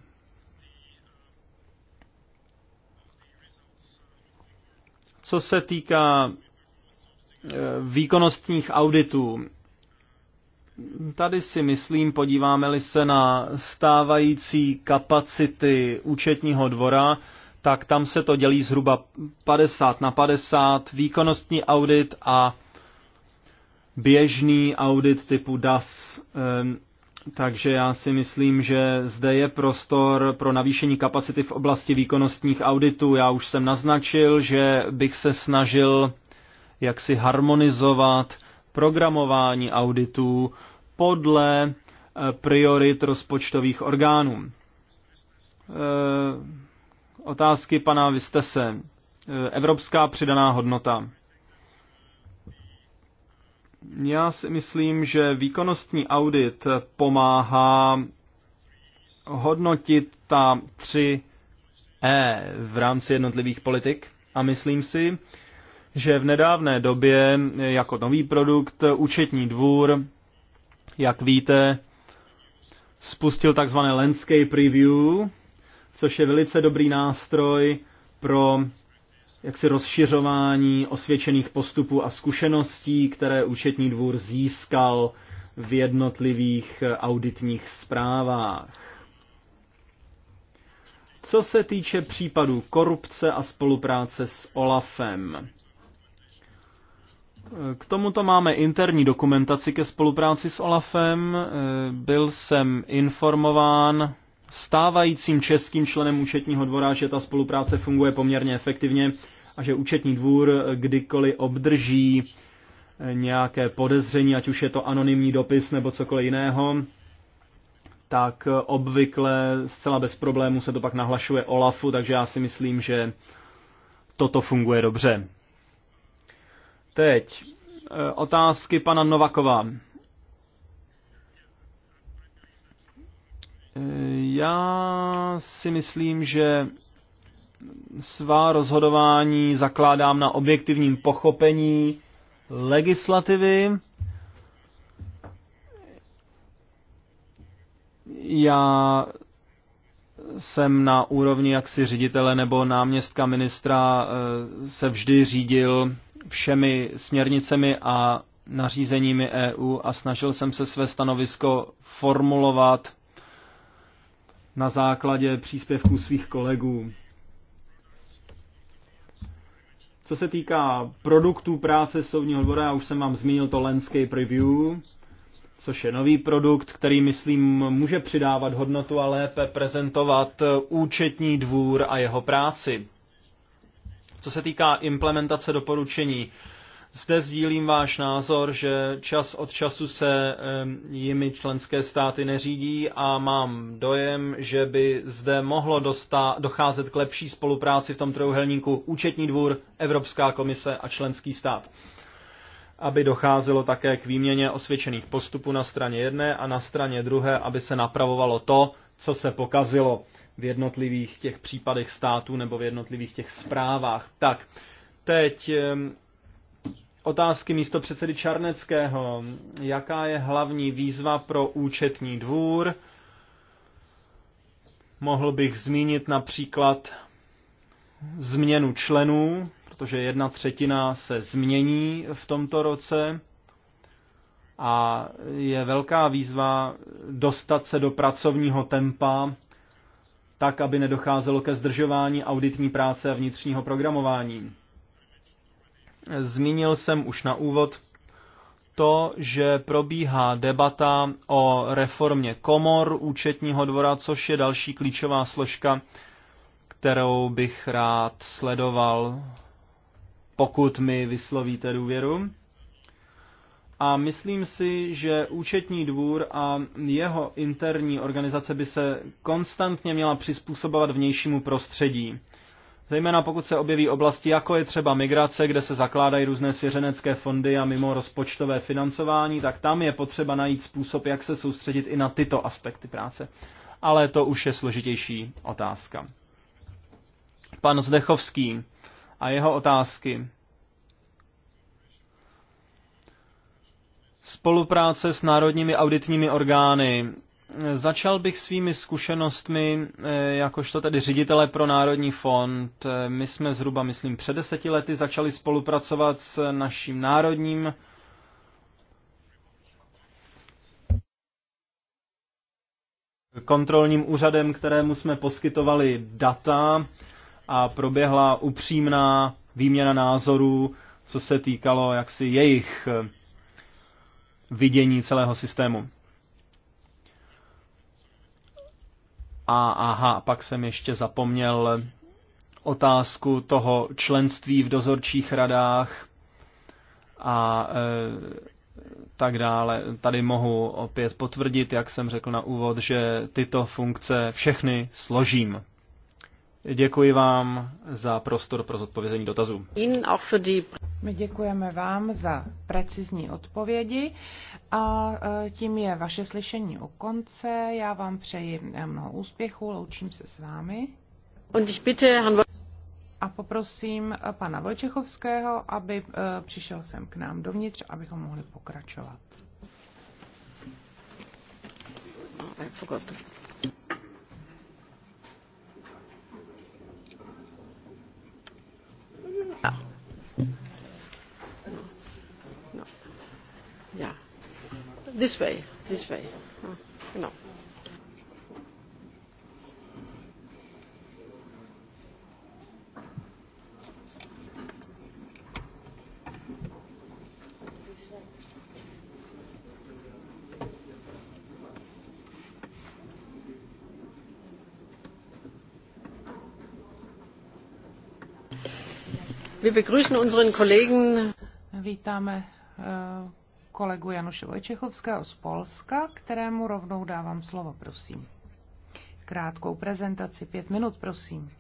A: Co se týká eh, výkonnostních auditů, Tady si myslím, podíváme-li se na stávající kapacity účetního dvora, tak tam se to dělí zhruba 50 na 50, výkonnostní audit a běžný audit typu DAS. Eh, takže já si myslím, že zde je prostor pro navýšení kapacity v oblasti výkonnostních auditů. Já už jsem naznačil, že bych se snažil jaksi harmonizovat programování auditů podle eh, priorit rozpočtových orgánů. Eh, otázky pana Vistese. Eh, evropská přidaná hodnota. Já si myslím, že výkonnostní audit pomáhá hodnotit ta tři E v rámci jednotlivých politik a myslím si, že v nedávné době jako nový produkt účetní dvůr, jak víte, spustil takzvané landscape review, což je velice dobrý nástroj pro jaksi rozšiřování osvědčených postupů a zkušeností, které účetní dvůr získal v jednotlivých eh, auditních zprávách. Co se týče případů korupce a spolupráce s OLAFem, eh, k tomuto máme interní dokumentaci ke spolupráci s OLAFem. Eh, byl jsem informován stávajícím českým členem účetního dvora, že ta spolupráce funguje poměrně efektivně a že účetní dvůr kdykoliv obdrží eh, nějaké podezření, ať už je to anonymní dopis nebo cokoliv jiného, tak eh, obvykle zcela bez problémů se to pak nahlašuje OLAFu, takže já si myslím, že toto funguje dobře. Teď eh, otázky pana Novakova. Já si myslím, že svá rozhodování zakládám na objektivním pochopení legislativy. Já jsem na úrovni jaksi ředitele nebo náměstka ministra eh, se vždy řídil všemi směrnicemi a nařízeními EU a snažil jsem se své stanovisko formulovat na základě příspěvků svých kolegů. Co se týká produktů práce soudního dvora, já už jsem vám zmínil to Landscape Review, což je nový produkt, který, myslím, může přidávat hodnotu a lépe prezentovat účetní dvůr a jeho práci. Co se týká implementace doporučení, zde sdílím váš názor, že čas od času se jimi členské státy neřídí a mám dojem, že by zde mohlo dostá, docházet k lepší spolupráci v tom trojuhelníku Účetní dvůr, Evropská komise a členský stát aby docházelo také k výměně osvědčených postupů na straně jedné a na straně druhé, aby se napravovalo to, co se pokazilo v jednotlivých těch případech států nebo v jednotlivých těch zprávách. Tak, teď otázky místo předsedy Čarneckého. Jaká je hlavní výzva pro účetní dvůr? Mohl bych zmínit například změnu členů, protože jedna třetina se změní v tomto roce a je velká výzva dostat se do pracovního tempa, tak, aby nedocházelo ke zdržování auditní práce a vnitřního programování. Zmínil jsem už na úvod to, že probíhá debata o reformě komor účetního dvora, což je další klíčová složka, kterou bych rád sledoval, pokud mi vyslovíte důvěru. A myslím si, že účetní dvůr a jeho interní organizace by se konstantně měla přizpůsobovat vnějšímu prostředí. Zejména pokud se objeví oblasti, jako je třeba migrace, kde se zakládají různé svěřenecké fondy a mimo rozpočtové financování, tak tam je potřeba najít způsob, jak se soustředit i na tyto aspekty práce. Ale to už je složitější otázka. Pan Zdechovský a jeho otázky. Spolupráce s národními auditními orgány Začal bych svými zkušenostmi, eh, jakožto tedy ředitele pro Národní fond. Eh, my jsme zhruba, myslím, před deseti lety začali spolupracovat s naším národním kontrolním úřadem, kterému jsme poskytovali data a proběhla upřímná výměna názorů, co se týkalo jaksi jejich eh, vidění celého systému. A aha, pak jsem ještě zapomněl otázku toho členství v dozorčích radách a e, tak dále. Tady mohu opět potvrdit, jak jsem řekl na úvod, že tyto funkce všechny složím. Děkuji vám za prostor pro zodpovězení dotazů.
C: My děkujeme vám za precizní odpovědi a e, tím je vaše slyšení u konce. Já vám přeji mnoho úspěchů, loučím se s vámi. A poprosím e, pana Vojčechovského, aby e, přišel sem k nám dovnitř, abychom mohli pokračovat.
D: Yeah. Ja. This way, this way. Genau. Oh, no.
C: Wir begrüßen unseren Kollegen. Vítáme eh, kolegu Januše Vojčechovského z Polska, kterému rovnou dávám slovo, prosím. Krátkou prezentaci, pět minut, prosím.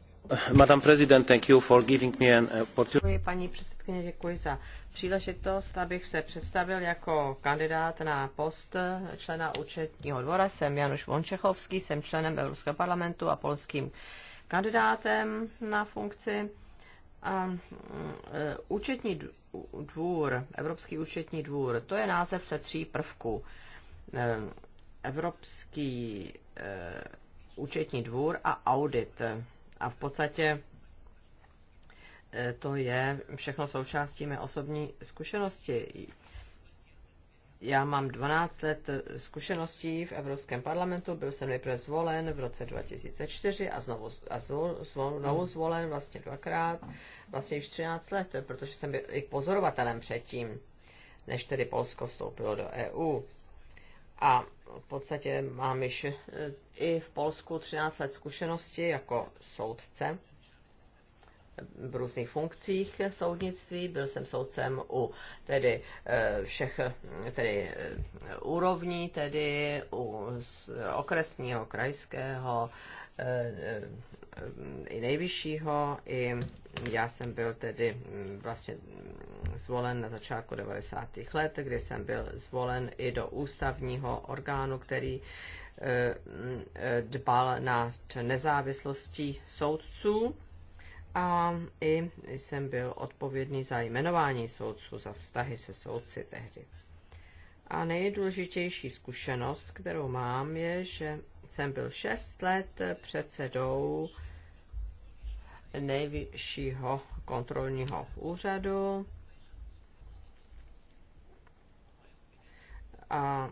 E: Madam President, thank you for giving me an opportunity. Děkuji,
A: paní
C: předsedkyně, děkuji
B: za příležitost, abych se představil jako kandidát na post člena účetního dvora. Jsem Januš Vončechovský, jsem členem Evropského parlamentu a polským kandidátem na funkci. A, mm, e, účetní dvůr, Evropský účetní dvůr, to je název se tří prvků. Eh, Evropský eh, účetní dvůr a audit. A v podstatě eh, to je všechno součástí mé osobní zkušenosti. Já mám 12 let zkušeností v Evropském parlamentu, byl jsem nejprve zvolen v roce 2004 a znovu, a zvol, znovu zvolen vlastně dvakrát, vlastně již 13 let, protože jsem byl i pozorovatelem předtím, než tedy Polsko vstoupilo do EU. A v podstatě mám již eh, i v Polsku 13 let zkušenosti jako soudce v různých funkcích soudnictví, byl jsem soudcem u tedy eh, všech tedy eh, úrovní, tedy u okresního, krajského, eh, i nejvyššího, i já jsem byl tedy hm, vlastně zvolen na začátku 90. let, kdy jsem byl zvolen i do ústavního orgánu, který hm, dbal na nezávislostí soudců a i jsem byl odpovědný za jmenování soudců, za vztahy se soudci tehdy. A nejdůležitější zkušenost, kterou mám, je, že jsem byl šest let předsedou nejvyššího kontrolního úřadu a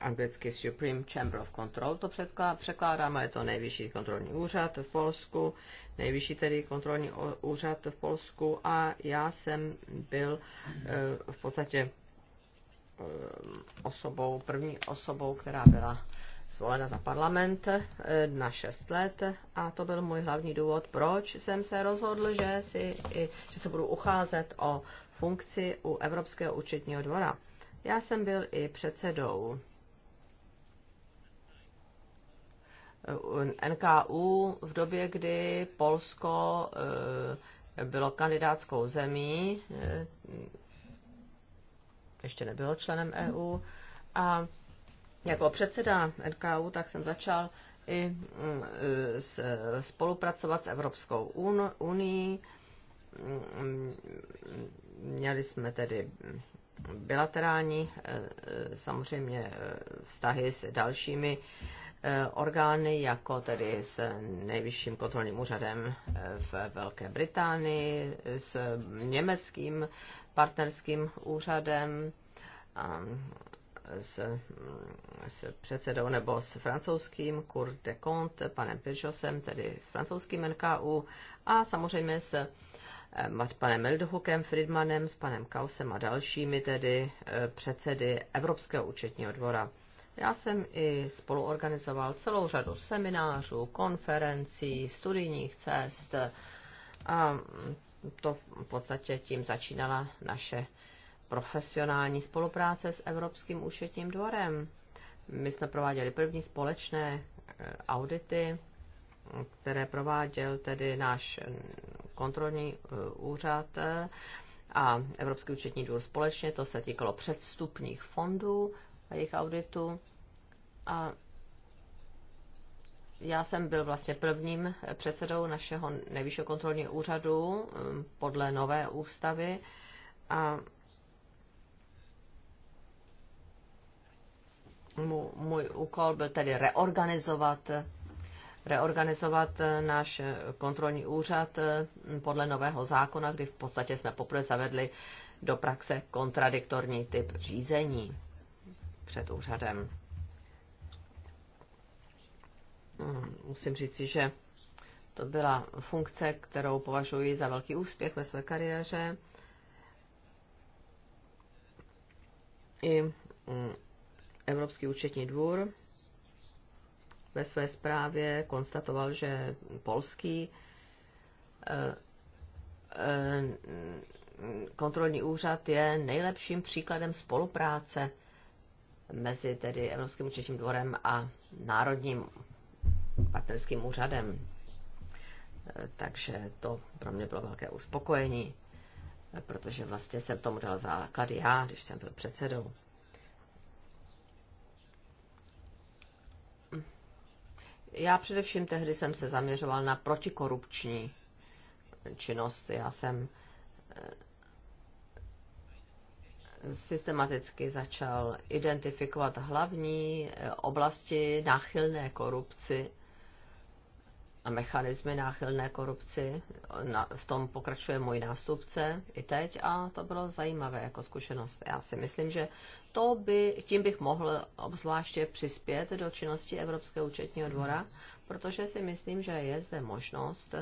B: anglicky Supreme Chamber of Control to překládám, ale je to nejvyšší kontrolní úřad v Polsku, nejvyšší tedy kontrolní úřad v Polsku a já jsem byl eh, v podstatě eh, osobou, první osobou, která byla zvolena za parlament eh, na 6 let a to byl můj hlavní důvod, proč jsem se rozhodl, že, si, že se budu ucházet o funkci u Evropského účetního dvora. Já jsem byl i předsedou NKU v době, kdy Polsko eh, bylo kandidátskou zemí, eh, ještě nebylo členem EU, a jako předseda NKU, tak jsem začal i mm, eh, spolupracovat s Evropskou unii. Mm, měli jsme tedy bilaterální samozřejmě vztahy s dalšími Eh, orgány, jako tedy s nejvyšším kontrolním úřadem eh, v Velké Británii, s německým partnerským úřadem, a s, s předsedou nebo s francouzským Cour de Comte, panem Piržosem, tedy s francouzským NKU a samozřejmě s eh, panem Eldohukem, Friedmanem, s panem Kausem a dalšími tedy předsedy Evropského účetního dvora. Já jsem i spoluorganizoval celou řadu seminářů, konferencí, studijních cest a to v podstatě tím začínala naše profesionální spolupráce s Evropským účetním dvorem. My jsme prováděli první společné eh, audity, které prováděl tedy náš kontrolní eh, úřad eh, a Evropský účetní dvůr společně. To se týkalo předstupních fondů a jejich auditu. A já jsem byl vlastně prvním předsedou našeho nejvyššího kontrolního úřadu um, podle nové ústavy a můj úkol byl tedy reorganizovat reorganizovat náš kontrolní úřad um, podle nového zákona, kdy v podstatě jsme poprvé zavedli do praxe kontradiktorní typ řízení před úřadem. Hm, musím říci, že to byla funkce, kterou považuji za velký úspěch ve své kariéře. I hm, Evropský účetní dvůr ve své zprávě konstatoval, že polský eh, eh, kontrolní úřad je nejlepším příkladem spolupráce mezi tedy Evropským účetním dvorem a národním partnerským úřadem. E, takže to pro mě bylo velké uspokojení, protože vlastně jsem tomu dal základy já, když jsem byl předsedou. Já především tehdy jsem se zaměřoval na protikorupční činnost. Já jsem e, systematicky začal identifikovat hlavní e, oblasti náchylné korupci a mechanismy náchylné korupci. Na, v tom pokračuje můj nástupce i teď a to bylo zajímavé jako zkušenost. Já si myslím, že to by, tím bych mohl obzvláště přispět do činnosti Evropského účetního dvora, protože si myslím, že je zde možnost,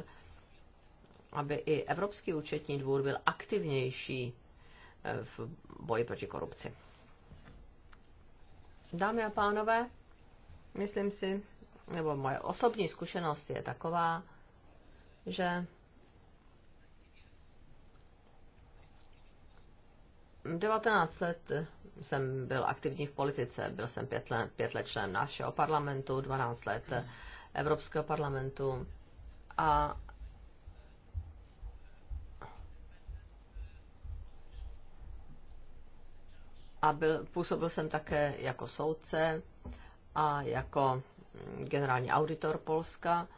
B: aby i Evropský účetní dvůr byl aktivnější eh, v boji proti korupci. Dámy a pánové, myslím si, nebo moje osobní zkušenost je taková, že 19 let jsem byl aktivní v politice, byl jsem pět let, pět let členem našeho parlamentu, 12 let Evropského parlamentu a a byl, působil jsem také jako soudce a jako generální auditor Polska,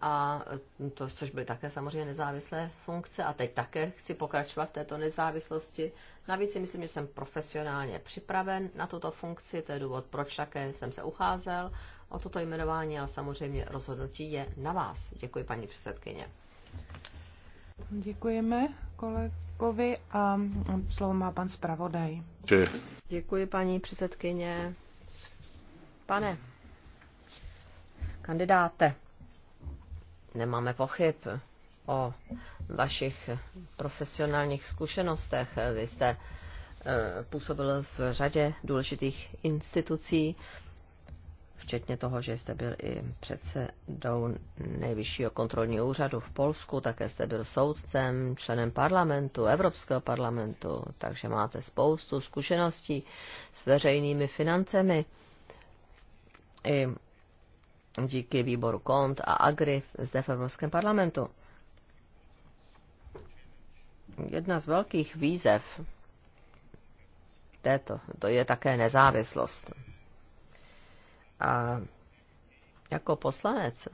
B: a to, což byly také samozřejmě nezávislé funkce a teď také chci pokračovat v této nezávislosti. Navíc si myslím, že jsem profesionálně připraven na tuto funkci, to je důvod, proč také jsem se ucházel o toto jmenování, ale samozřejmě rozhodnutí je na vás. Děkuji, paní předsedkyně.
C: Děkujeme kolegovi a slovo má pan zpravodaj. Děkuji, paní předsedkyně.
B: Pane kandidáte. Nemáme pochyb o vašich profesionálních zkušenostech. Vy jste eh, působil v řadě důležitých institucí, včetně toho, že jste byl i předsedou nejvyššího kontrolního úřadu v Polsku, také jste byl soudcem, členem parlamentu, Evropského parlamentu, takže máte spoustu zkušeností s veřejnými financemi. I díky výboru KONT a AGRI zde v Evropském parlamentu. Jedna z velkých výzev této to je také nezávislost. A jako poslanec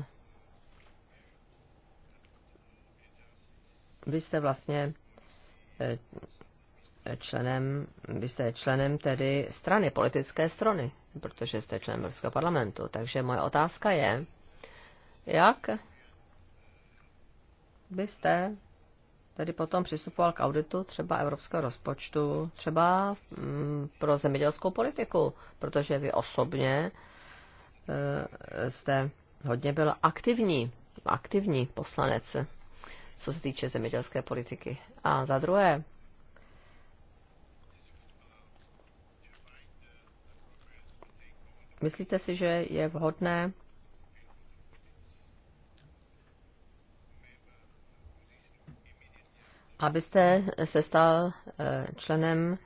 B: vy jste vlastně eh, členem, vy jste členem tedy strany, politické strany, protože jste člen Evropského parlamentu. Takže moje otázka je, jak byste tedy potom přistupoval k auditu třeba evropského rozpočtu, třeba mm, pro zemědělskou politiku, protože vy osobně eh, jste hodně byl aktivní, aktivní poslanec, co se týče zemědělské politiky. A za druhé, Myslíte si, že je vhodné abyste se stal eh, členem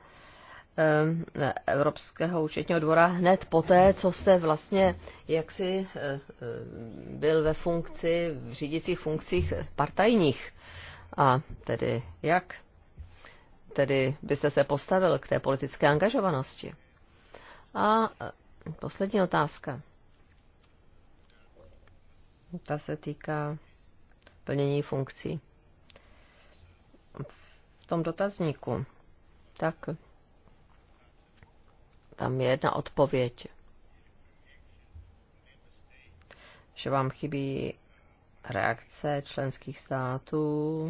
B: eh, Evropského účetního dvora hned poté, co jste vlastně jaksi eh, byl ve funkci, v řídicích funkcích partajních. A tedy jak? Tedy byste se postavil k té politické angažovanosti. A Poslední otázka. Ta se týká plnění funkcí. V tom dotazníku, tak tam je jedna odpověď, že vám chybí reakce členských států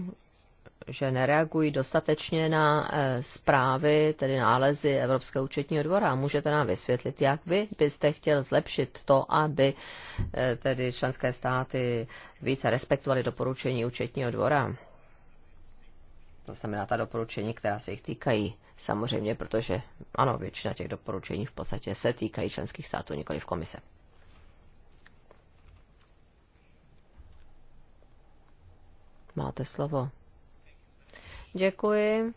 B: že nereagují dostatečně na eh, zprávy, tedy nálezy Evropského účetního dvora. Můžete nám vysvětlit, jak vy byste chtěl zlepšit to, aby eh, tedy členské státy více respektovaly doporučení účetního dvora? To znamená ta doporučení, která se jich týkají. Samozřejmě, protože ano, většina těch doporučení v podstatě se týkají členských států, nikoli v komise. Máte slovo. Děkuji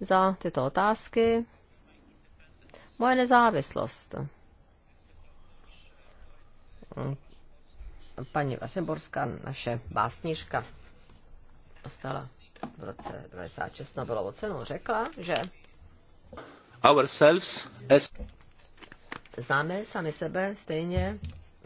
B: za tyto otázky. Moje nezávislost. Paní Vaseborská, naše básnířka, dostala v roce 96 Nobelovu cenu, řekla, že
E: ourselves as...
B: známe sami sebe stejně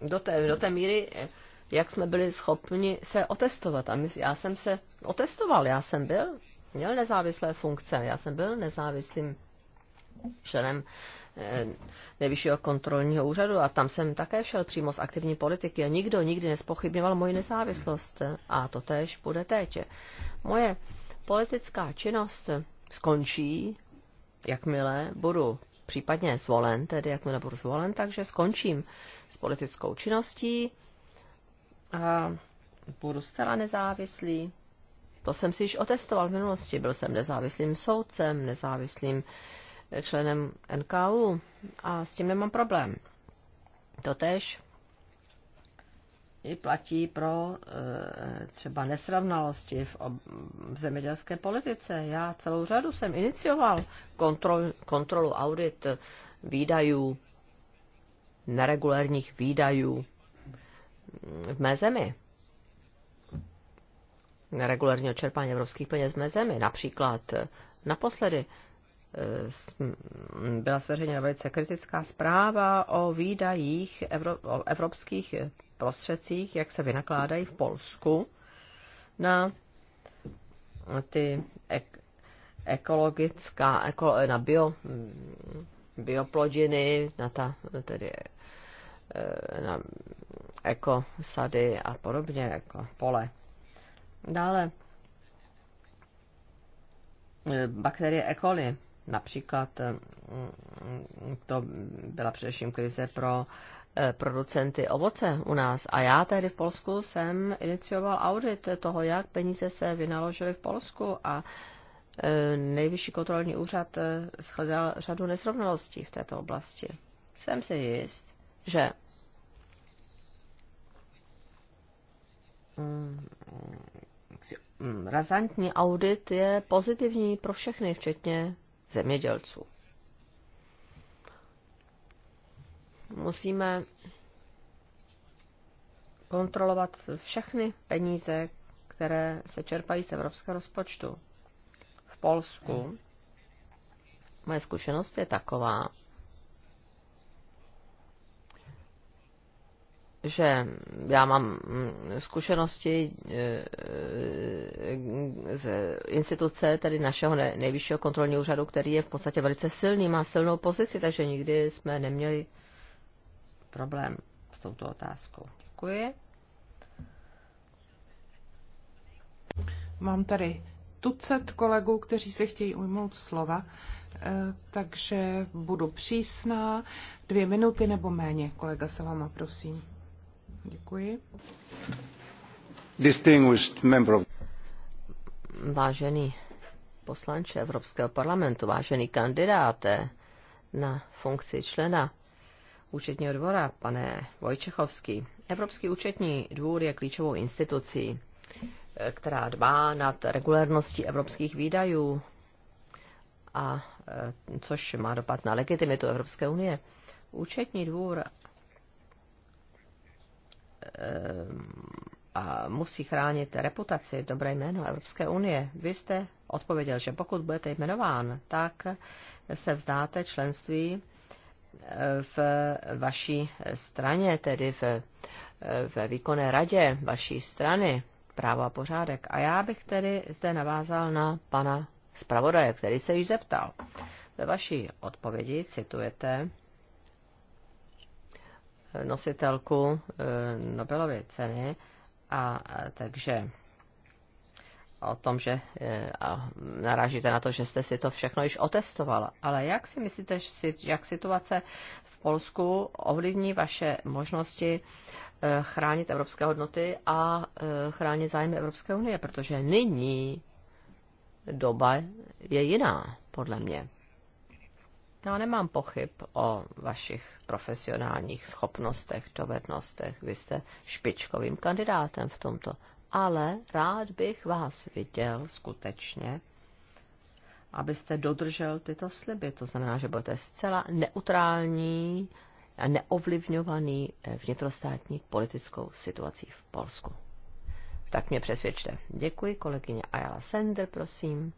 B: do té, do té míry, jak jsme byli schopni se otestovat. A my, já jsem se otestoval. Já jsem byl, měl nezávislé funkce, já jsem byl nezávislým členem eh, nejvyššího kontrolního úřadu a tam jsem také šel přímo z aktivní politiky a nikdo nikdy nespochybňoval moji nezávislost a to též bude teď. Moje politická činnost skončí, jakmile budu případně zvolen, tedy jakmile budu zvolen, takže skončím s politickou činností a budu zcela nezávislý to jsem si již otestoval v minulosti. Byl jsem nezávislým soudcem, nezávislým členem NKU a s tím nemám problém. Totež i platí pro eh, třeba nesrovnalosti v, ob- v zemědělské politice. Já celou řadu jsem inicioval kontrol, kontrolu audit výdajů, neregulérních výdajů v mé zemi regulárního čerpání evropských peněz v zemi. Například naposledy eh, byla zveřejněna velice kritická zpráva o výdajích o evropských prostředcích, jak se vynakládají v Polsku na ty ek, ekologická, eko, na bio, bioplodiny, na ta tedy eh, na ekosady a podobně, jako pole Dále eh, bakterie E. coli. Například eh, to byla především krize pro eh, producenty ovoce u nás. A já tady v Polsku jsem inicioval audit toho, jak peníze se vynaložily v Polsku a nejvyšší kontrolní úřad shledal řadu nesrovnalostí v této oblasti. Jsem si jist, že mm, Mm, razantní audit je pozitivní pro všechny, včetně zemědělců. Musíme kontrolovat všechny peníze, které se čerpají z evropského rozpočtu. V Polsku moje zkušenost je taková, že já mám mm, zkušenosti e, e, z instituce, tedy našeho nejvyššího kontrolního úřadu, který je v podstatě velice silný, má silnou pozici, takže nikdy jsme neměli problém s touto otázkou.
C: Děkuji. Mám tady tucet kolegů, kteří se chtějí ujmout slova, e, takže budu přísná. Dvě minuty nebo méně. Kolega se vám prosím.
B: Vážený poslanče Evropského parlamentu, vážený kandidáte na funkci člena účetního dvora, pane Vojčechovský. Evropský účetní dvůr je klíčovou institucí, která dbá nad regulérností evropských výdajů, a e, což má dopad na legitimitu Evropské unie. Účetní dvůr a musí chránit reputaci, dobré jméno Evropské unie. Vy jste odpověděl, že pokud budete jmenován, tak se vzdáte členství eh, v vaší straně, tedy v, eh, ve výkonné radě vaší strany právo a pořádek. A já bych tedy zde navázal na pana zpravodaje, který se již zeptal. Ve vaší odpovědi citujete nositelku eh, Nobelovy ceny. A eh, takže o tom, že eh, a narážíte na to, že jste si to všechno již otestoval. Ale jak si myslíte, jak situace v Polsku ovlivní vaše možnosti chránit evropské hodnoty a chránit zájmy Evropské unie? Protože nyní doba je jiná, podle mě. Já no nemám pochyb o vašich profesionálních schopnostech, dovednostech. Vy jste špičkovým kandidátem v tomto. Ale rád bych vás viděl skutečně, abyste dodržel tyto sliby. To znamená, že budete zcela neutrální a neovlivňovaný vnitrostátní politickou situací v Polsku. Tak mě přesvědčte. Děkuji, kolegyně Ayala Sender, prosím.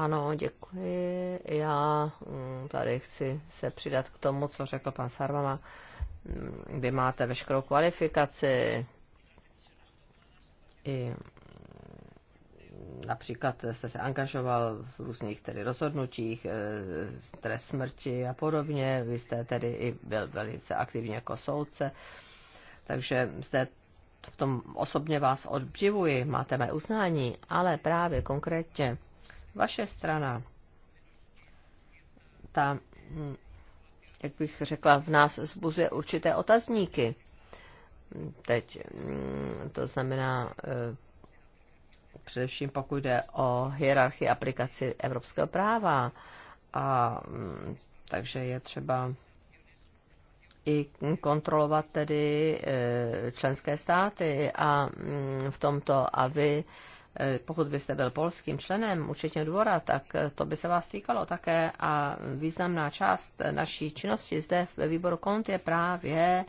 B: Ano, děkuji. Já mm, tady chci se přidat k tomu, co řekl pan Sarvama. Mm, vy máte veškerou kvalifikaci. I mm, například jste se angažoval v různých tedy rozhodnutích, e, trest smrti a podobně. Vy jste tedy i byl velice aktivní jako soudce. Takže jste v tom osobně vás obdivuji, máte mé uznání, ale právě konkrétně vaše strana, ta, hm, jak bych řekla, v nás zbuzuje určité otazníky. Teď hm, to znamená eh, především pokud jde o hierarchii aplikaci evropského práva. A hm, takže je třeba i kontrolovat tedy eh, členské státy a v tomto, aby Eh, pokud byste byl polským členem účetního dvora, tak eh, to by se vás týkalo také a významná část naší činnosti zde ve výboru KONT je právě eh,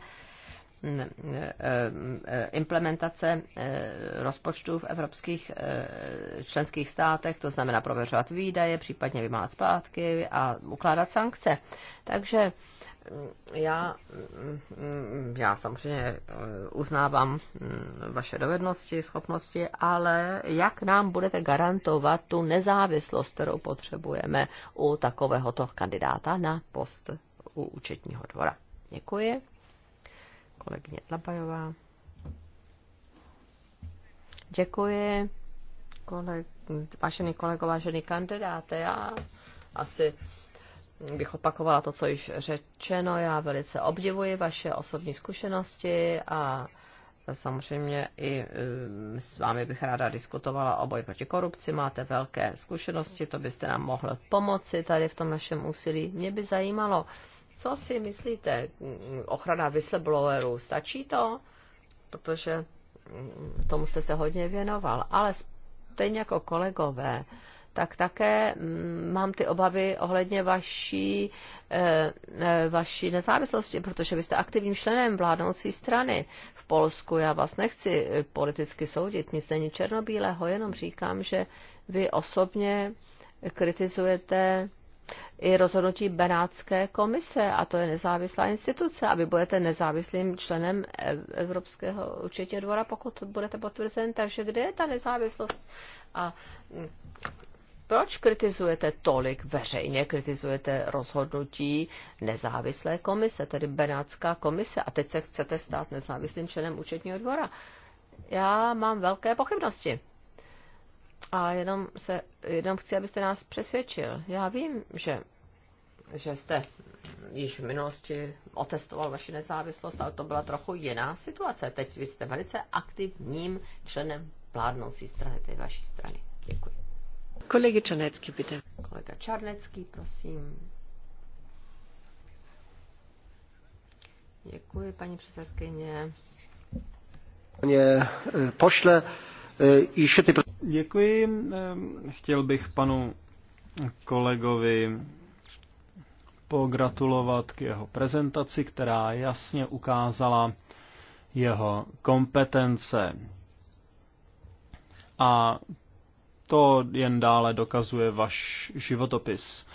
B: Eh, eh, implementace eh, rozpočtů v evropských členských státech, to znamená prověřovat výdaje, případně vymáhat zpátky a ukládat sankce. Takže mm, já, mm, já samozřejmě uznávám mm, vaše dovednosti, schopnosti, ale jak nám budete garantovat tu nezávislost, kterou potřebujeme u takovéhoto kandidáta na post u účetního dvora? Děkuji kolegyně Dlabajová. Děkuji, koleg, vážený kolego, vážený kandidáte. Já asi bych opakovala to, co již řečeno. Já velice obdivuji vaše osobní zkušenosti a samozřejmě i eh, s vámi bych ráda diskutovala o boji proti korupci. Máte velké zkušenosti, to byste nám mohl pomoci tady v tom našem úsilí. Mě by zajímalo, co si myslíte, ochrana whistleblowerů, stačí to? Protože mm, tomu jste se hodně věnoval, ale stejně jako kolegové, tak také mm, mám ty obavy ohledně vaší, eh, eh, vaší nezávislosti, protože vy jste aktivním členem vládnoucí strany v Polsku. Já vás nechci eh, politicky soudit, nic není černobílého, jenom říkám, že vy osobně kritizujete i rozhodnutí Benátské komise, a to je nezávislá instituce, aby budete nezávislým členem Evropského určitě dvora, pokud budete potvrzen. Takže kde je ta nezávislost? A mm, proč kritizujete tolik veřejně, kritizujete rozhodnutí nezávislé komise, tedy Benátská komise, a teď se chcete stát nezávislým členem účetního dvora? Já mám velké pochybnosti. A jenom, se, jenom chci, abyste nás přesvědčil. Já vím, že, že jste již v minulosti otestoval vaši nezávislost, ale to byla trochu jiná situace. Teď vy jste velice aktivním členem vládnoucí strany, té vaší strany. Děkuji. Kolega Čarnecký, bitte. Kolega Čarnecký, prosím. Děkuji, paní předsedkyně.
E: E,
A: pošle, Eh, Děkuji. Chtěl bych panu kolegovi pogratulovat k jeho prezentaci, která jasně ukázala jeho kompetence. A to jen dále dokazuje vaš životopis.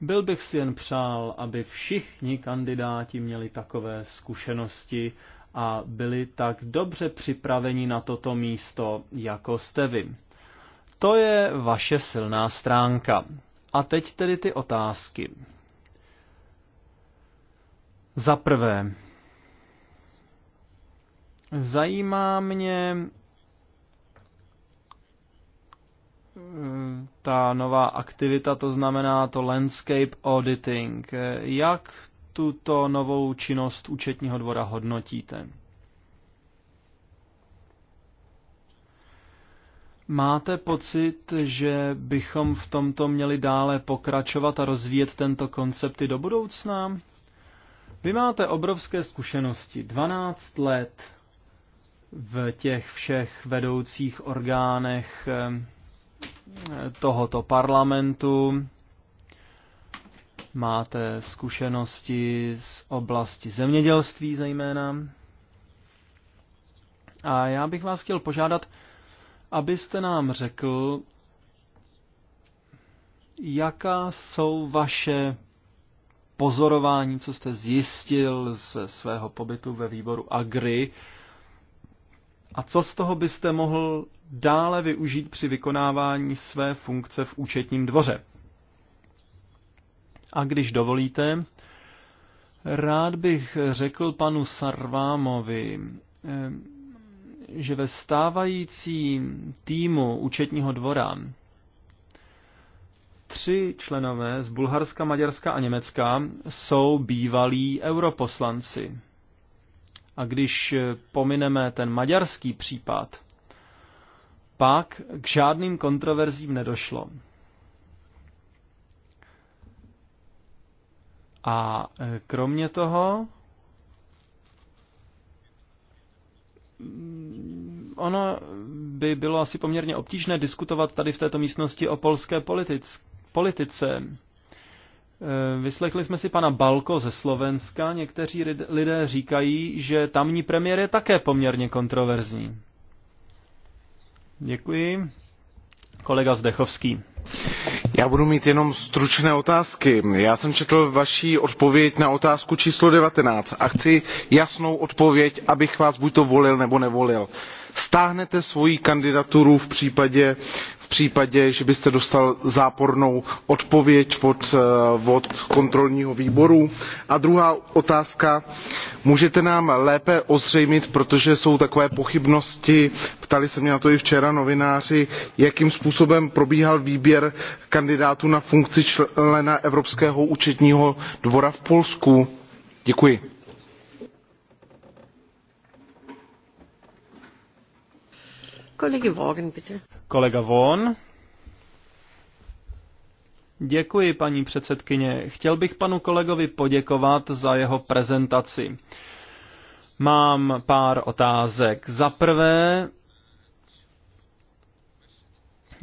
A: Byl bych si jen přál, aby všichni kandidáti měli takové zkušenosti a byli tak dobře připraveni na toto místo, jako jste vy. To je vaše silná stránka. A teď tedy ty otázky. Za prvé, zajímá mě eh, ta nová aktivita, to znamená to landscape auditing. Eh, jak tuto novou činnost účetního dvora hodnotíte? Máte pocit, že bychom v tomto měli dále pokračovat a rozvíjet tento koncept i do budoucna? Vy máte obrovské zkušenosti, 12 let v těch všech vedoucích orgánech eh, tohoto parlamentu, Máte zkušenosti z oblasti zemědělství zejména. A já bych vás chtěl požádat, abyste nám řekl, jaká jsou vaše pozorování, co jste zjistil ze svého pobytu ve výboru Agri a co z toho byste mohl dále využít při vykonávání své funkce v účetním dvoře. A když dovolíte, rád bych řekl panu Sarvámovi, eh, že ve stávajícím týmu účetního dvora tři členové z Bulharska, Maďarska a Německa jsou bývalí europoslanci. A když pomineme ten maďarský případ, pak k žádným kontroverzím nedošlo. A e, kromě toho, mm, ono by bylo asi poměrně obtížné diskutovat tady v této místnosti o polské politic, politice. E, vyslechli jsme si pana Balko ze Slovenska. Někteří lidé říkají, že tamní premiér je také poměrně kontroverzní.
E: Děkuji. Kolega Zdechovský. Já budu mít jenom stručné otázky. Já jsem četl vaši odpověď na otázku číslo 19 a chci jasnou odpověď, abych vás buď to volil nebo nevolil. Stáhnete svoji kandidaturu v případě případě že byste dostal zápornou odpověď eh, od, kontrolního výboru? a druhá otázka můžete nám lépe ozřejmit protože jsou takové pochybnosti ptali se mě na to i včera novináři jakým způsobem probíhal výběr kandidátů na funkci člena evropského účetního dvora v polsku? děkuji.
A: Kolega Von. Děkuji, paní předsedkyně. Chtěl bych panu kolegovi poděkovat za jeho prezentaci. Mám pár otázek. Za prvé,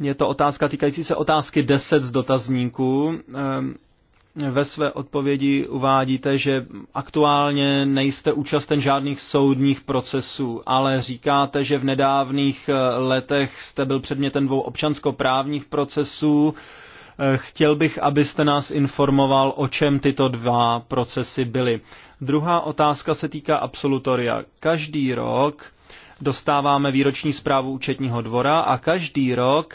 A: je to otázka týkající se otázky 10 z dotazníků. Ehm, ve své odpovědi uvádíte, že aktuálně nejste účasten žádných soudních procesů, ale říkáte, že v nedávných eh, letech jste byl předmětem dvou občanskoprávních procesů. Eh, chtěl bych, abyste nás informoval, o čem tyto dva procesy byly. Druhá otázka se týká absolutoria. Každý rok dostáváme výroční zprávu účetního dvora a každý rok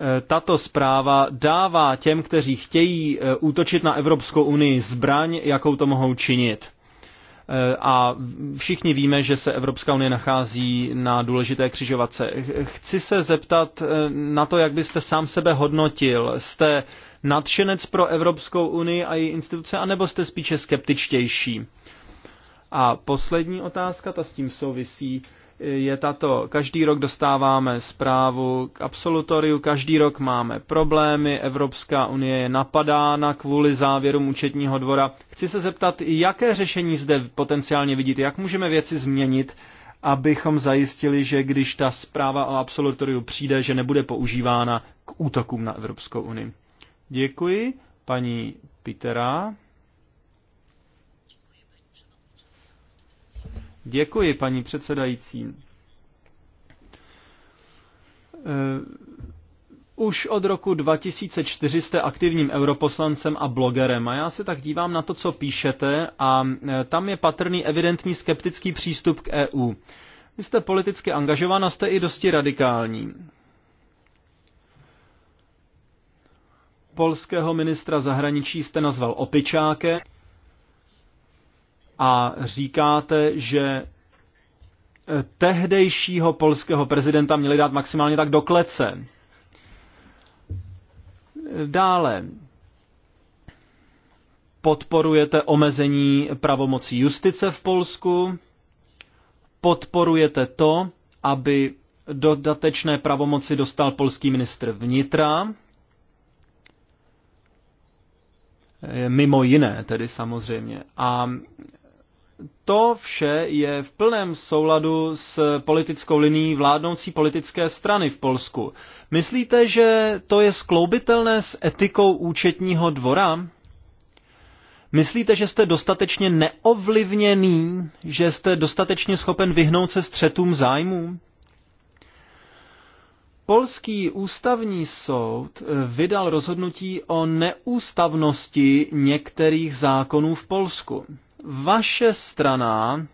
A: Eh, tato zpráva dává těm, kteří chtějí eh, útočit na Evropskou unii zbraň, jakou to mohou činit. Eh, a všichni víme, že se Evropská unie nachází na důležité křižovatce. Chci se zeptat na to, jak byste sám sebe hodnotil. Jste nadšenec pro Evropskou unii a její instituce, anebo jste spíše skeptičtější? A poslední otázka, ta s tím souvisí je tato. Každý rok dostáváme zprávu k absolutoriu, každý rok máme problémy, Evropská unie je napadána kvůli závěrům účetního dvora. Chci se zeptat, jaké řešení zde potenciálně vidíte, jak můžeme věci změnit, abychom zajistili, že když ta zpráva o absolutoriu přijde, že nebude používána k útokům na Evropskou unii. Děkuji, paní Pitera. Děkuji, paní předsedající. Eh, už od roku 2004 jste aktivním europoslancem a blogerem a já se tak dívám na to, co píšete a eh, tam je patrný evidentní skeptický přístup k EU. Vy jste politicky angažovaná, jste i dosti radikální. Polského ministra zahraničí jste nazval opičákem a říkáte, že eh, tehdejšího polského prezidenta měli dát maximálně tak do klece. Dále podporujete omezení pravomocí justice v Polsku, podporujete to, aby dodatečné pravomoci dostal polský ministr vnitra, eh, mimo jiné tedy samozřejmě. A to vše je v plném souladu s politickou linií vládnoucí politické strany v Polsku. Myslíte, že to je skloubitelné s etikou účetního dvora? Myslíte, že jste dostatečně neovlivněný, že jste dostatečně schopen vyhnout se střetům zájmů? Polský ústavní soud eh, vydal rozhodnutí o neústavnosti některých zákonů v Polsku vaše strana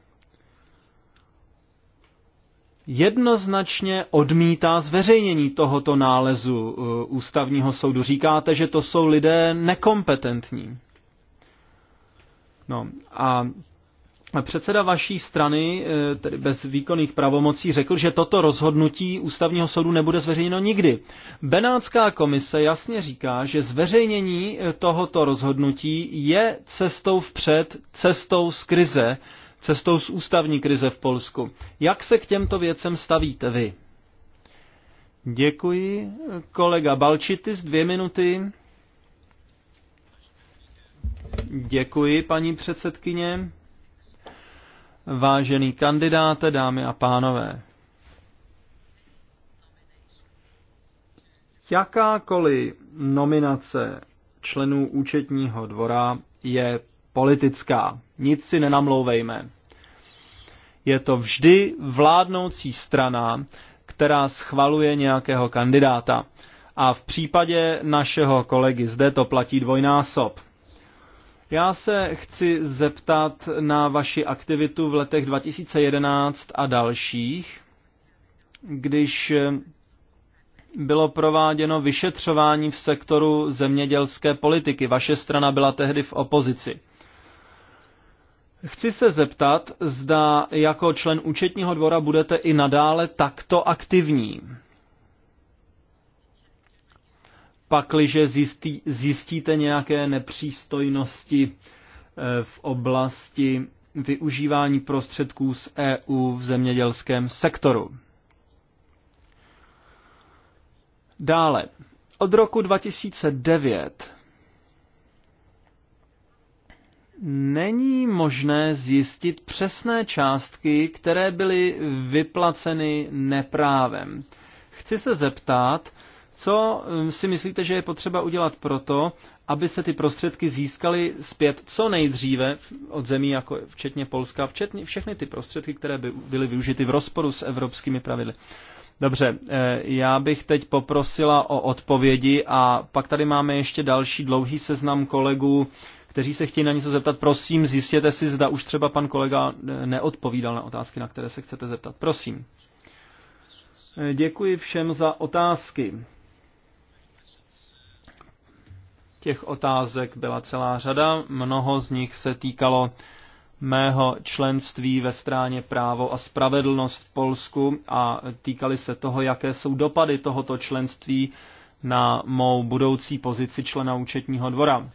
A: jednoznačně odmítá zveřejnění tohoto nálezu uh, ústavního soudu. Říkáte, že to jsou lidé nekompetentní. No a Předseda vaší strany, eh, tedy bez výkonných pravomocí, řekl, že toto rozhodnutí ústavního soudu nebude zveřejněno nikdy. Benátská komise jasně říká, že zveřejnění eh, tohoto rozhodnutí je cestou vpřed, cestou z krize, cestou z ústavní krize v Polsku. Jak se k těmto věcem stavíte vy? Děkuji. Kolega Balčitis, dvě minuty. Děkuji, paní předsedkyně. Vážený kandidáte, dámy a pánové, jakákoliv nominace členů účetního dvora je politická. Nic si nenamlouvejme. Je to vždy vládnoucí strana, která schvaluje nějakého kandidáta. A v případě našeho kolegy zde to platí dvojnásob. Já se chci zeptat na vaši aktivitu v letech 2011 a dalších, když bylo prováděno vyšetřování v sektoru zemědělské politiky. Vaše strana byla tehdy v opozici. Chci se zeptat, zda jako člen účetního dvora budete i nadále takto aktivní pakliže zjistí, zjistíte nějaké nepřístojnosti eh, v oblasti využívání prostředků z EU v zemědělském sektoru. Dále, od roku 2009 není možné zjistit přesné částky, které byly vyplaceny neprávem. Chci se zeptat, co um, si myslíte, že je potřeba udělat proto, aby se ty prostředky získaly zpět co nejdříve od zemí, jako včetně Polska, včetně všechny ty prostředky, které by byly využity v rozporu s evropskými pravidly? Dobře, eh, já bych teď poprosila o odpovědi a pak tady máme ještě další dlouhý seznam kolegů, kteří se chtějí na něco zeptat. Prosím, zjistěte si, zda už třeba pan kolega eh, neodpovídal na otázky, na které se chcete zeptat. Prosím. Eh, děkuji všem za otázky. Těch otázek byla celá řada, mnoho z nich se týkalo mého členství ve stráně právo a spravedlnost v Polsku a týkali se toho, jaké jsou dopady tohoto členství na mou budoucí pozici člena účetního dvora.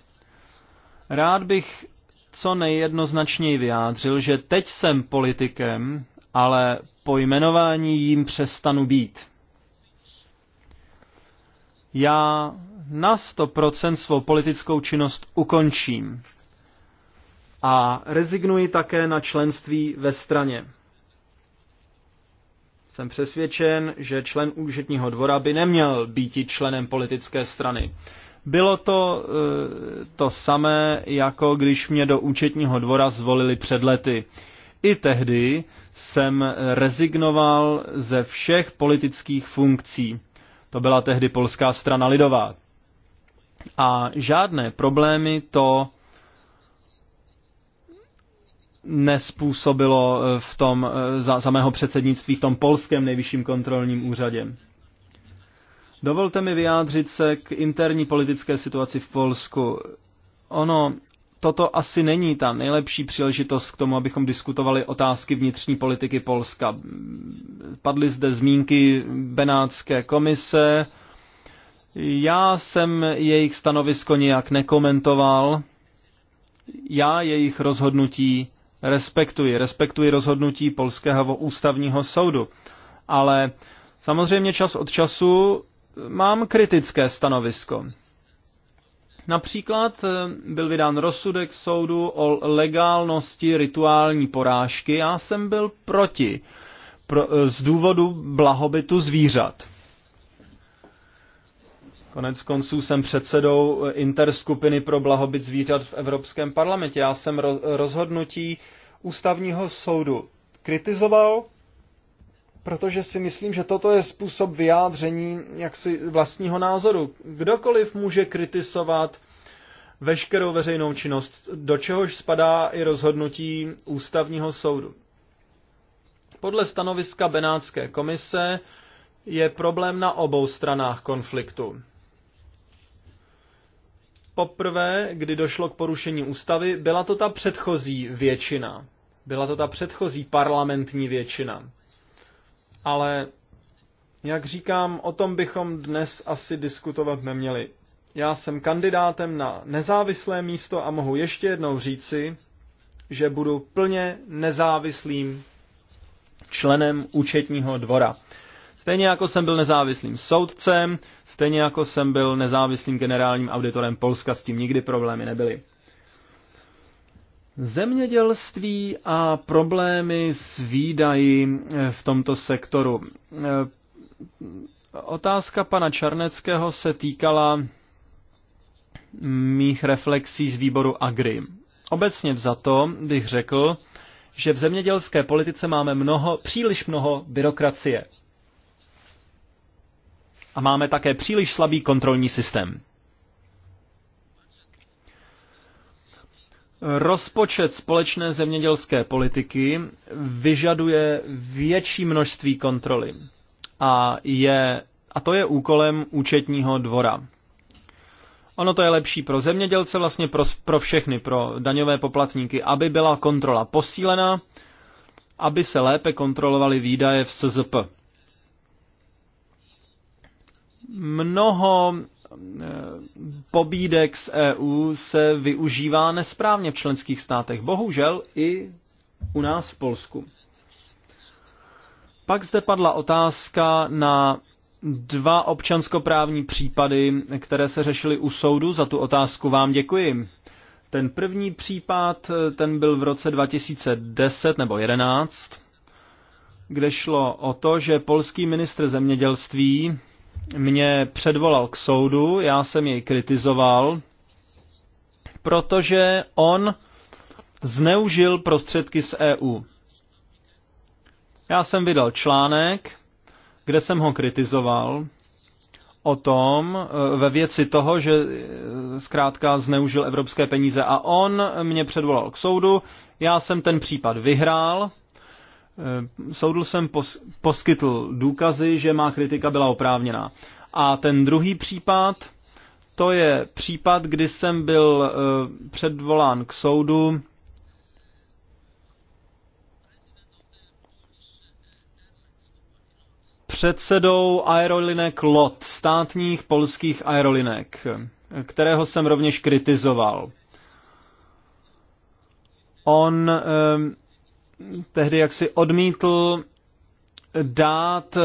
A: Rád bych co nejjednoznačněji vyjádřil, že teď jsem politikem, ale po jmenování jím přestanu být. Já na 100% svou politickou činnost ukončím a rezignuji také na členství ve straně. Jsem přesvědčen, že člen účetního dvora by neměl být členem politické strany. Bylo to e, to samé, jako když mě do účetního dvora zvolili před lety. I tehdy jsem rezignoval ze všech politických funkcí. To byla tehdy Polská strana lidová. A žádné problémy to nespůsobilo eh, v tom, eh, za, za mého předsednictví v tom polském nejvyšším kontrolním úřadě. Dovolte mi vyjádřit se k interní politické situaci v Polsku. Ono, toto asi není ta nejlepší příležitost k tomu, abychom diskutovali otázky vnitřní politiky Polska. Padly zde zmínky Benátské komise, já jsem jejich stanovisko nijak nekomentoval. Já jejich rozhodnutí respektuji. Respektuji rozhodnutí Polského ústavního soudu. Ale samozřejmě čas od času mám kritické stanovisko. Například eh, byl vydán rozsudek soudu o legálnosti rituální porážky. Já jsem byl proti pro, eh, z důvodu blahobytu zvířat. Konec konců jsem předsedou eh, interskupiny pro blahobyt zvířat v Evropském parlamentě. Já jsem rozhodnutí ústavního soudu kritizoval, protože si myslím, že toto je způsob vyjádření jaksi vlastního názoru. Kdokoliv může kritizovat veškerou veřejnou činnost, do čehož spadá i rozhodnutí ústavního soudu. Podle stanoviska Benátské komise je problém na obou stranách konfliktu poprvé, kdy došlo k porušení ústavy, byla to ta předchozí většina. Byla to ta předchozí parlamentní většina. Ale, jak říkám, o tom bychom dnes asi diskutovat neměli. Já jsem kandidátem na nezávislé místo a mohu ještě jednou říci, že budu plně nezávislým členem účetního dvora. Stejně jako jsem byl nezávislým soudcem, stejně jako jsem byl nezávislým generálním auditorem Polska, s tím nikdy problémy nebyly. Zemědělství a problémy s výdaji eh, v tomto sektoru. Eh, otázka pana Čarneckého se týkala mých reflexí z výboru Agri. Obecně vzato bych řekl, že v zemědělské politice máme mnoho, příliš mnoho byrokracie a máme také příliš slabý kontrolní systém. Rozpočet společné zemědělské politiky vyžaduje větší množství kontroly a, je, a to je úkolem účetního dvora. Ono to je lepší pro zemědělce, vlastně pro, pro všechny, pro daňové poplatníky, aby byla kontrola posílena, aby se lépe kontrolovaly výdaje v SZP mnoho eh, pobídek z EU se využívá nesprávně v členských státech. Bohužel i u nás v Polsku. Pak zde padla otázka na dva občanskoprávní případy, které se řešily u soudu. Za tu otázku vám děkuji. Ten první případ, eh, ten byl v roce 2010 nebo 11, kde šlo o to, že polský ministr zemědělství mě předvolal k soudu, já jsem jej kritizoval, protože on zneužil prostředky z EU. Já jsem vydal článek, kde jsem ho kritizoval o tom, eh, ve věci toho, že eh, zkrátka zneužil evropské peníze a on mě předvolal k soudu, já jsem ten případ vyhrál, Eh, soudl jsem pos, poskytl důkazy, že má kritika byla oprávněná. A ten druhý případ, to je případ, kdy jsem byl eh, předvolán k soudu předsedou aerolinek LOT, státních polských aerolinek, eh, kterého jsem rovněž kritizoval. On tehdy jaksi odmítl dát eh,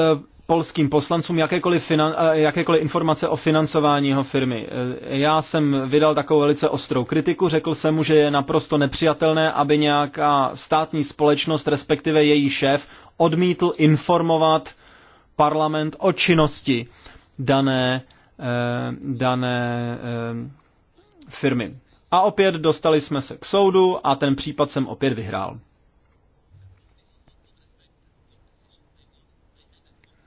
A: polským poslancům jakékoliv, finan- eh, jakékoliv informace o financování jeho firmy. Eh, já jsem vydal takovou velice ostrou kritiku, řekl jsem mu, že je naprosto nepřijatelné, aby nějaká státní společnost, respektive její šéf, odmítl informovat parlament o činnosti dané, dané firmy. A opět dostali jsme se k soudu a ten případ jsem opět vyhrál.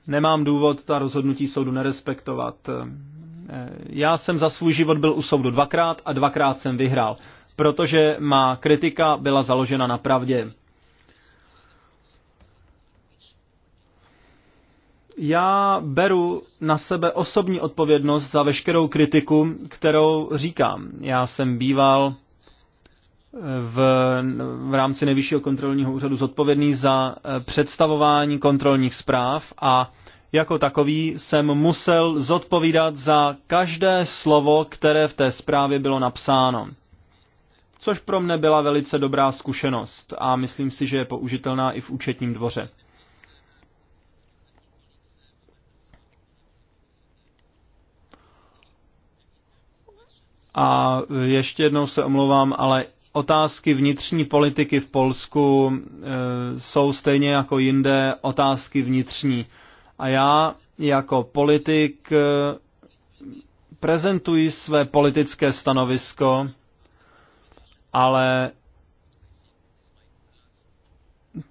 A: nemám důvod ta rozhodnutí soudu nerespektovat. Eh, já jsem za svůj život byl u soudu dvakrát a dvakrát jsem vyhrál, protože má kritika byla založena na pravdě. Já beru na sebe osobní odpovědnost za veškerou kritiku, kterou říkám. Já jsem býval v, v rámci Nejvyššího kontrolního úřadu zodpovědný za eh, představování kontrolních zpráv a jako takový jsem musel zodpovídat za každé slovo, které v té zprávě bylo napsáno. Což pro mne byla velice dobrá zkušenost a myslím si, že je použitelná i v účetním dvoře. A ještě jednou se omlouvám, ale otázky vnitřní politiky v Polsku e, jsou stejně jako jinde otázky vnitřní. A já jako politik e, prezentuji své politické stanovisko, ale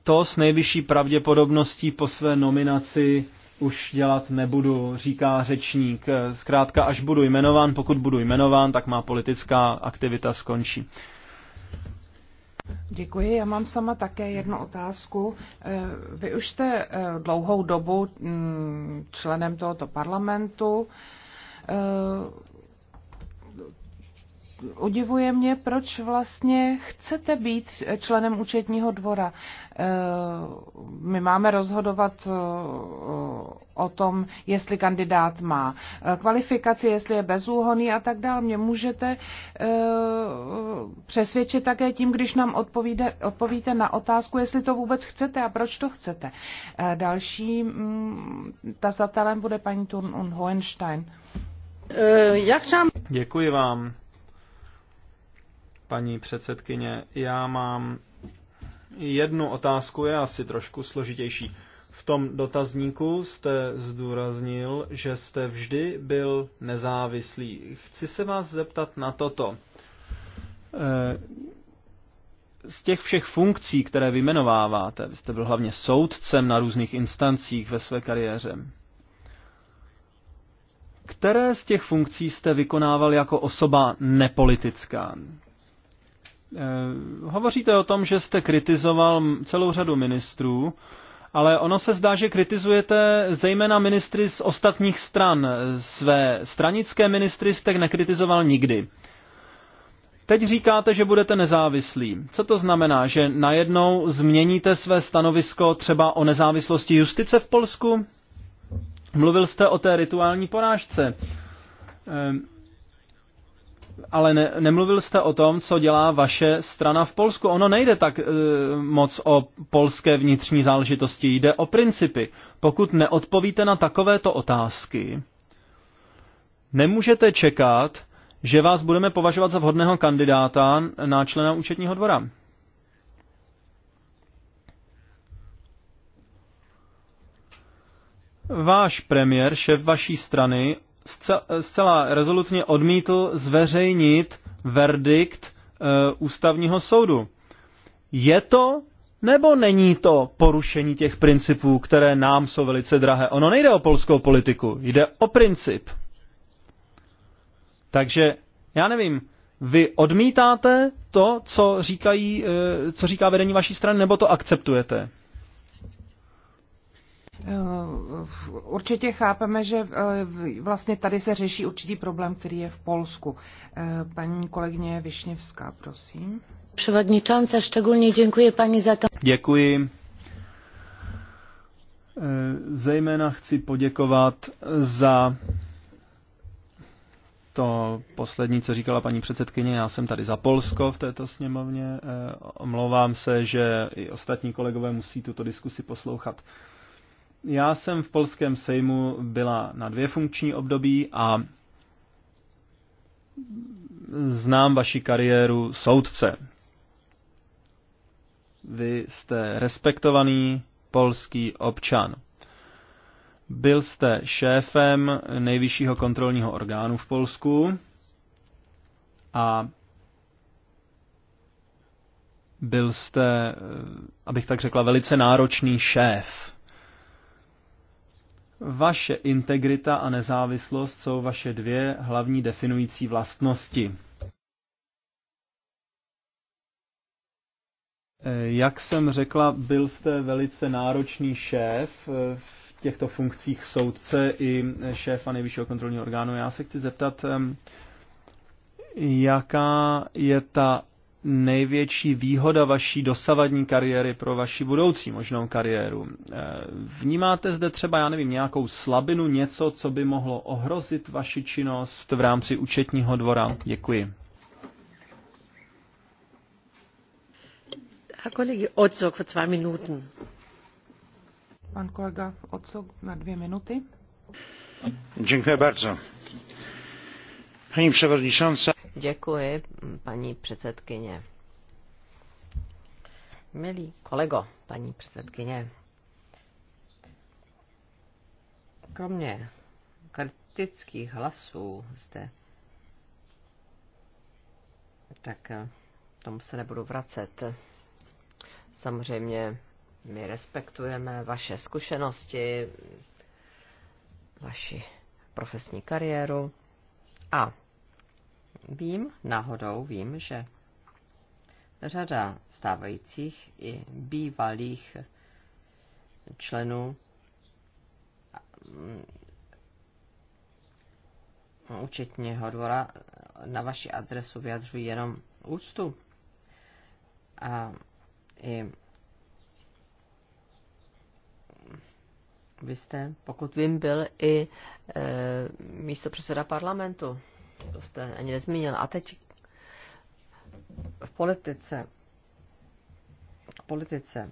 A: to s nejvyšší pravděpodobností po své nominaci už dělat nebudu, říká řečník. Zkrátka, až budu jmenován, pokud budu jmenován, tak má politická aktivita skončí.
C: Děkuji. Já mám sama také jednu otázku. Eh, vy už jste eh, dlouhou dobu mm, členem tohoto parlamentu eh, udivuje mě, proč vlastně chcete být členem účetního dvora. E, my máme rozhodovat e, o tom, jestli kandidát má e, kvalifikaci, jestli je bezúhoný a tak dále. Mě můžete přesvědčit také tím, když nám odpovíde, odpovíte na otázku, jestli to vůbec chcete a proč to chcete. Další mm, tazatelem bude paní Thurn und Hohenstein.
A: Děkuji vám paní předsedkyně. Já mám jednu otázku, je asi trošku složitější. V tom dotazníku jste zdůraznil, že jste vždy byl nezávislý. Chci se vás zeptat na toto. Eh, z těch všech funkcí, které vymenováváte, vy jste byl hlavně soudcem na různých instancích ve své kariéře. Které z těch funkcí jste vykonával jako osoba nepolitická? Eh, hovoříte o tom, že jste kritizoval celou řadu ministrů, ale ono se zdá, že kritizujete zejména ministry z ostatních stran. Své stranické ministry jste nekritizoval nikdy. Teď říkáte, že budete nezávislí. Co to znamená, že najednou změníte své stanovisko třeba o nezávislosti justice v Polsku? Mluvil jste o té rituální porážce. Ehm ale ne, nemluvil jste o tom, co dělá vaše strana v Polsku. Ono nejde tak e, moc o polské vnitřní záležitosti, jde o principy. Pokud neodpovíte na takovéto otázky, nemůžete čekat, že vás budeme považovat za vhodného kandidáta na člena účetního dvora. Váš premiér, šéf vaší strany, zcela rezolutně odmítl zveřejnit verdikt eh, ústavního soudu. Je to nebo není to porušení těch principů, které nám jsou velice drahé? Ono nejde o polskou politiku, jde o princip. Takže já nevím, vy odmítáte to, co, říkají, eh, co říká vedení vaší strany, nebo to akceptujete?
C: Eh, určitě chápeme, že eh, vlastně tady se řeší určitý problém, který je v Polsku. Eh, paní kolegyně Višněvská, prosím. Převodničance, szczególnie děkuji
A: paní za to. Děkuji. Zejména chci poděkovat za to poslední, co říkala paní předsedkyně, já jsem tady za Polsko v této sněmovně. Omlouvám se, že i ostatní kolegové musí tuto diskusi poslouchat. Já jsem v polském sejmu byla na dvě funkční období a znám vaši kariéru soudce. Vy jste respektovaný polský občan. Byl jste šéfem nejvyššího kontrolního orgánu v Polsku a byl jste, abych tak řekla, velice náročný šéf. Vaše integrita a nezávislost jsou vaše dvě hlavní definující vlastnosti. Eh, jak jsem řekla, byl jste velice náročný šéf eh, v těchto funkcích soudce i eh, šéfa nejvyššího kontrolního orgánu. Já se chci zeptat, ehm, jaká je ta největší výhoda vaší dosavadní kariéry pro vaši budoucí možnou kariéru? Eh, vnímáte zde třeba, já nevím, nějakou slabinu, něco, co by mohlo ohrozit vaši činnost v rámci účetního dvora? Děkuji.
C: A kolegy, odsok für dva minuty. Pan kolega odsok na dvě minuty. Děkuji bardzo. Pani przewodnicząca.
B: Děkuji, paní předsedkyně. Milý kolego, paní předsedkyně, kromě kritických hlasů zde, tak eh, tomu se nebudu vracet. Samozřejmě my respektujeme vaše zkušenosti, vaši profesní kariéru a vím, náhodou vím, že řada stávajících i bývalých členů mm, účetního dvora na vaši adresu vyjadřují jenom úctu. A i vy jste, pokud vím, byl i e, eh, místo předseda parlamentu to jste ani nezmínil. A teď v politice, v politice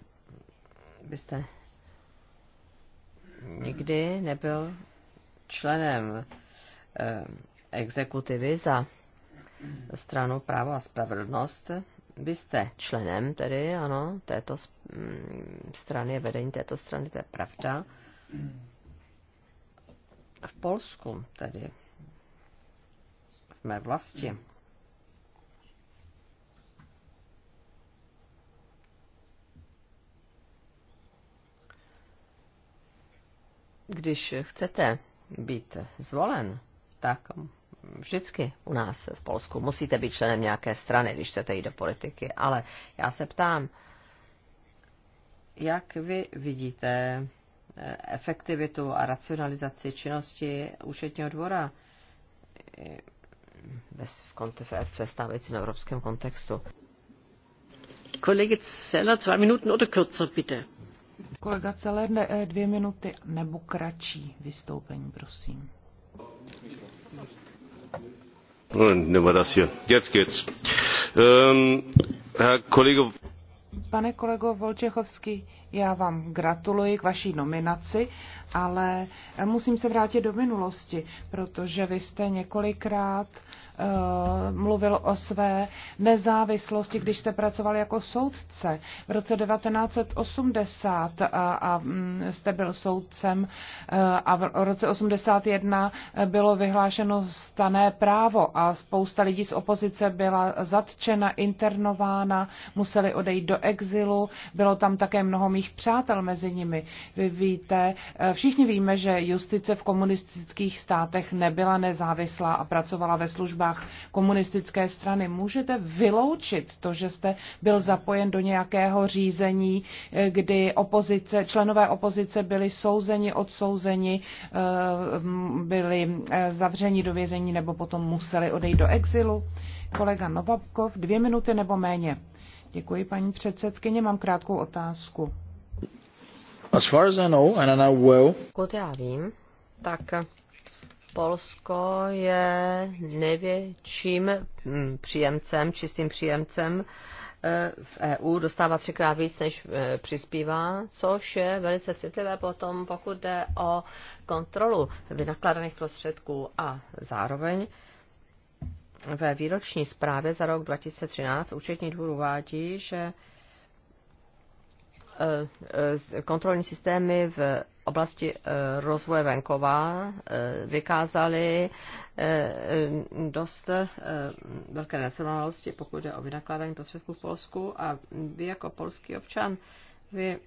B: byste
E: nikdy
B: nebyl členem eh, exekutivy za stranu právo a spravedlnost. Vy jste členem tedy, ano, této mm, strany, vedení této strany, to je pravda. V Polsku tedy mé vlasti. Když chcete být zvolen, tak vždycky u nás v Polsku musíte být členem nějaké strany, když chcete jít do politiky. Ale já se ptám, jak vy vidíte eh, efektivitu a racionalizaci činnosti účetního dvora? ve stávajícím evropském kontextu. Kolega Celer,
C: dva minuty kürzer, bitte. Kolega Celer, eh, dvě minuty nebo kratší vystoupení, prosím.
E: No, ähm,
C: Pane kolego Volčechovský, já vám gratuluji k vaší nominaci, ale musím se vrátit do minulosti, protože vy jste několikrát eh, mluvil o své nezávislosti, když jste pracoval jako soudce. V roce 1980 eh, a, a mm, jste byl soudcem eh, a v roce 81 bylo vyhlášeno stané právo a spousta lidí z opozice byla zatčena, internována, museli odejít do exilu, bylo tam také mnoho míst mých přátel mezi nimi. Vy víte, eh, všichni víme, že justice v komunistických státech nebyla nezávislá a pracovala ve službách komunistické strany. Můžete vyloučit to, že jste byl zapojen do nějakého řízení, eh, kdy opozice, členové opozice byli souzeni, odsouzeni, eh, byli zavřeni do vězení nebo potom museli odejít do exilu. Kolega Novabkov, dvě minuty nebo méně. Děkuji, paní předsedkyně. Mám krátkou otázku.
A: As far as I know, and I know well, Pokud já vím,
B: tak Polsko je největším mm, příjemcem, čistým příjemcem eh, v EU, dostává třikrát víc, než eh, přispívá, což je velice citlivé potom, pokud jde o kontrolu vynakladaných prostředků a zároveň ve výroční zprávě za rok 2013 účetní dvůr uvádí, že Eh, eh, kontrolní systémy v oblasti eh, rozvoje venkova vykázaly dost velké nesrovnalosti, pokud jde o vynakládání prostředků v Polsku a vy jako polský občan, vy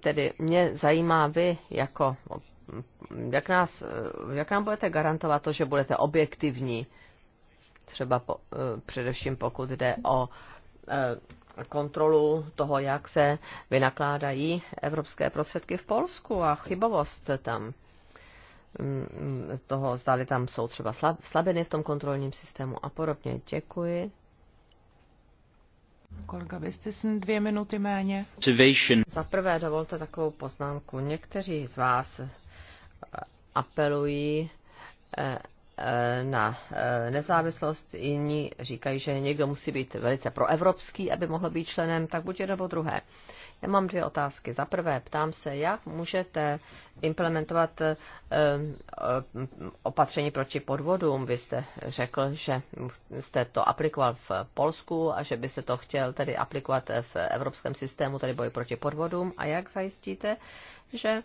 B: tedy mě zajímá vy jako, jak, nás, jak nám budete garantovat to, že budete objektivní, třeba po, především pokud jde o kontrolu toho, jak se vynakládají evropské prostředky v Polsku a chybovost tam mm, toho, zdali tam jsou třeba slabiny v tom kontrolním systému a podobně. Děkuji. Kolega, vy jste
C: dvě minuty méně. Za
B: prvé dovolte takovou poznámku. Někteří z vás eh, apelují eh, Eh, na eh, nezávislost, jiní říkají, že někdo musí být velice proevropský, aby mohl být členem, tak buď jedno nebo druhé. Já mám dvě otázky. Za prvé, ptám se, jak můžete implementovat eh, opatření proti podvodům. Vy jste řekl, že jste to aplikoval v Polsku a že byste to chtěl tedy aplikovat v evropském systému, tedy boj proti podvodům. A jak zajistíte, že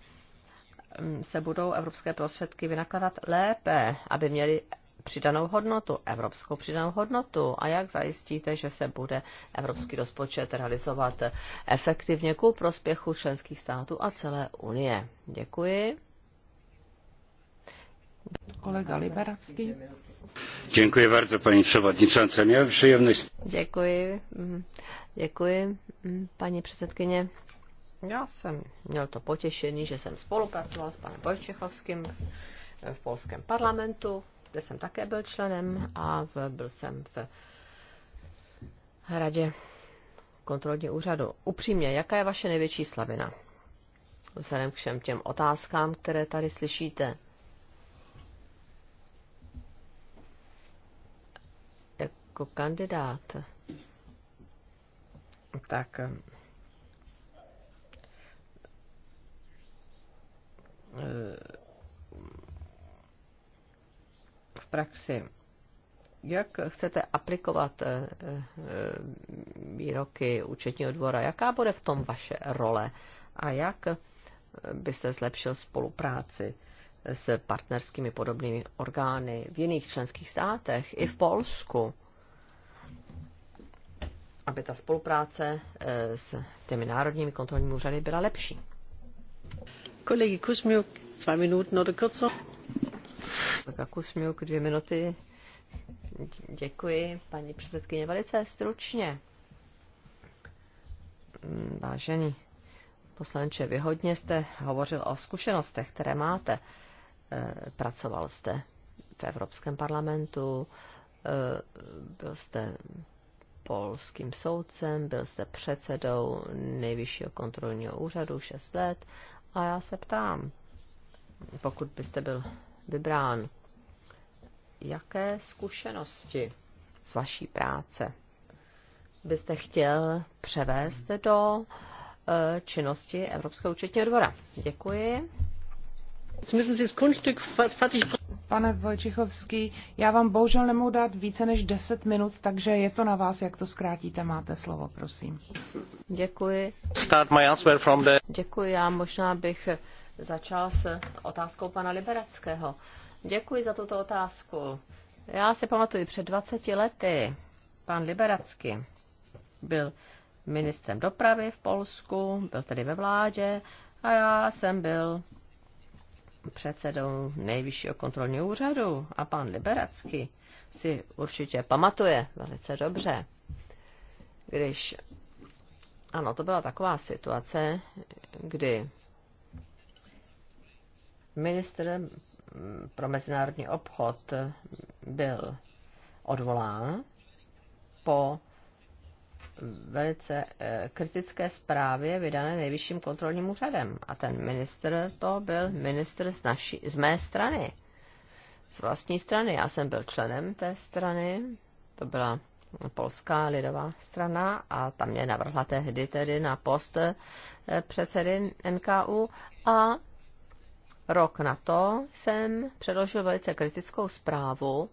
B: Mm, se budou evropské prostředky vynakladat lépe, aby měly přidanou hodnotu, evropskou přidanou hodnotu a jak zajistíte, že se bude evropský rozpočet realizovat efektivně ku prospěchu členských států a celé Unie. Děkuji. Kolega Liberacký.
D: Děkuji bardzo, paní předsedkyně.
B: Děkuji. Mm, děkuji, mm, paní předsedkyně. Já jsem měl to potěšení, že jsem spolupracoval s panem Vojčechovským v polském parlamentu, kde jsem také byl členem a v, byl jsem v radě kontrolní úřadu. Upřímně, jaká je vaše největší slabina? Vzhledem k všem těm otázkám, které tady slyšíte. Jako kandidát. Tak Eh, v praxi. Jak chcete aplikovat eh, eh, výroky účetního dvora? Jaká bude v tom vaše role? A jak byste zlepšil spolupráci s partnerskými podobnými orgány v jiných členských státech i v Polsku? aby ta spolupráce s těmi národními kontrolními úřady byla lepší minuty nebo dvě minuty. Děkuji, paní předsedkyně, velice stručně. Vážený poslanče, vy hodně jste hovořil o zkušenostech, které máte. E, pracoval jste v Evropském parlamentu, e, byl jste polským soudcem, byl jste předsedou nejvyššího kontrolního úřadu šest let a já se ptám, pokud byste byl vybrán, jaké zkušenosti z vaší práce byste chtěl převést
C: do eh, činnosti Evropského účetního dvora? Děkuji. Pane Vojčichovský, já vám bohužel nemohu dát více než 10 minut, takže je to na vás, jak to zkrátíte. Máte slovo, prosím. Děkuji.
E: Start my answer from the... Děkuji,
C: já možná bych začal s
B: otázkou pana Liberackého. Děkuji za tuto otázku. Já si pamatuju, před 20 lety pan Liberacký byl ministrem dopravy v Polsku, byl tedy ve vládě a já jsem byl předsedou nejvyššího kontrolního úřadu a pan Liberacký si určitě pamatuje velice dobře, když ano, to byla taková situace, kdy minister pro mezinárodní obchod byl odvolán po velice eh, kritické zprávě vydané nejvyšším kontrolním úřadem. A ten ministr to byl ministr z, naší, z mé strany, z vlastní strany. Já jsem byl členem té strany, to byla Polská lidová strana a tam mě navrhla tehdy tedy na post eh, předsedy NKU a rok na to jsem předložil velice kritickou zprávu,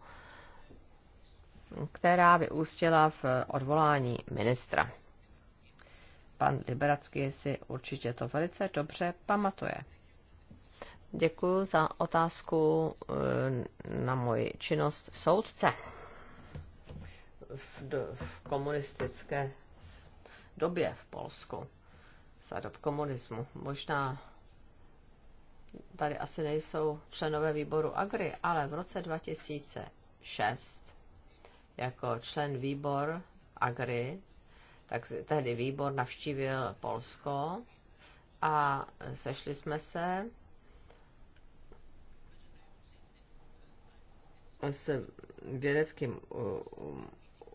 B: která vyústila v odvolání ministra. Pan Liberacký si určitě to velice dobře pamatuje. Děkuji za otázku eh, na moji činnost soudce v, do, v komunistické době v Polsku, za dob komunismu. Možná tady asi nejsou členové výboru Agri, ale v roce 2006 jako člen výbor Agri, tak tehdy výbor navštívil Polsko a sešli jsme se s vědeckým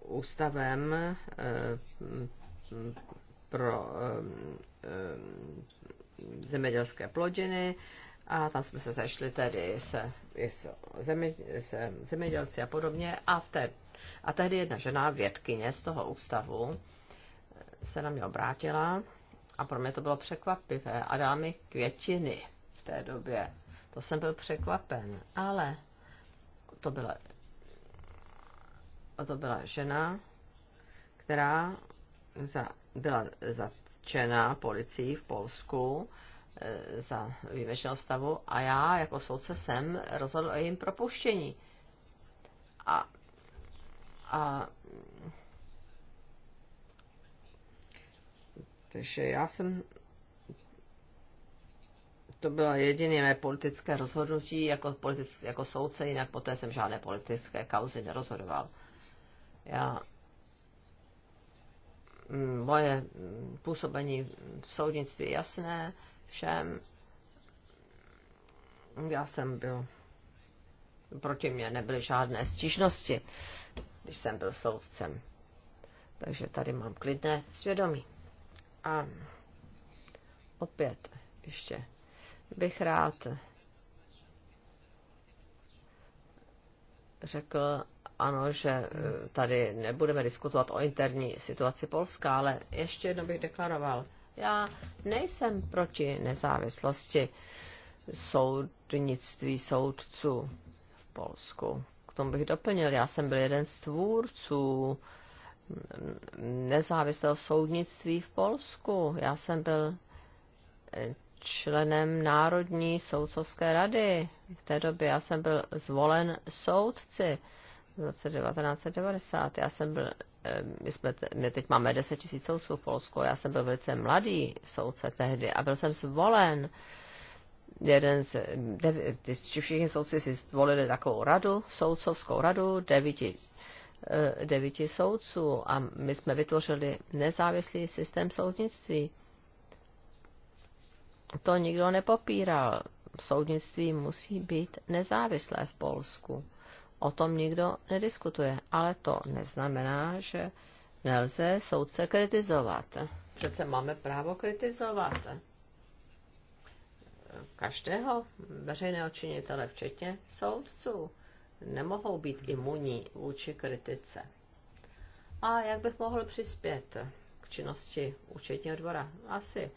B: ústavem eh, pro eh, eh, zemědělské plodiny a tam jsme se sešli tedy se, se, se zemědělci a podobně a v té a tehdy jedna žena, vědkyně z toho ústavu, se na mě obrátila a pro mě to bylo překvapivé a dala mi květiny v té době. To jsem byl překvapen, ale to byla, to byla žena, která za, byla zatčena policií v Polsku e, za výjimečného stavu a já jako soudce jsem rozhodl o jejím propuštění. A a takže já jsem to bylo jediné mé politické rozhodnutí jako, politic, jako soudce, jinak poté jsem žádné politické kauzy nerozhodoval. Já mm, moje mm, působení v soudnictví je jasné všem. Já jsem byl, proti mě nebyly žádné stížnosti když jsem byl soudcem. Takže tady mám klidné svědomí. A opět ještě bych rád řekl, ano, že eh, tady nebudeme diskutovat o interní situaci Polska, ale ještě jednou bych deklaroval, já nejsem proti nezávislosti soudnictví soudců v Polsku tomu bych doplnil, já jsem byl jeden z tvůrců nezávislého soudnictví v Polsku. Já jsem byl eh, členem Národní soudcovské rady. V té době já jsem byl zvolen soudci v roce 1990. Já jsem byl, eh, my, jsme, my teď máme 10 000 soudců v Polsku, já jsem byl velice mladý soudce tehdy a byl jsem zvolen jeden z, dev, ty, všichni soudci si zvolili takovou radu, soudcovskou radu, devíti, eh, devíti soudců a my jsme vytvořili nezávislý systém soudnictví. To nikdo nepopíral. Soudnictví musí být nezávislé v Polsku. O tom nikdo nediskutuje, ale to neznamená, že nelze soudce kritizovat. Přece máme právo kritizovat každého veřejného činitele, včetně soudců, nemohou být imunní vůči kritice. A jak bych mohl přispět k činnosti účetního dvora? Asi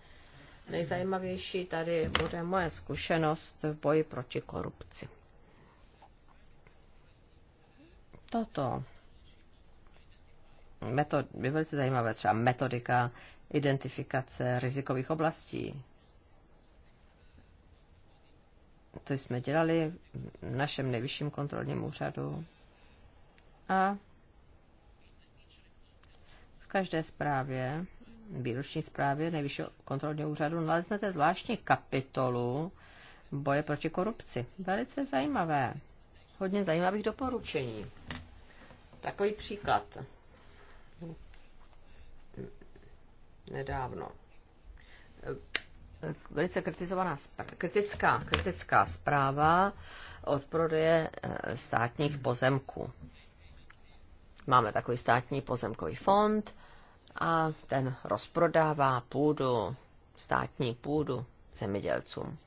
B: nejzajímavější tady bude moje zkušenost v boji proti korupci. Toto metod, je velice zajímavé, třeba metodika identifikace rizikových oblastí, to jsme dělali v našem nejvyšším kontrolním úřadu. A v každé zprávě, výroční zprávě nejvyššího kontrolního úřadu naleznete zvláštní kapitolu boje proti korupci. Velice zajímavé. Hodně zajímavých doporučení. Takový příklad. Nedávno velice kritizovaná, kritická, kritická zpráva od prodeje eh, státních pozemků. Máme takový státní pozemkový fond a ten rozprodává půdu, státní půdu zemědělcům.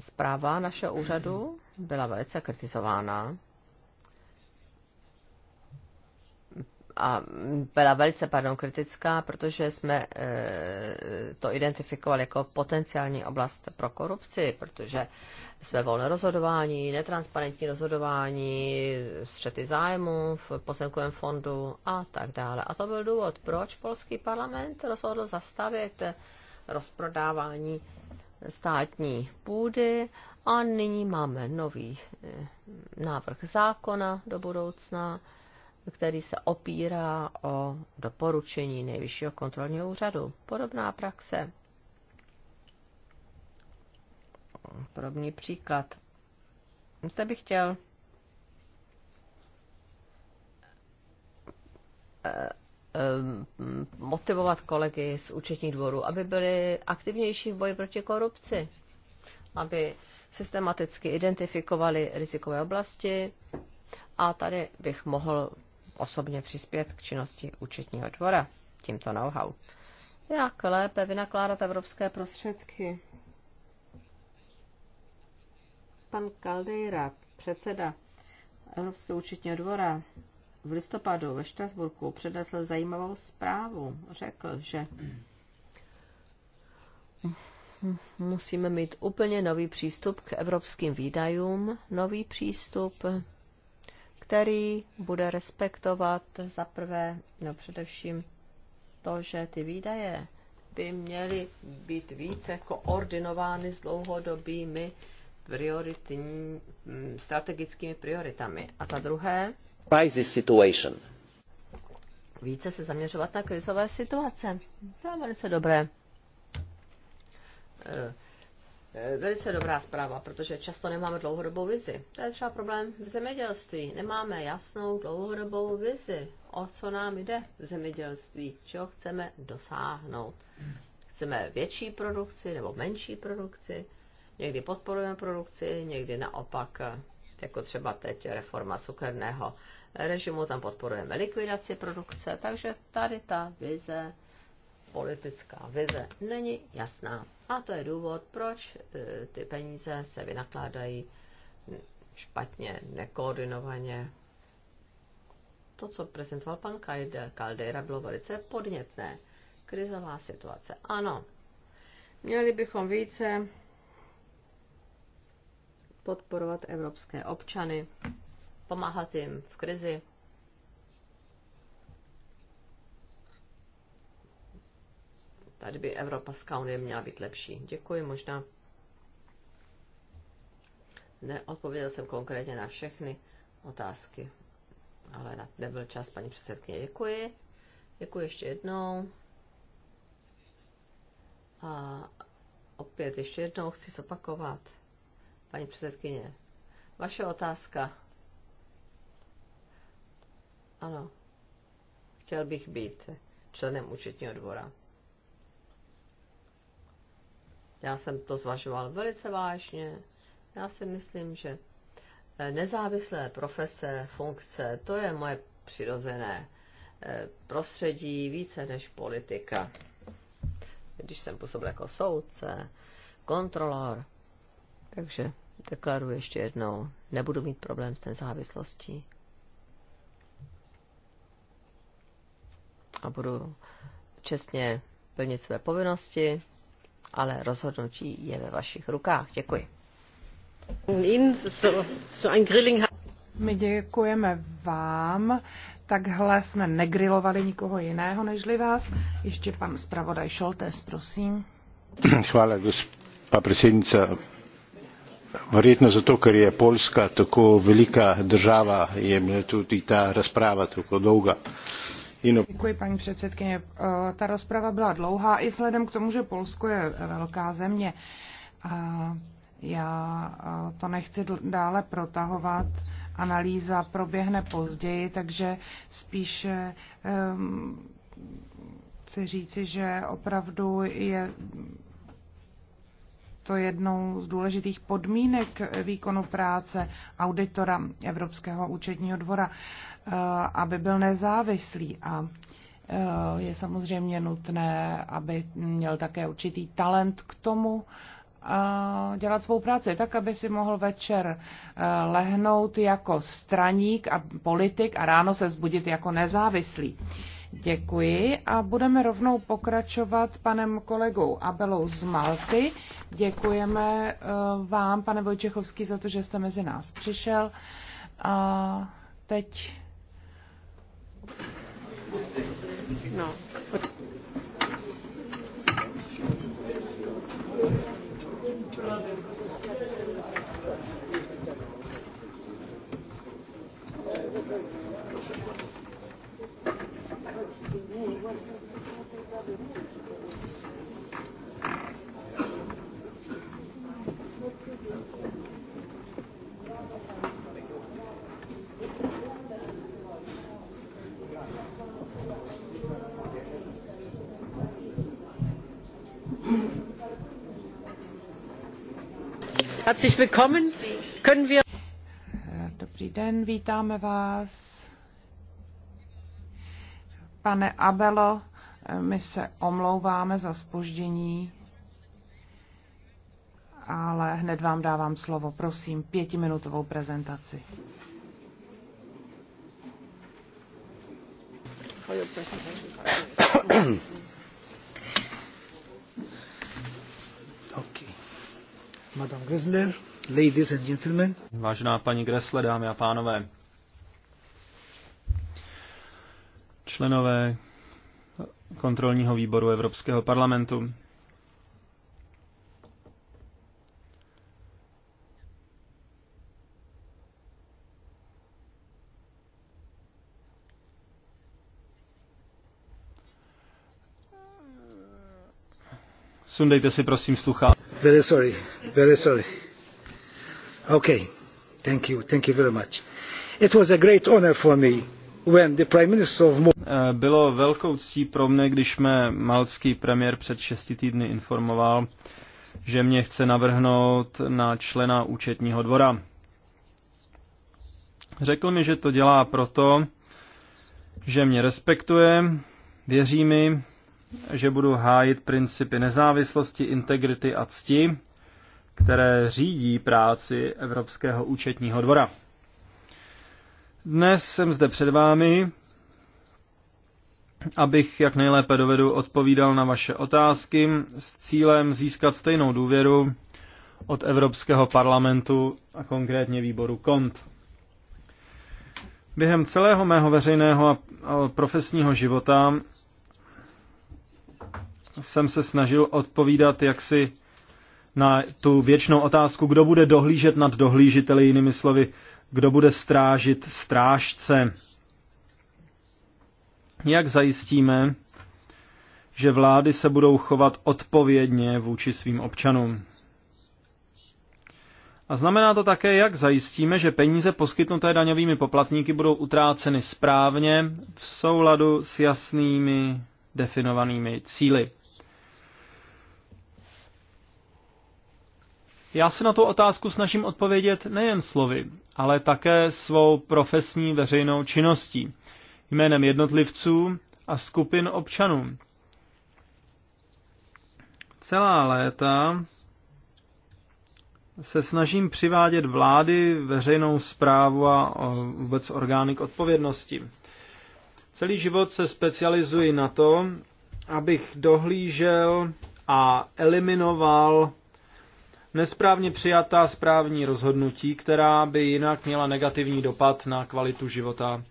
B: Zpráva našeho úřadu byla velice kritizována a byla velice pardon, kritická, protože jsme eh, to identifikovali jako potenciální oblast pro korupci, protože jsme volné rozhodování, netransparentní rozhodování, střety zájmu v pozemkovém fondu a tak dále. A to byl důvod, proč polský parlament rozhodl zastavit rozprodávání státní půdy a nyní máme nový eh, návrh zákona do budoucna, který se opírá o doporučení Nejvyššího kontrolního úřadu. Podobná praxe. Podobný příklad. Zde bych chtěl eh, eh, motivovat kolegy z účetních dvorů, aby byli aktivnější v boji proti korupci, aby systematicky identifikovali rizikové oblasti. A tady bych mohl osobně přispět k činnosti účetního dvora tímto know-how. Jak lépe vynakládat evropské prostředky? Pan Kaldejra, předseda Evropského účetního dvora, v listopadu ve Štrasburku přednesl zajímavou zprávu. Řekl, že musíme mít úplně nový přístup k evropským výdajům, nový přístup který bude respektovat za prvé, no především to, že ty výdaje by měly být více koordinovány s dlouhodobými prioritní, mm, strategickými prioritami. A za druhé,
C: crisis situation.
B: více se zaměřovat na krizové situace. To je velice dobré eh, Eh, velice dobrá zpráva, protože často nemáme dlouhodobou vizi. To je třeba problém v zemědělství. Nemáme jasnou dlouhodobou vizi, o co nám jde v zemědělství, čeho chceme dosáhnout. Chceme větší produkci nebo menší produkci, někdy podporujeme produkci, někdy naopak, eh, jako třeba teď reforma cukerného režimu, tam podporujeme likvidaci produkce, takže tady ta vize politická vize není jasná. A to je důvod, proč e, ty peníze se vynakládají špatně, nekoordinovaně. To, co prezentoval pan Caldera, bylo velice podnětné. Krizová situace. Ano, měli bychom více podporovat evropské občany, pomáhat jim v krizi, Tady by Evropská unie měla být lepší. Děkuji, možná neodpověděl jsem konkrétně na všechny otázky, ale na, nebyl čas, paní předsedkyně. Děkuji. Děkuji ještě jednou. A opět ještě jednou chci zopakovat. Paní předsedkyně, vaše otázka. Ano. Chtěl bych být členem účetního dvora. Já jsem to zvažoval velice vážně. Já si myslím, že eh, nezávislé profese, funkce, to je moje přirozené eh, prostředí více než politika. Když jsem působil jako soudce, kontrolor, takže deklaruji ještě jednou, nebudu mít problém s nezávislostí. A budu čestně plnit své povinnosti, ale rozhodnutí je ve vašich rukách. Děkuji.
C: My děkujeme vám. Takhle jsme negrilovali nikoho jiného nežli vás. Ještě pan zpravodaj Šoltes, prosím.
E: Hvala, gospa předsednice. Verjetno zato, ker je Poljska tako velika država, je bila tudi ta razprava tako dolga Děkuji,
C: paní předsedkyně. Eh, ta rozprava byla dlouhá i vzhledem k tomu, že Polsko je velká země. já eh, to nechci dále protahovat. Analýza proběhne později, takže spíše ehm, chci říci, že opravdu je to jednou z důležitých podmínek výkonu práce auditora Evropského účetního dvora. Eh, aby byl nezávislý a eh, je samozřejmě nutné, aby měl také určitý talent k tomu, eh, dělat svou práci tak, aby si mohl večer lehnout jako straník a politik a ráno se zbudit jako nezávislý. Děkuji a budeme rovnou pokračovat panem kolegou Abelou z Malty. Děkujeme vám, pane Vojčechovský, za to, že jste mezi nás přišel. A teď
E: No. Thank you. Herzlich
C: willkommen. Können wir... Dobrý den, vítáme vás. Pane Abelo, my se omlouváme za spoždění, ale hned vám dávám slovo. Prosím, pětiminutovou prezentaci.
D: For your presentation.
E: Madame Gressler, ladies and gentlemen.
A: Vážená paní Gressler, dámy a pánové. Členové kontrolního výboru Evropského parlamentu, Sundejte si prosím sluchá. Very sorry, very sorry.
E: Okay, thank you, thank you very much. It was a great honor for me when the Prime Minister of eh,
A: Bylo velkou ctí pro mne, když mě malcký premiér před šesti týdny informoval, že mě chce navrhnout na člena účetního dvora. Řekl mi, že to dělá proto, že mě respektuje, věří mi že budu hájit principy nezávislosti, integrity a cti, které řídí práci Evropského účetního dvora. Dnes jsem zde před vámi, abych jak nejlépe dovedu odpovídal na vaše otázky s cílem získat stejnou důvěru od Evropského parlamentu a konkrétně výboru KONT. Během celého mého veřejného a profesního života jsem se snažil odpovídat jaksi na tu věčnou otázku, kdo bude dohlížet nad dohlížiteli, jinými slovy, kdo bude strážit strážce. Jak zajistíme, že vlády se budou chovat odpovědně vůči svým občanům? A znamená to také, jak zajistíme, že peníze poskytnuté daňovými poplatníky budou utráceny správně v souladu s jasnými definovanými cíly. Já se na tu otázku snažím odpovědět nejen slovy, ale také svou profesní veřejnou činností, jménem jednotlivců a skupin občanů. Celá léta se snažím přivádět vlády, veřejnou zprávu a vůbec orgány k odpovědnosti. Celý život se specializuji na to, abych dohlížel a eliminoval nesprávně přijatá správní rozhodnutí, která by jinak měla negativní dopad na kvalitu života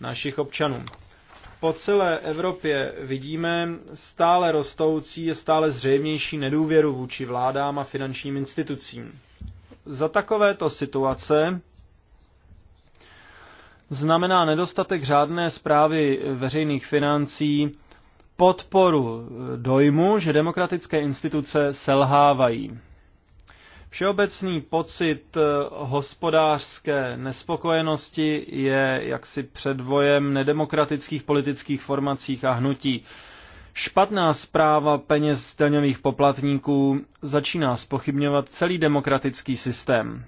A: našich občanů. Po celé Evropě vidíme stále rostoucí a stále zřejmější nedůvěru vůči vládám a finančním institucím. Za takovéto situace znamená nedostatek řádné zprávy veřejných financí podporu dojmu, že demokratické instituce selhávají. Všeobecný pocit eh, hospodářské nespokojenosti je jaksi předvojem nedemokratických politických formacích a hnutí. Špatná zpráva peněz daňových poplatníků začíná spochybňovat celý demokratický systém.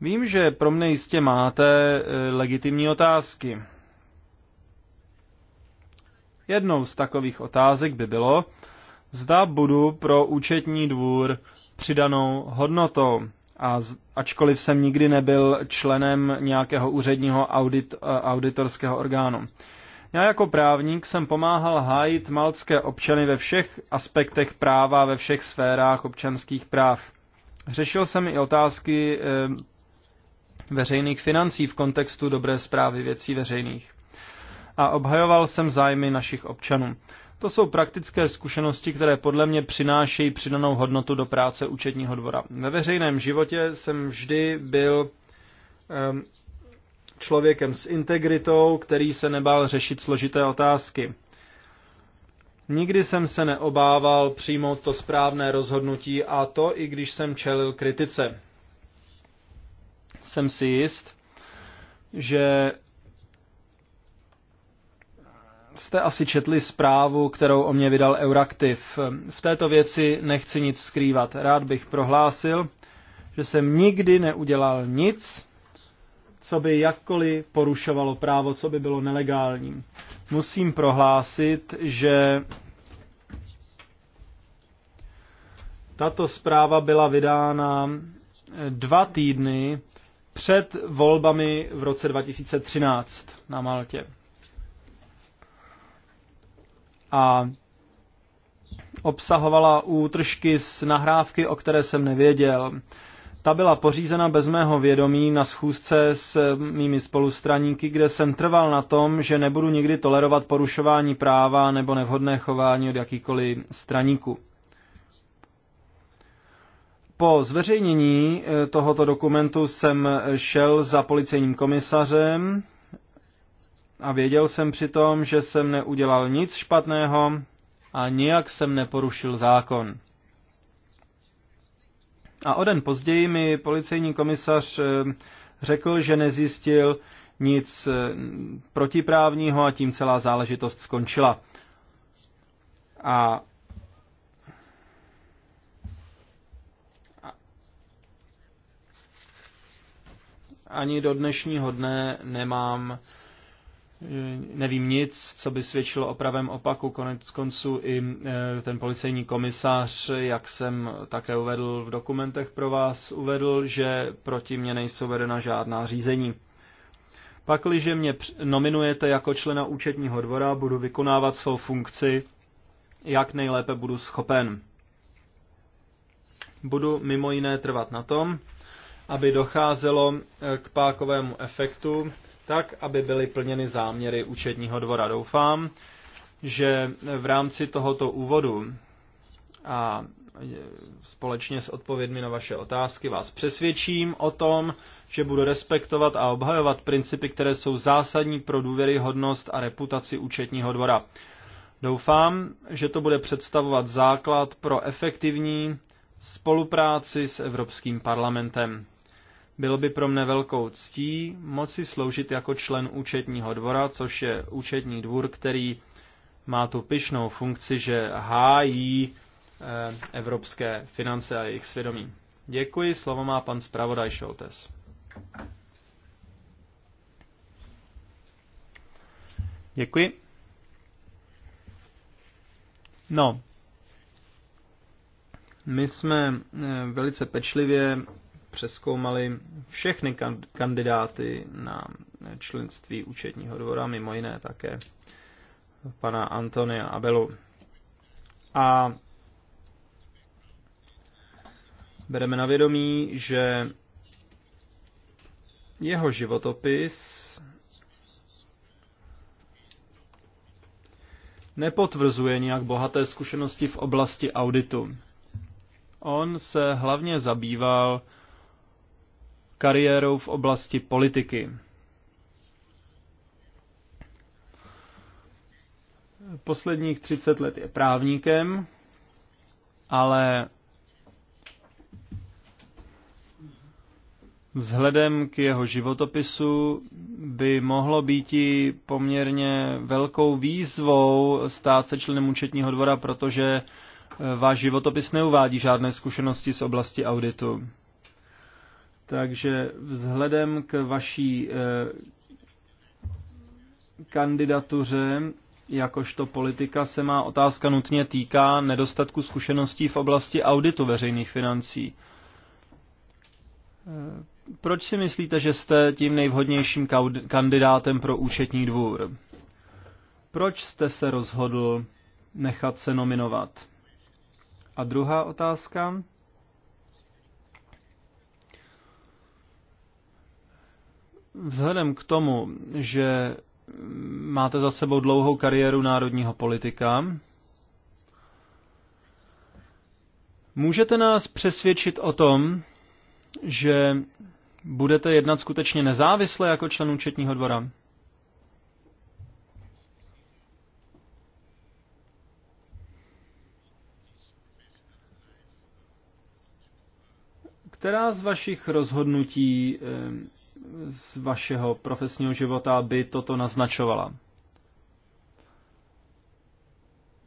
A: Vím, že pro mne jistě máte eh, legitimní otázky. Jednou z takových otázek by bylo, zda budu pro účetní dvůr přidanou hodnotou. A ačkoliv jsem nikdy nebyl členem nějakého úředního audit, eh, auditorského orgánu. Já jako právník jsem pomáhal hájit malcké občany ve všech aspektech práva, ve všech sférách občanských práv. Řešil jsem i otázky e, veřejných financí v kontextu dobré zprávy věcí veřejných. A obhajoval jsem zájmy našich občanů. To jsou praktické zkušenosti, které podle mě přinášejí přidanou hodnotu do práce účetního dvora. Ve veřejném životě jsem vždy byl um, člověkem s integritou, který se nebál řešit složité otázky. Nikdy jsem se neobával přijmout to správné rozhodnutí a to i když jsem čelil kritice. Jsem si jist, že jste asi četli zprávu, kterou o mě vydal Euraktiv. V této věci nechci nic skrývat. Rád bych prohlásil, že jsem nikdy neudělal nic, co by jakkoliv porušovalo právo, co by bylo nelegální. Musím prohlásit, že tato zpráva byla vydána dva týdny před volbami v roce 2013 na Maltě a obsahovala útržky z nahrávky, o které jsem nevěděl. Ta byla pořízena bez mého vědomí na schůzce s mými spolustraníky, kde jsem trval na tom, že nebudu nikdy tolerovat porušování práva nebo nevhodné chování od jakýkoliv straníku. Po zveřejnění eh, tohoto dokumentu jsem šel za policejním komisařem a věděl jsem přitom, že jsem neudělal nic špatného a nijak jsem neporušil zákon. A o den později mi policejní komisař eh, řekl, že nezjistil nic eh, protiprávního a tím celá záležitost skončila. A ani do dnešního dne nemám nevím nic, co by svědčilo o pravém opaku. Konec konců i e, ten policejní komisář, jak jsem také uvedl v dokumentech pro vás, uvedl, že proti mě nejsou vedena žádná řízení. Pakliže mě nominujete jako člena účetního dvora, budu vykonávat svou funkci, jak nejlépe budu schopen. Budu mimo jiné trvat na tom, aby docházelo e, k pákovému efektu, tak, aby byly plněny záměry účetního dvora. Doufám, že v rámci tohoto úvodu a společně s odpovědmi na vaše otázky vás přesvědčím o tom, že budu respektovat a obhajovat principy, které jsou zásadní pro důvěryhodnost a reputaci účetního dvora. Doufám, že to bude představovat základ pro efektivní spolupráci s Evropským parlamentem. Bylo by pro mne velkou ctí moci sloužit jako člen účetního dvora, což je účetní dvůr, který má tu pyšnou funkci, že hájí eh, evropské finance a jejich svědomí. Děkuji, slovo má pan zpravodaj Šoltes. Děkuji. No, my jsme eh, velice pečlivě přeskoumali všechny kandidáty na členství účetního dvora, mimo jiné také pana Antonia Abelu. A bereme na vědomí, že jeho životopis nepotvrzuje nějak bohaté zkušenosti v oblasti auditu. On se hlavně zabýval kariérou v oblasti politiky. Posledních 30 let je právníkem, ale vzhledem k jeho životopisu by mohlo být i poměrně velkou výzvou stát se členem účetního dvora, protože váš životopis neuvádí žádné zkušenosti z oblasti auditu. Takže vzhledem k vaší eh, kandidatuře jakožto politika se má otázka nutně týká nedostatku zkušeností v oblasti auditu veřejných financí. Eh, proč si myslíte, že jste tím nejvhodnějším kandidátem pro účetní dvůr? Proč jste se rozhodl nechat se nominovat? A druhá otázka. Vzhledem k tomu, že máte za sebou dlouhou kariéru národního politika, můžete nás přesvědčit o tom, že budete jednat skutečně nezávisle jako člen účetního dvora? Která z vašich rozhodnutí eh, z vašeho profesního života by toto naznačovala?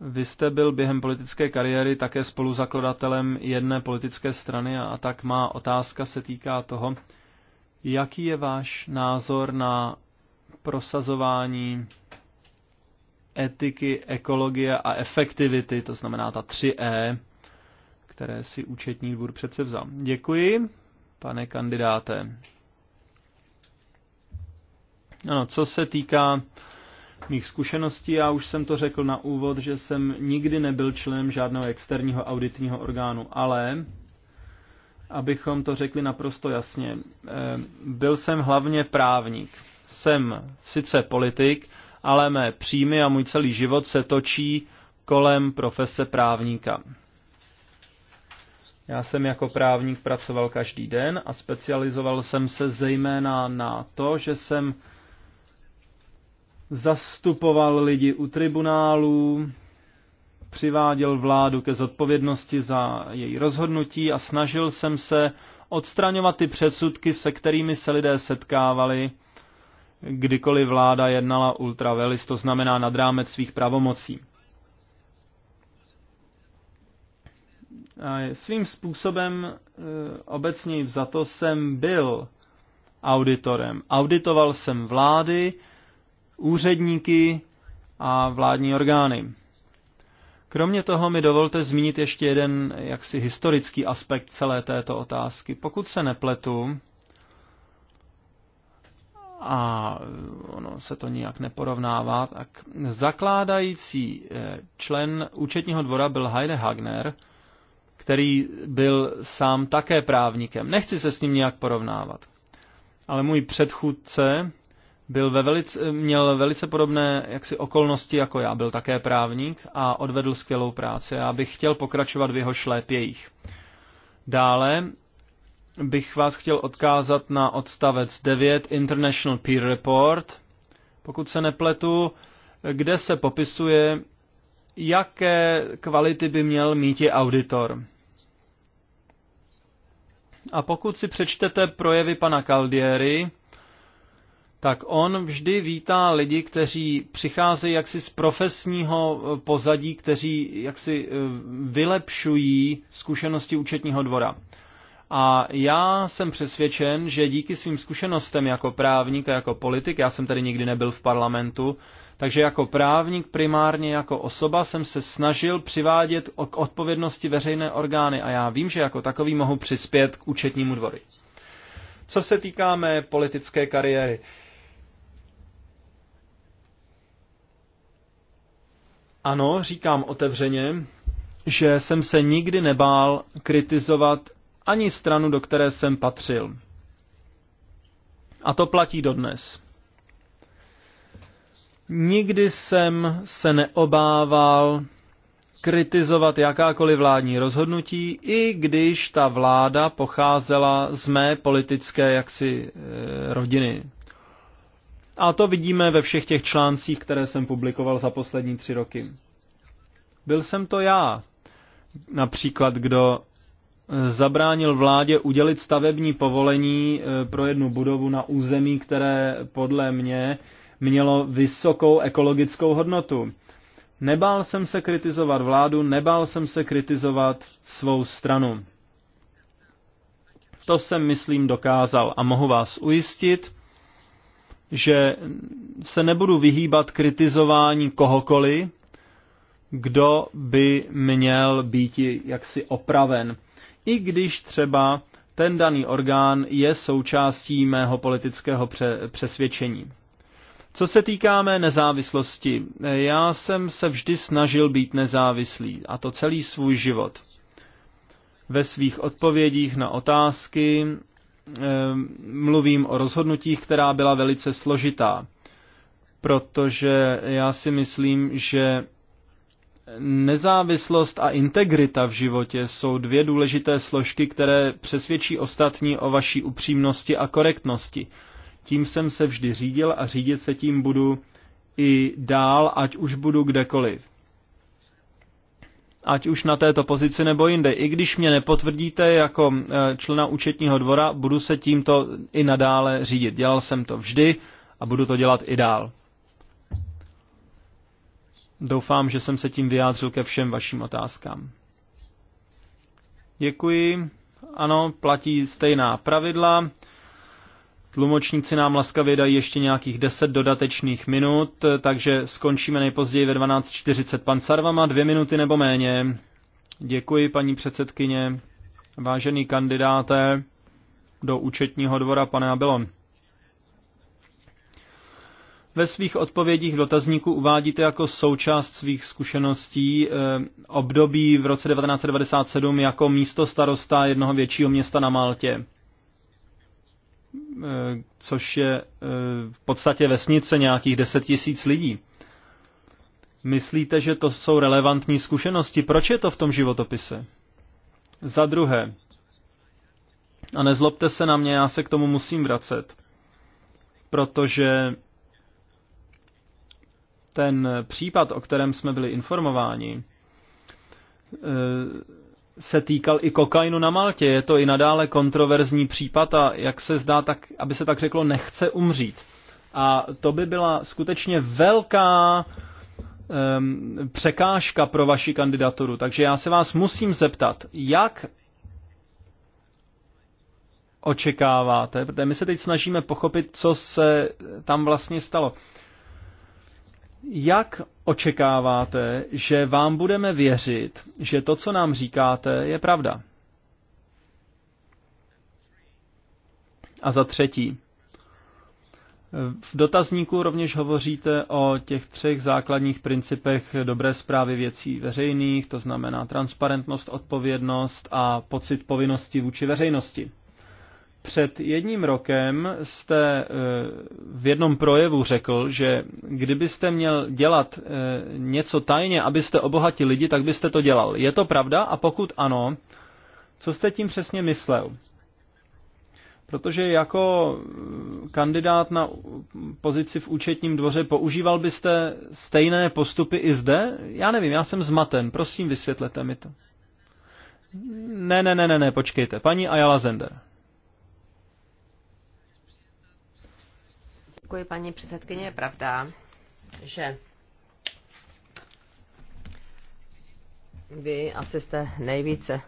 A: Vy jste byl během politické kariéry také spoluzakladatelem jedné politické strany a tak má otázka se týká toho, jaký je váš názor na prosazování etiky, ekologie a efektivity, to znamená ta 3E, které si účetní dvůr přece vzal. Děkuji, pane kandidáte. Ano, co se týká mých zkušeností, já už jsem to řekl na úvod, že jsem nikdy nebyl členem žádného externího auditního orgánu, ale abychom to řekli naprosto jasně, eh, byl jsem hlavně právník. Jsem sice politik, ale mé příjmy a můj celý život se točí kolem profese právníka. Já jsem jako právník pracoval každý den a specializoval jsem se zejména na to, že jsem zastupoval lidi u tribunálů, přiváděl vládu ke zodpovědnosti za její rozhodnutí a snažil jsem se odstraňovat ty předsudky, se kterými se lidé setkávali, kdykoliv vláda jednala ultravelis, to znamená nad rámec svých pravomocí. A svým způsobem e, obecně vzato jsem byl auditorem. Auditoval jsem vlády, úředníky a vládní orgány. Kromě toho mi dovolte zmínit ještě jeden jaksi historický aspekt celé této otázky. Pokud se nepletu, a ono se to nijak neporovnává, tak zakládající eh, člen účetního dvora byl Heide Hagner, který byl sám také právníkem. Nechci se s ním nijak porovnávat. Ale můj předchůdce byl ve velice, měl velice podobné jaksi okolnosti jako já. Byl také právník a odvedl skvělou práci. A bych chtěl pokračovat v jeho šlépějích. Dále bych vás chtěl odkázat na odstavec 9 International Peer Report, pokud se nepletu, kde se popisuje, jaké kvality by měl mít i auditor. A pokud si přečtete projevy pana Caldieri, tak on vždy vítá lidi, kteří přicházejí jaksi z profesního eh, pozadí, kteří jaksi eh, vylepšují zkušenosti účetního dvora. A já jsem přesvědčen, že díky svým zkušenostem jako právník a jako politik, já jsem tady nikdy nebyl v parlamentu, takže jako právník, primárně jako osoba, jsem se snažil přivádět k odpovědnosti veřejné orgány a já vím, že jako takový mohu přispět k účetnímu dvory. Co se týká mé politické kariéry, Ano, říkám otevřeně, že jsem se nikdy nebál kritizovat ani stranu, do které jsem patřil. A to platí dodnes. Nikdy jsem se neobával kritizovat jakákoliv vládní rozhodnutí, i když ta vláda pocházela z mé politické jaksi eh, rodiny, a to vidíme ve všech těch článcích, které jsem publikoval za poslední tři roky. Byl jsem to já, například, kdo eh, zabránil vládě udělit stavební povolení eh, pro jednu budovu na území, které podle mě mělo vysokou ekologickou hodnotu. Nebál jsem se kritizovat vládu, nebál jsem se kritizovat svou stranu. To jsem, myslím, dokázal a mohu vás ujistit, že se nebudu vyhýbat kritizování kohokoliv, kdo by měl být jaksi opraven. I když třeba ten daný orgán je součástí mého politického přesvědčení. Co se týká mé nezávislosti, já jsem se vždy snažil být nezávislý, a to celý svůj život. Ve svých odpovědích na otázky Ehm, mluvím o rozhodnutích, která byla velice složitá, protože já si myslím, že nezávislost a integrita v životě jsou dvě důležité složky, které přesvědčí ostatní o vaší upřímnosti a korektnosti. Tím jsem se vždy řídil a řídit se tím budu i dál, ať už budu kdekoliv ať už na této pozici nebo jinde. I když mě nepotvrdíte jako eh, člena účetního dvora, budu se tímto i nadále řídit. Dělal jsem to vždy a budu to dělat i dál. Doufám, že jsem se tím vyjádřil ke všem vašim otázkám. Děkuji. Ano, platí stejná pravidla. Tlumočníci nám laskavě dají ještě nějakých 10 dodatečných minut, takže skončíme nejpozději ve 12.40. Pan Sarvama, dvě minuty nebo méně. Děkuji, paní předsedkyně. Vážený kandidáte do účetního dvora, pane Abelon. Ve svých odpovědích dotazníku uvádíte jako součást svých zkušeností eh, období v roce 1997 jako místo starosta jednoho většího města na Maltě. Eh, což je eh, v podstatě vesnice nějakých 10 tisíc lidí. Myslíte, že to jsou relevantní zkušenosti? Proč je to v tom životopise? Za druhé, a nezlobte se na mě, já se k tomu musím vracet, protože ten případ, o kterém jsme byli informováni, eh, se týkal i kokainu na Maltě. Je to i nadále kontroverzní případ a jak se zdá, tak, aby se tak řeklo, nechce umřít. A to by byla skutečně velká um, překážka pro vaši kandidaturu. Takže já se vás musím zeptat, jak očekáváte, protože my se teď snažíme pochopit, co se tam vlastně stalo. Jak očekáváte, že vám budeme věřit, že to, co nám říkáte, je pravda? A za třetí, v dotazníku rovněž hovoříte o těch třech základních principech dobré zprávy věcí veřejných, to znamená transparentnost, odpovědnost a pocit povinnosti vůči veřejnosti. Před jedním rokem jste eh, v jednom projevu řekl, že kdybyste měl dělat eh, něco tajně, abyste obohatili lidi, tak byste to dělal. Je to pravda? A pokud ano, co jste tím přesně myslel? Protože jako eh, kandidát na pozici v účetním dvoře používal byste stejné postupy i zde? Já nevím, já jsem zmaten, prosím vysvětlete mi to. Ne, ne, ne, ne, ne, počkejte. Paní Ayala Zender.
B: Děkuji, paní předsedkyně. Je pravda, že vy asi jste nejvíce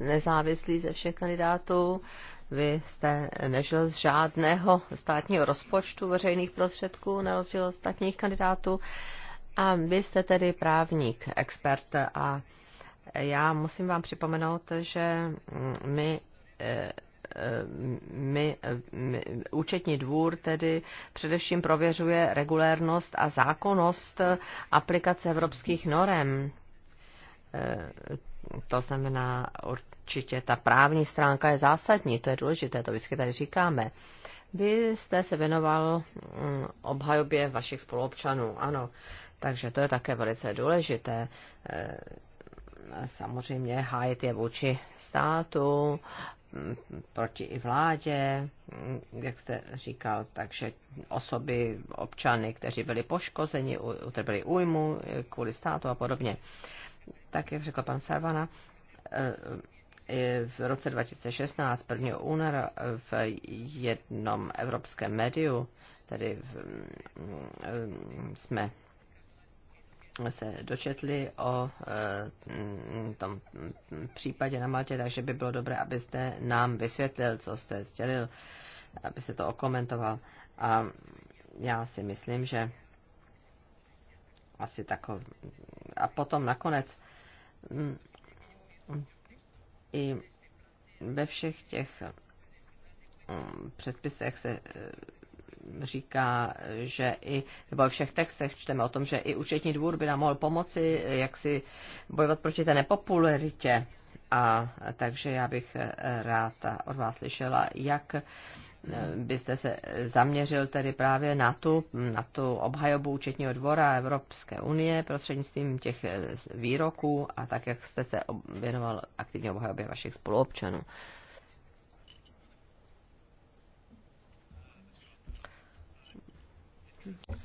B: nezávislí ze všech kandidátů. Vy jste nežil z žádného státního rozpočtu veřejných prostředků, na rozdíl od ostatních kandidátů. A vy jste tedy právník, expert a já musím vám připomenout, že my eh, my, my, účetní dvůr tedy především prověřuje regulérnost a zákonnost aplikace evropských norem. E, to znamená, určitě ta právní stránka je zásadní, to je důležité, to vždycky tady říkáme. Vy jste se věnoval mm, obhajobě vašich spoluobčanů, ano, takže to je také velice důležité e, samozřejmě hájit je vůči státu proti i vládě, jak jste říkal, takže osoby, občany, kteří byli poškozeni, utrpěli újmu kvůli státu a podobně. Tak, jak řekl pan Sarvana, eh, eh, v roce 2016, 1. února, v jednom evropském médiu, tedy v, eh, jsme se dočetli o eh, tom případě na Maltě, takže by bylo dobré, abyste nám vysvětlil, co jste sdělil, aby se to okomentoval. A já si myslím, že asi takov... A potom nakonec mm, i ve všech těch mm, předpisech se eh, říká, že i, nebo ve všech textech čteme o tom, že i účetní dvůr by nám mohl pomoci, jak si bojovat proti té nepopularitě. A takže já bych rád od vás slyšela, jak byste se zaměřil tedy právě na tu, na tu obhajobu účetního dvora Evropské unie prostřednictvím těch výroků a tak, jak jste se věnoval aktivně obhajobě vašich spoluobčanů.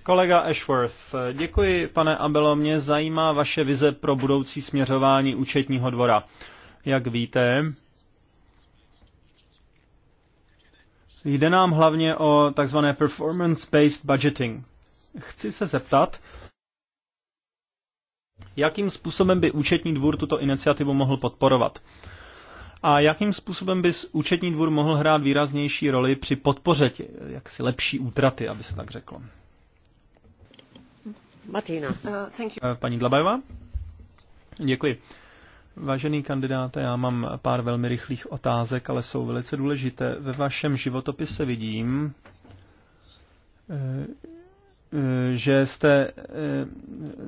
A: Kolega Ashworth, děkuji, pane Abelo, mě zajímá vaše vize pro budoucí směřování účetního dvora. Jak víte, jde nám hlavně o tzv. performance-based budgeting. Chci se zeptat, jakým způsobem by účetní dvůr tuto iniciativu mohl podporovat? A jakým způsobem by účetní dvůr mohl hrát výraznější roli při podpoře jaksi lepší útraty, aby se tak řeklo?
B: Martina. Uh,
A: eh, Paní Dlabajová? Děkuji. Vážený kandidáte, já mám pár velmi rychlých otázek, ale jsou velice důležité. Ve vašem životopise vidím, eh, eh, že jste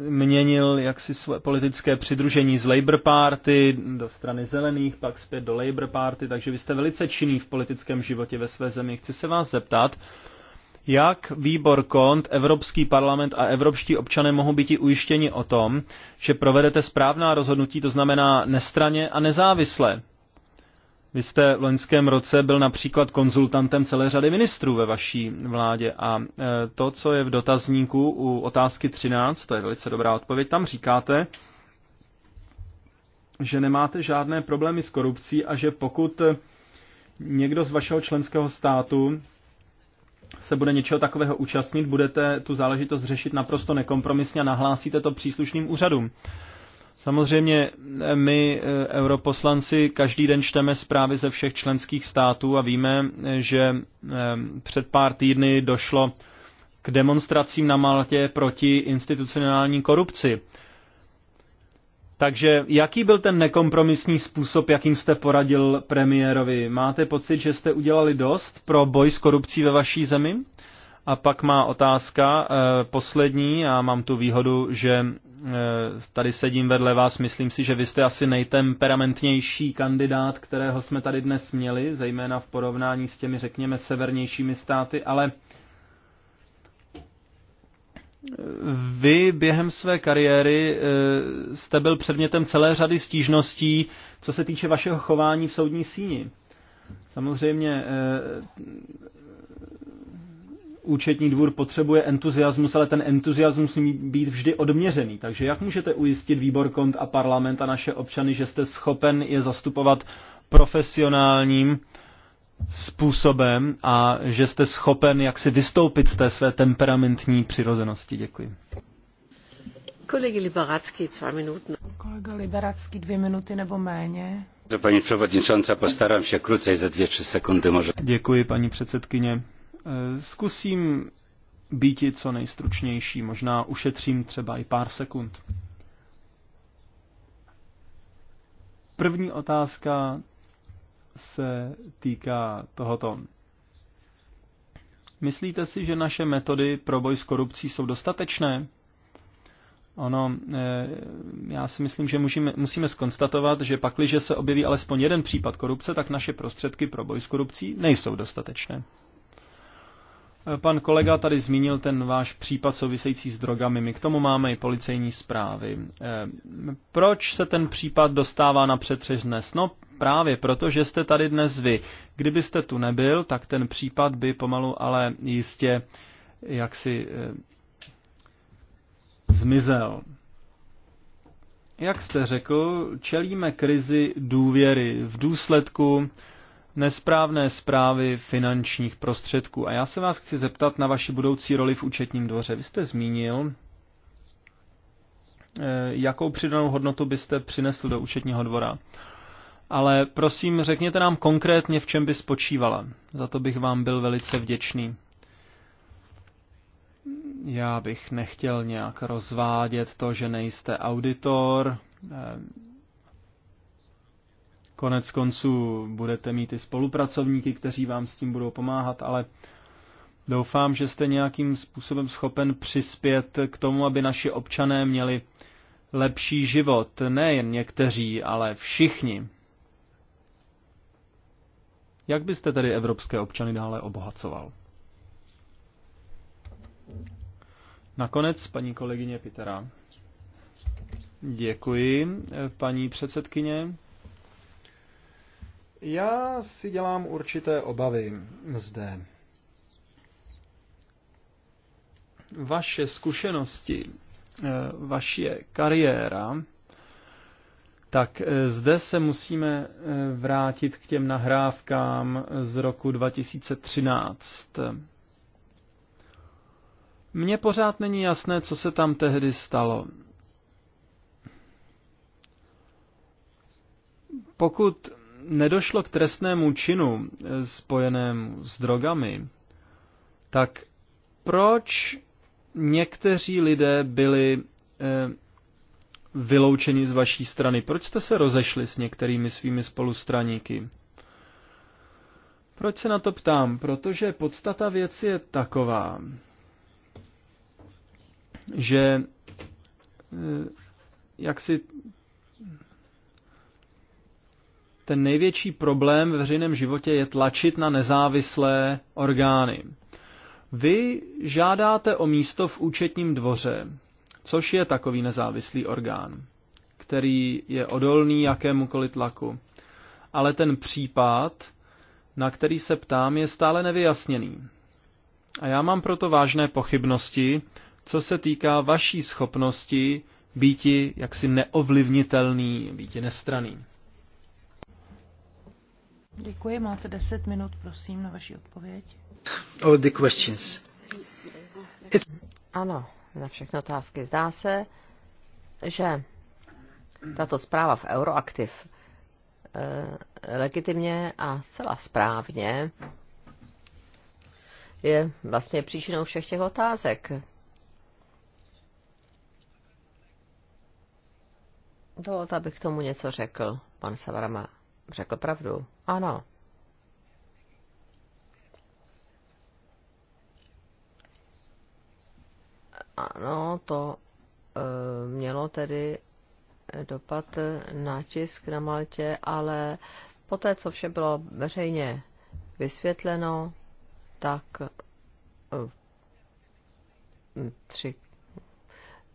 A: měnil jaksi své politické přidružení z Labour Party do strany zelených, pak zpět do Labour Party, takže vy jste velice činný v politickém životě ve své zemi. Chci se vás zeptat, jak výbor KONT, Evropský parlament a evropští občané mohou být ujištěni o tom, že provedete správná rozhodnutí, to znamená nestraně a nezávisle. Vy jste v loňském roce byl například konzultantem celé řady ministrů ve vaší vládě a e, to, co je v dotazníku u otázky 13, to je velice dobrá odpověď, tam říkáte, že nemáte žádné problémy s korupcí a že pokud někdo z vašeho členského státu se bude něčeho takového účastnit, budete tu záležitost řešit naprosto nekompromisně a nahlásíte to příslušným úřadům. Samozřejmě eh, my, eh, europoslanci, každý den čteme zprávy ze všech členských států a víme, eh, že před pár týdny došlo k demonstracím na Maltě proti institucionální korupci. Takže jaký byl ten nekompromisní způsob, jakým jste poradil premiérovi? Máte pocit, že jste udělali dost pro boj s korupcí ve vaší zemi? A pak má otázka e, poslední, já mám tu výhodu, že e, tady sedím vedle vás, myslím si, že vy jste asi nejtemperamentnější kandidát, kterého jsme tady dnes měli, zejména v porovnání s těmi, řekněme, severnějšími státy, ale vy během své kariéry eh, jste byl předmětem celé řady stížností, co se týče vašeho chování v soudní síni. Samozřejmě eh, účetní dvůr potřebuje entuziasmus, ale ten entuziasmus musí být vždy odměřený. Takže jak můžete ujistit výbor kont a parlament a naše občany, že jste schopen je zastupovat profesionálním způsobem a že jste schopen jaksi vystoupit z té své temperamentní přirozenosti. Děkuji.
C: Kolega Liberacký, dva minuty. Kolega Liberacký, dvě minuty nebo méně.
D: Paní předsedkyně, postarám se krucej za dvě, tři sekundy
A: možná. Děkuji, paní předsedkyně. E, zkusím být co nejstručnější, možná ušetřím třeba i pár sekund. První otázka se týká tohoto. Myslíte si, že naše metody pro boj s korupcí jsou dostatečné? Ono, eh, já si myslím, že musíme, musíme skonstatovat, že pakliže se objeví alespoň jeden případ korupce, tak naše prostředky pro boj s korupcí nejsou dostatečné. Eh, pan kolega tady zmínil ten váš případ související s drogami. My k tomu máme i policejní zprávy. Eh, proč se ten případ dostává na přetřežné snop? právě proto, že jste tady dnes vy. Kdybyste tu nebyl, tak ten případ by pomalu, ale jistě jaksi e, zmizel. Jak jste řekl, čelíme krizi důvěry v důsledku nesprávné zprávy finančních prostředků. A já se vás chci zeptat na vaši budoucí roli v účetním dvoře. Vy jste zmínil, eh, jakou přidanou hodnotu byste přinesl do účetního dvora ale prosím, řekněte nám konkrétně, v čem by spočívala. Za to bych vám byl velice vděčný. Já bych nechtěl nějak rozvádět to, že nejste auditor. Eh, konec konců budete mít i spolupracovníky, kteří vám s tím budou pomáhat, ale doufám, že jste nějakým způsobem schopen přispět k tomu, aby naši občané měli lepší život. Nejen někteří, ale všichni. Jak byste tedy evropské občany dále obohacoval? Nakonec paní kolegyně Pitera. Děkuji, paní předsedkyně. Já si dělám určité obavy zde. Vaše zkušenosti, eh, vaše kariéra tak eh, zde se musíme eh, vrátit k těm nahrávkám z roku 2013. Mně pořád není jasné, co se tam tehdy stalo. Pokud nedošlo k trestnému činu eh, spojenému s drogami, tak proč někteří lidé byli vyloučeni z vaší strany? Proč jste se rozešli s některými svými spolustraníky? Proč se na to ptám? Protože podstata věci je taková, že eh, jak si ten největší problém ve veřejném životě je tlačit na nezávislé orgány. Vy žádáte o místo v účetním dvoře, což je takový nezávislý orgán, který je odolný jakémukoliv tlaku. Ale ten případ, na který se ptám, je stále nevyjasněný. A já mám proto vážné pochybnosti, co se týká vaší schopnosti býti jaksi neovlivnitelný, býti nestraný.
C: Děkuji, máte 10 minut, prosím, na vaši odpověď.
E: All the questions.
A: It's...
B: Ano, na všechny otázky. Zdá se, že tato zpráva v Euroaktiv eh, legitimně a celá správně je vlastně příčinou všech těch otázek. Dovolte, abych k tomu něco řekl. Pan Savarama řekl pravdu. Ano. ano, to eh, mělo tedy eh, dopad na tisk na Maltě, ale poté, co vše bylo veřejně vysvětleno, tak eh, tři,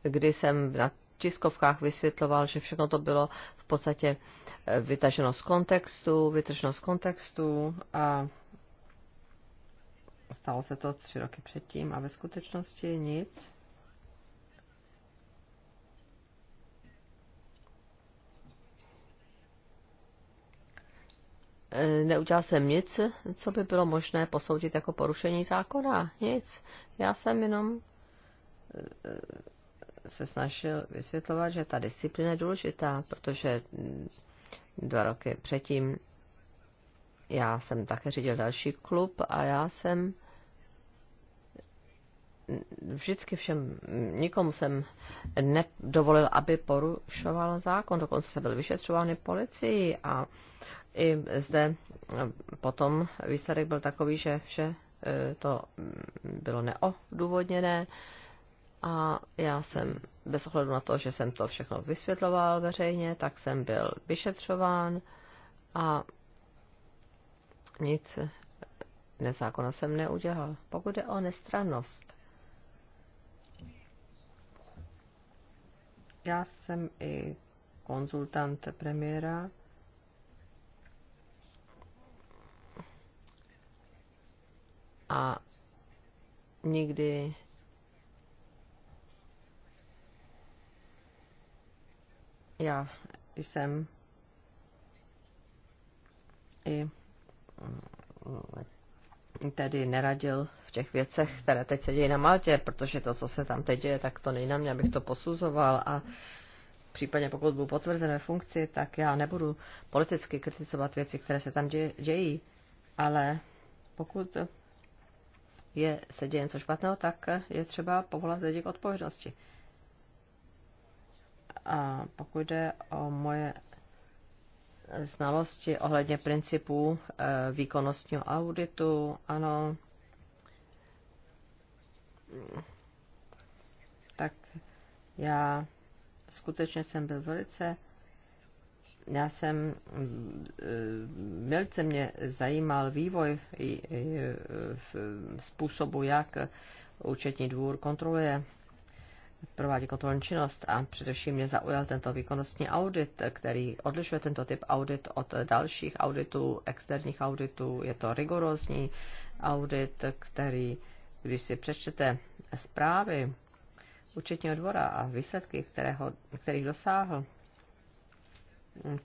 B: kdy jsem na tiskovkách vysvětloval, že všechno to bylo v podstatě vytaženo z kontextu, vytaženo z kontextu a stalo se to tři roky předtím a ve skutečnosti nic Eh, neudělal jsem nic, co by bylo možné posoudit jako porušení zákona. Nic. Já jsem jenom eh, se snažil vysvětlovat, že ta disciplína je důležitá, protože mm, dva roky předtím já jsem také řídil další klub a já jsem mm, vždycky všem, mm, nikomu jsem nedovolil, aby porušoval zákon. Dokonce jsem byl vyšetřován policií a i zde eh, potom výsledek byl takový, že vše eh, to mm, bylo neodůvodněné a já jsem bez ohledu na to, že jsem to všechno vysvětloval veřejně, tak jsem byl vyšetřován a nic nezákona jsem neudělal. Pokud je o nestrannost, já jsem i konzultant premiéra a nikdy já jsem i mm, tedy neradil v těch věcech, které teď se dějí na Maltě, protože to, co se tam teď děje, tak to nejde na mě, abych to posuzoval a případně pokud budu potvrzen ve funkci, tak já nebudu politicky kritizovat věci, které se tam dějí, ale pokud je, se děje něco špatného, tak je třeba povolat lidi k odpovědnosti. A pokud jde o moje znalosti ohledně principů eh, výkonnostního auditu, ano, tak já skutečně jsem byl velice já jsem, mm, e, velice mě zajímal vývoj e, v způsobu, jak účetní dvůr kontroluje, provádí kontrolní činnost a především mě zaujal tento výkonnostní audit, který odlišuje tento typ audit od dalších auditů, externích auditů. Je to rigorózní audit, který, když si přečtete zprávy účetního dvora a výsledky, kterého, kterých dosáhl,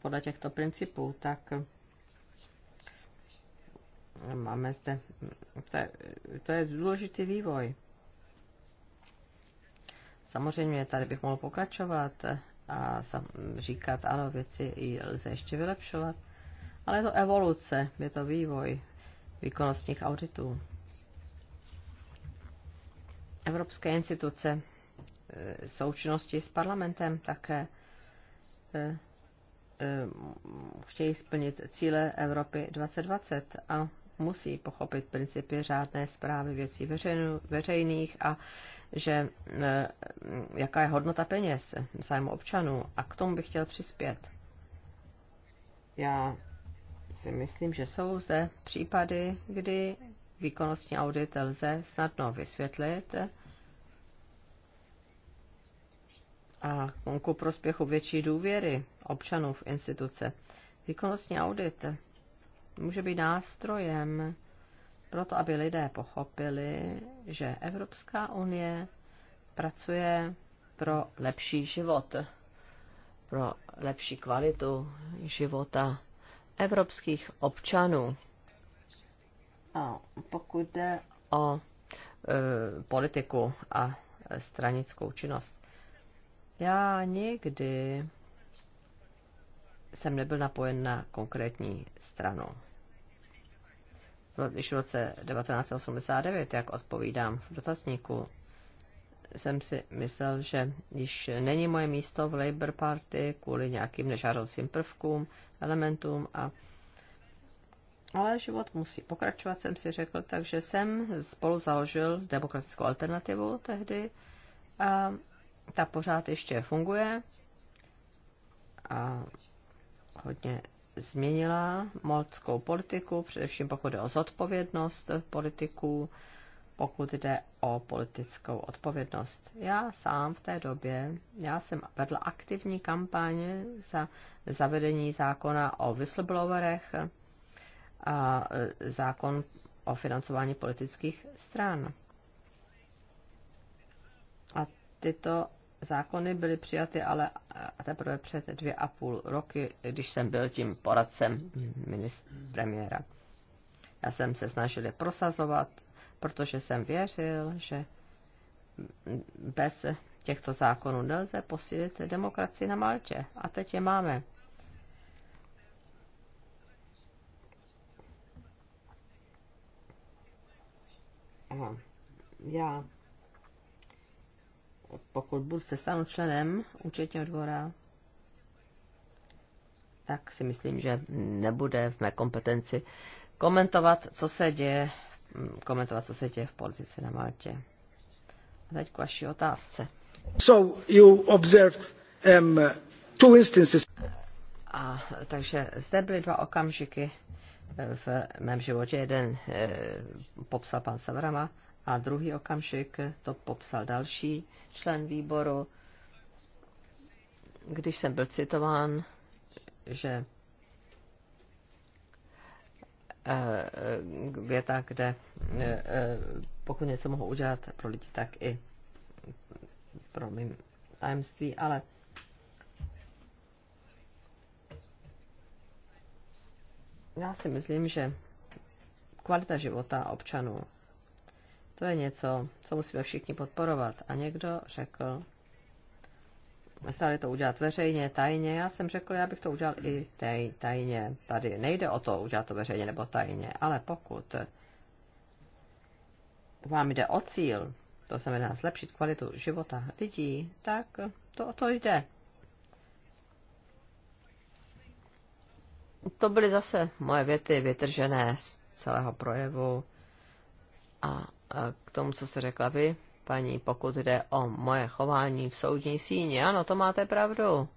B: podle těchto principů, tak máme zde, to je, to je důležitý vývoj. Samozřejmě tady bych mohl pokračovat a sam, říkat, ano, věci i lze ještě vylepšovat, ale je to evoluce, je to vývoj výkonnostních auditů. Evropské instituce e, součinnosti s parlamentem také e, Eh, chtějí splnit cíle Evropy 2020 a musí pochopit principy řádné zprávy věcí veřejných a že eh, jaká je hodnota peněz zájmu občanů a k tomu bych chtěl přispět. Já si myslím, že jsou zde případy, kdy výkonnostní audit lze snadno vysvětlit, a ku prospěchu větší důvěry občanů v instituce. Výkonnostní audit může být nástrojem pro to, aby lidé pochopili, že Evropská unie pracuje pro lepší život, pro lepší kvalitu života evropských občanů. A pokud jde o e, politiku a stranickou činnost, já nikdy jsem nebyl napojen na konkrétní stranu. v roce 1989, jak odpovídám v dotazníku, jsem si myslel, že již není moje místo v Labour Party kvůli nějakým nežádoucím prvkům, elementům a ale život musí pokračovat, jsem si řekl, takže jsem spolu založil demokratickou alternativu tehdy a ta pořád ještě funguje a hodně změnila moldskou politiku, především pokud jde o zodpovědnost politiků, pokud jde o politickou odpovědnost. Já sám v té době, já jsem vedla aktivní kampaně za zavedení zákona o whistleblowerech a zákon o financování politických stran. A tyto zákony byly přijaty ale teprve před dvě a půl roky, když jsem byl tím poradcem ministra premiéra. Já jsem se snažil je prosazovat, protože jsem věřil, že bez těchto zákonů nelze posílit demokracii na Malče. A teď je máme. Aha. Já pokud budu se stanu členem účetního dvora, tak si myslím, že nebude v mé kompetenci komentovat, co se děje, komentovat, co se děje v politice na Maltě. A teď k vaší otázce.
E: So you observed um, two instances.
B: A, takže zde byly dva okamžiky eh, v mém životě. Jeden e, popsal pan Savrama, a druhý okamžik to popsal další člen výboru, když jsem byl citován, že eh, věta, kde eh, eh, pokud něco mohu udělat pro lidi, tak i pro mým tajemství, ale já si myslím, že kvalita života občanů to je něco, co musíme všichni podporovat. A někdo řekl, stále to udělat veřejně, tajně. Já jsem řekl, já bych to udělal i tajně. Tady nejde o to udělat to veřejně nebo tajně, ale pokud vám jde o cíl, to znamená zlepšit kvalitu života lidí, tak to o to jde. To byly zase moje věty vytržené z celého projevu a k tomu, co jste řekla vy, paní, pokud jde o moje chování v soudní síni. Ano, to máte pravdu.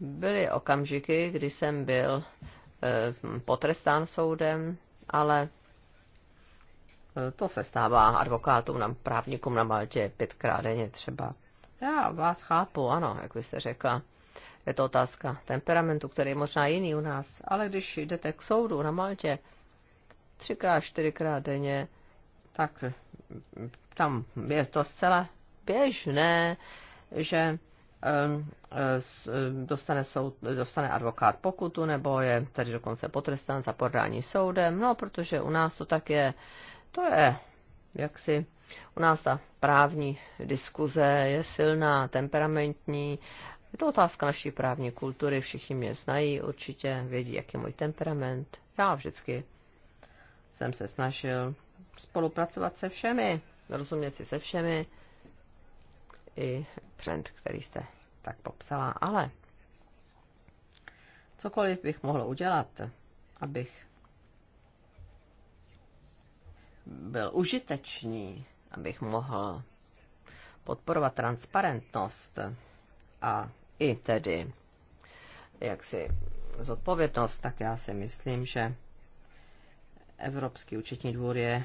B: Byly okamžiky, kdy jsem byl eh, potrestán soudem, ale eh, to se stává advokátům, na, právníkům na Maltě pětkrát denně třeba. Já vás chápu, ano, jak vy jste řekla. Je to otázka temperamentu, který je možná jiný u nás. Ale když jdete k soudu na Maltě, třikrát, čtyřikrát denně, tak tam je to zcela běžné, že dostane, soud, dostane advokát pokutu nebo je tady dokonce potrestán za podání soudem, no protože u nás to tak je, to je jaksi u nás ta právní diskuze je silná, temperamentní, je to otázka naší právní kultury, všichni mě znají určitě, vědí, jak je můj temperament. Já vždycky jsem se snažil spolupracovat se všemi, rozumět si se všemi, i trend, který jste tak popsala, ale cokoliv bych mohl udělat, abych byl užitečný, abych mohl podporovat transparentnost a i tedy jaksi zodpovědnost, tak já si myslím, že Evropský účetní dvůr je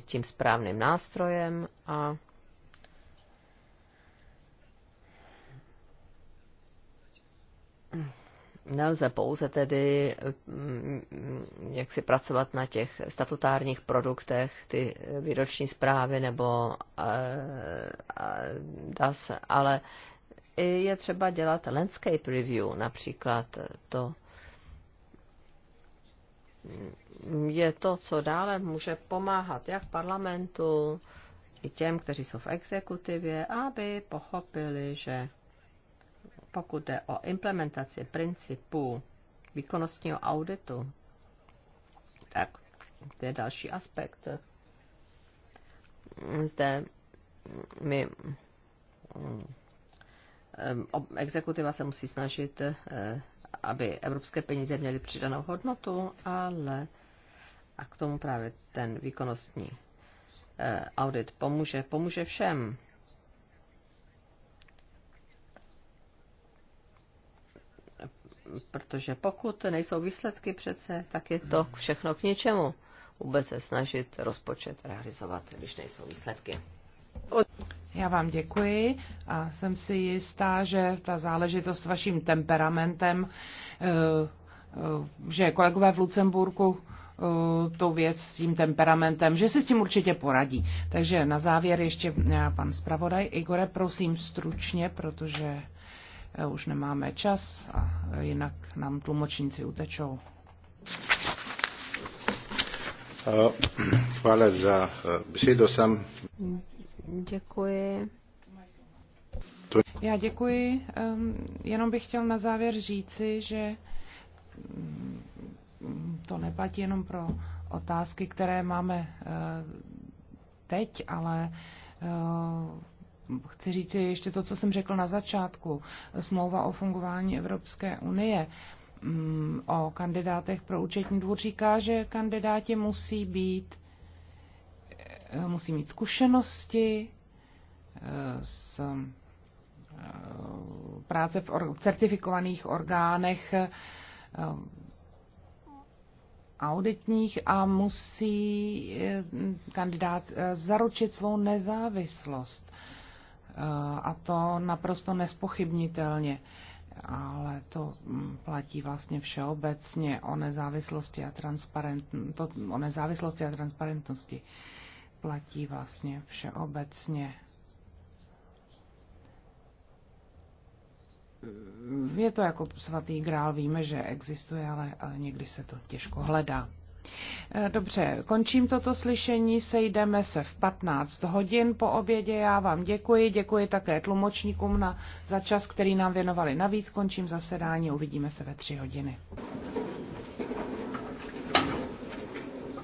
B: tím správným nástrojem a nelze pouze tedy mm, jak si pracovat na těch statutárních produktech, ty výroční zprávy nebo eh, eh, DAS, ale je třeba dělat landscape review například to, je to, co dále může pomáhat jak parlamentu, i těm, kteří jsou v exekutivě, aby pochopili, že pokud jde o implementaci principů výkonnostního auditu, tak to je další aspekt. Zde my mm, mm, exekutiva se musí snažit eh, aby evropské peníze měly přidanou hodnotu, ale a k tomu právě ten výkonnostní eh, audit pomůže, pomůže všem. Protože pokud nejsou výsledky přece, tak je to všechno k ničemu. Vůbec se snažit rozpočet realizovat, když nejsou výsledky.
C: Já vám děkuji a jsem si jistá, že ta záležitost s vaším temperamentem, eh, eh, že kolegové v Lucemburku eh, tu věc s tím temperamentem, že si s tím určitě poradí. Takže na závěr ještě pan zpravodaj. Igore, prosím stručně, protože už nemáme čas a jinak nám tlumočníci utečou.
E: *clears throat* Hvala za besedo. Sam
C: hmm. Děkuji. Já děkuji. Jenom bych chtěl na závěr říci, že mm, to neplatí jenom pro otázky, které máme eh, teď, ale eh, chci říci ještě to, co jsem řekl na začátku. Smlouva o fungování Evropské unie mm, o kandidátech pro účetní dvůr říká, že kandidáti musí být Eh, musí mít zkušenosti eh, s eh, práce v, or- v certifikovaných orgánech auditních a musí kandidát zaručit svou nezávislost. A to naprosto nespochybnitelně. Ale to hm, platí vlastně všeobecně o nezávislosti a, transparent, to, o nezávislosti a transparentnosti. Uh, platí vlastně všeobecně. Je to jako svatý grál, víme, že existuje, ale, ale někdy se to těžko hledá. Eh, dobře, končím toto slyšení, sejdeme se v 15 hodin po obědě. Já vám děkuji, děkuji také tlumočníkům na, za čas, který nám věnovali navíc. Končím zasedání, uvidíme se ve 3 hodiny.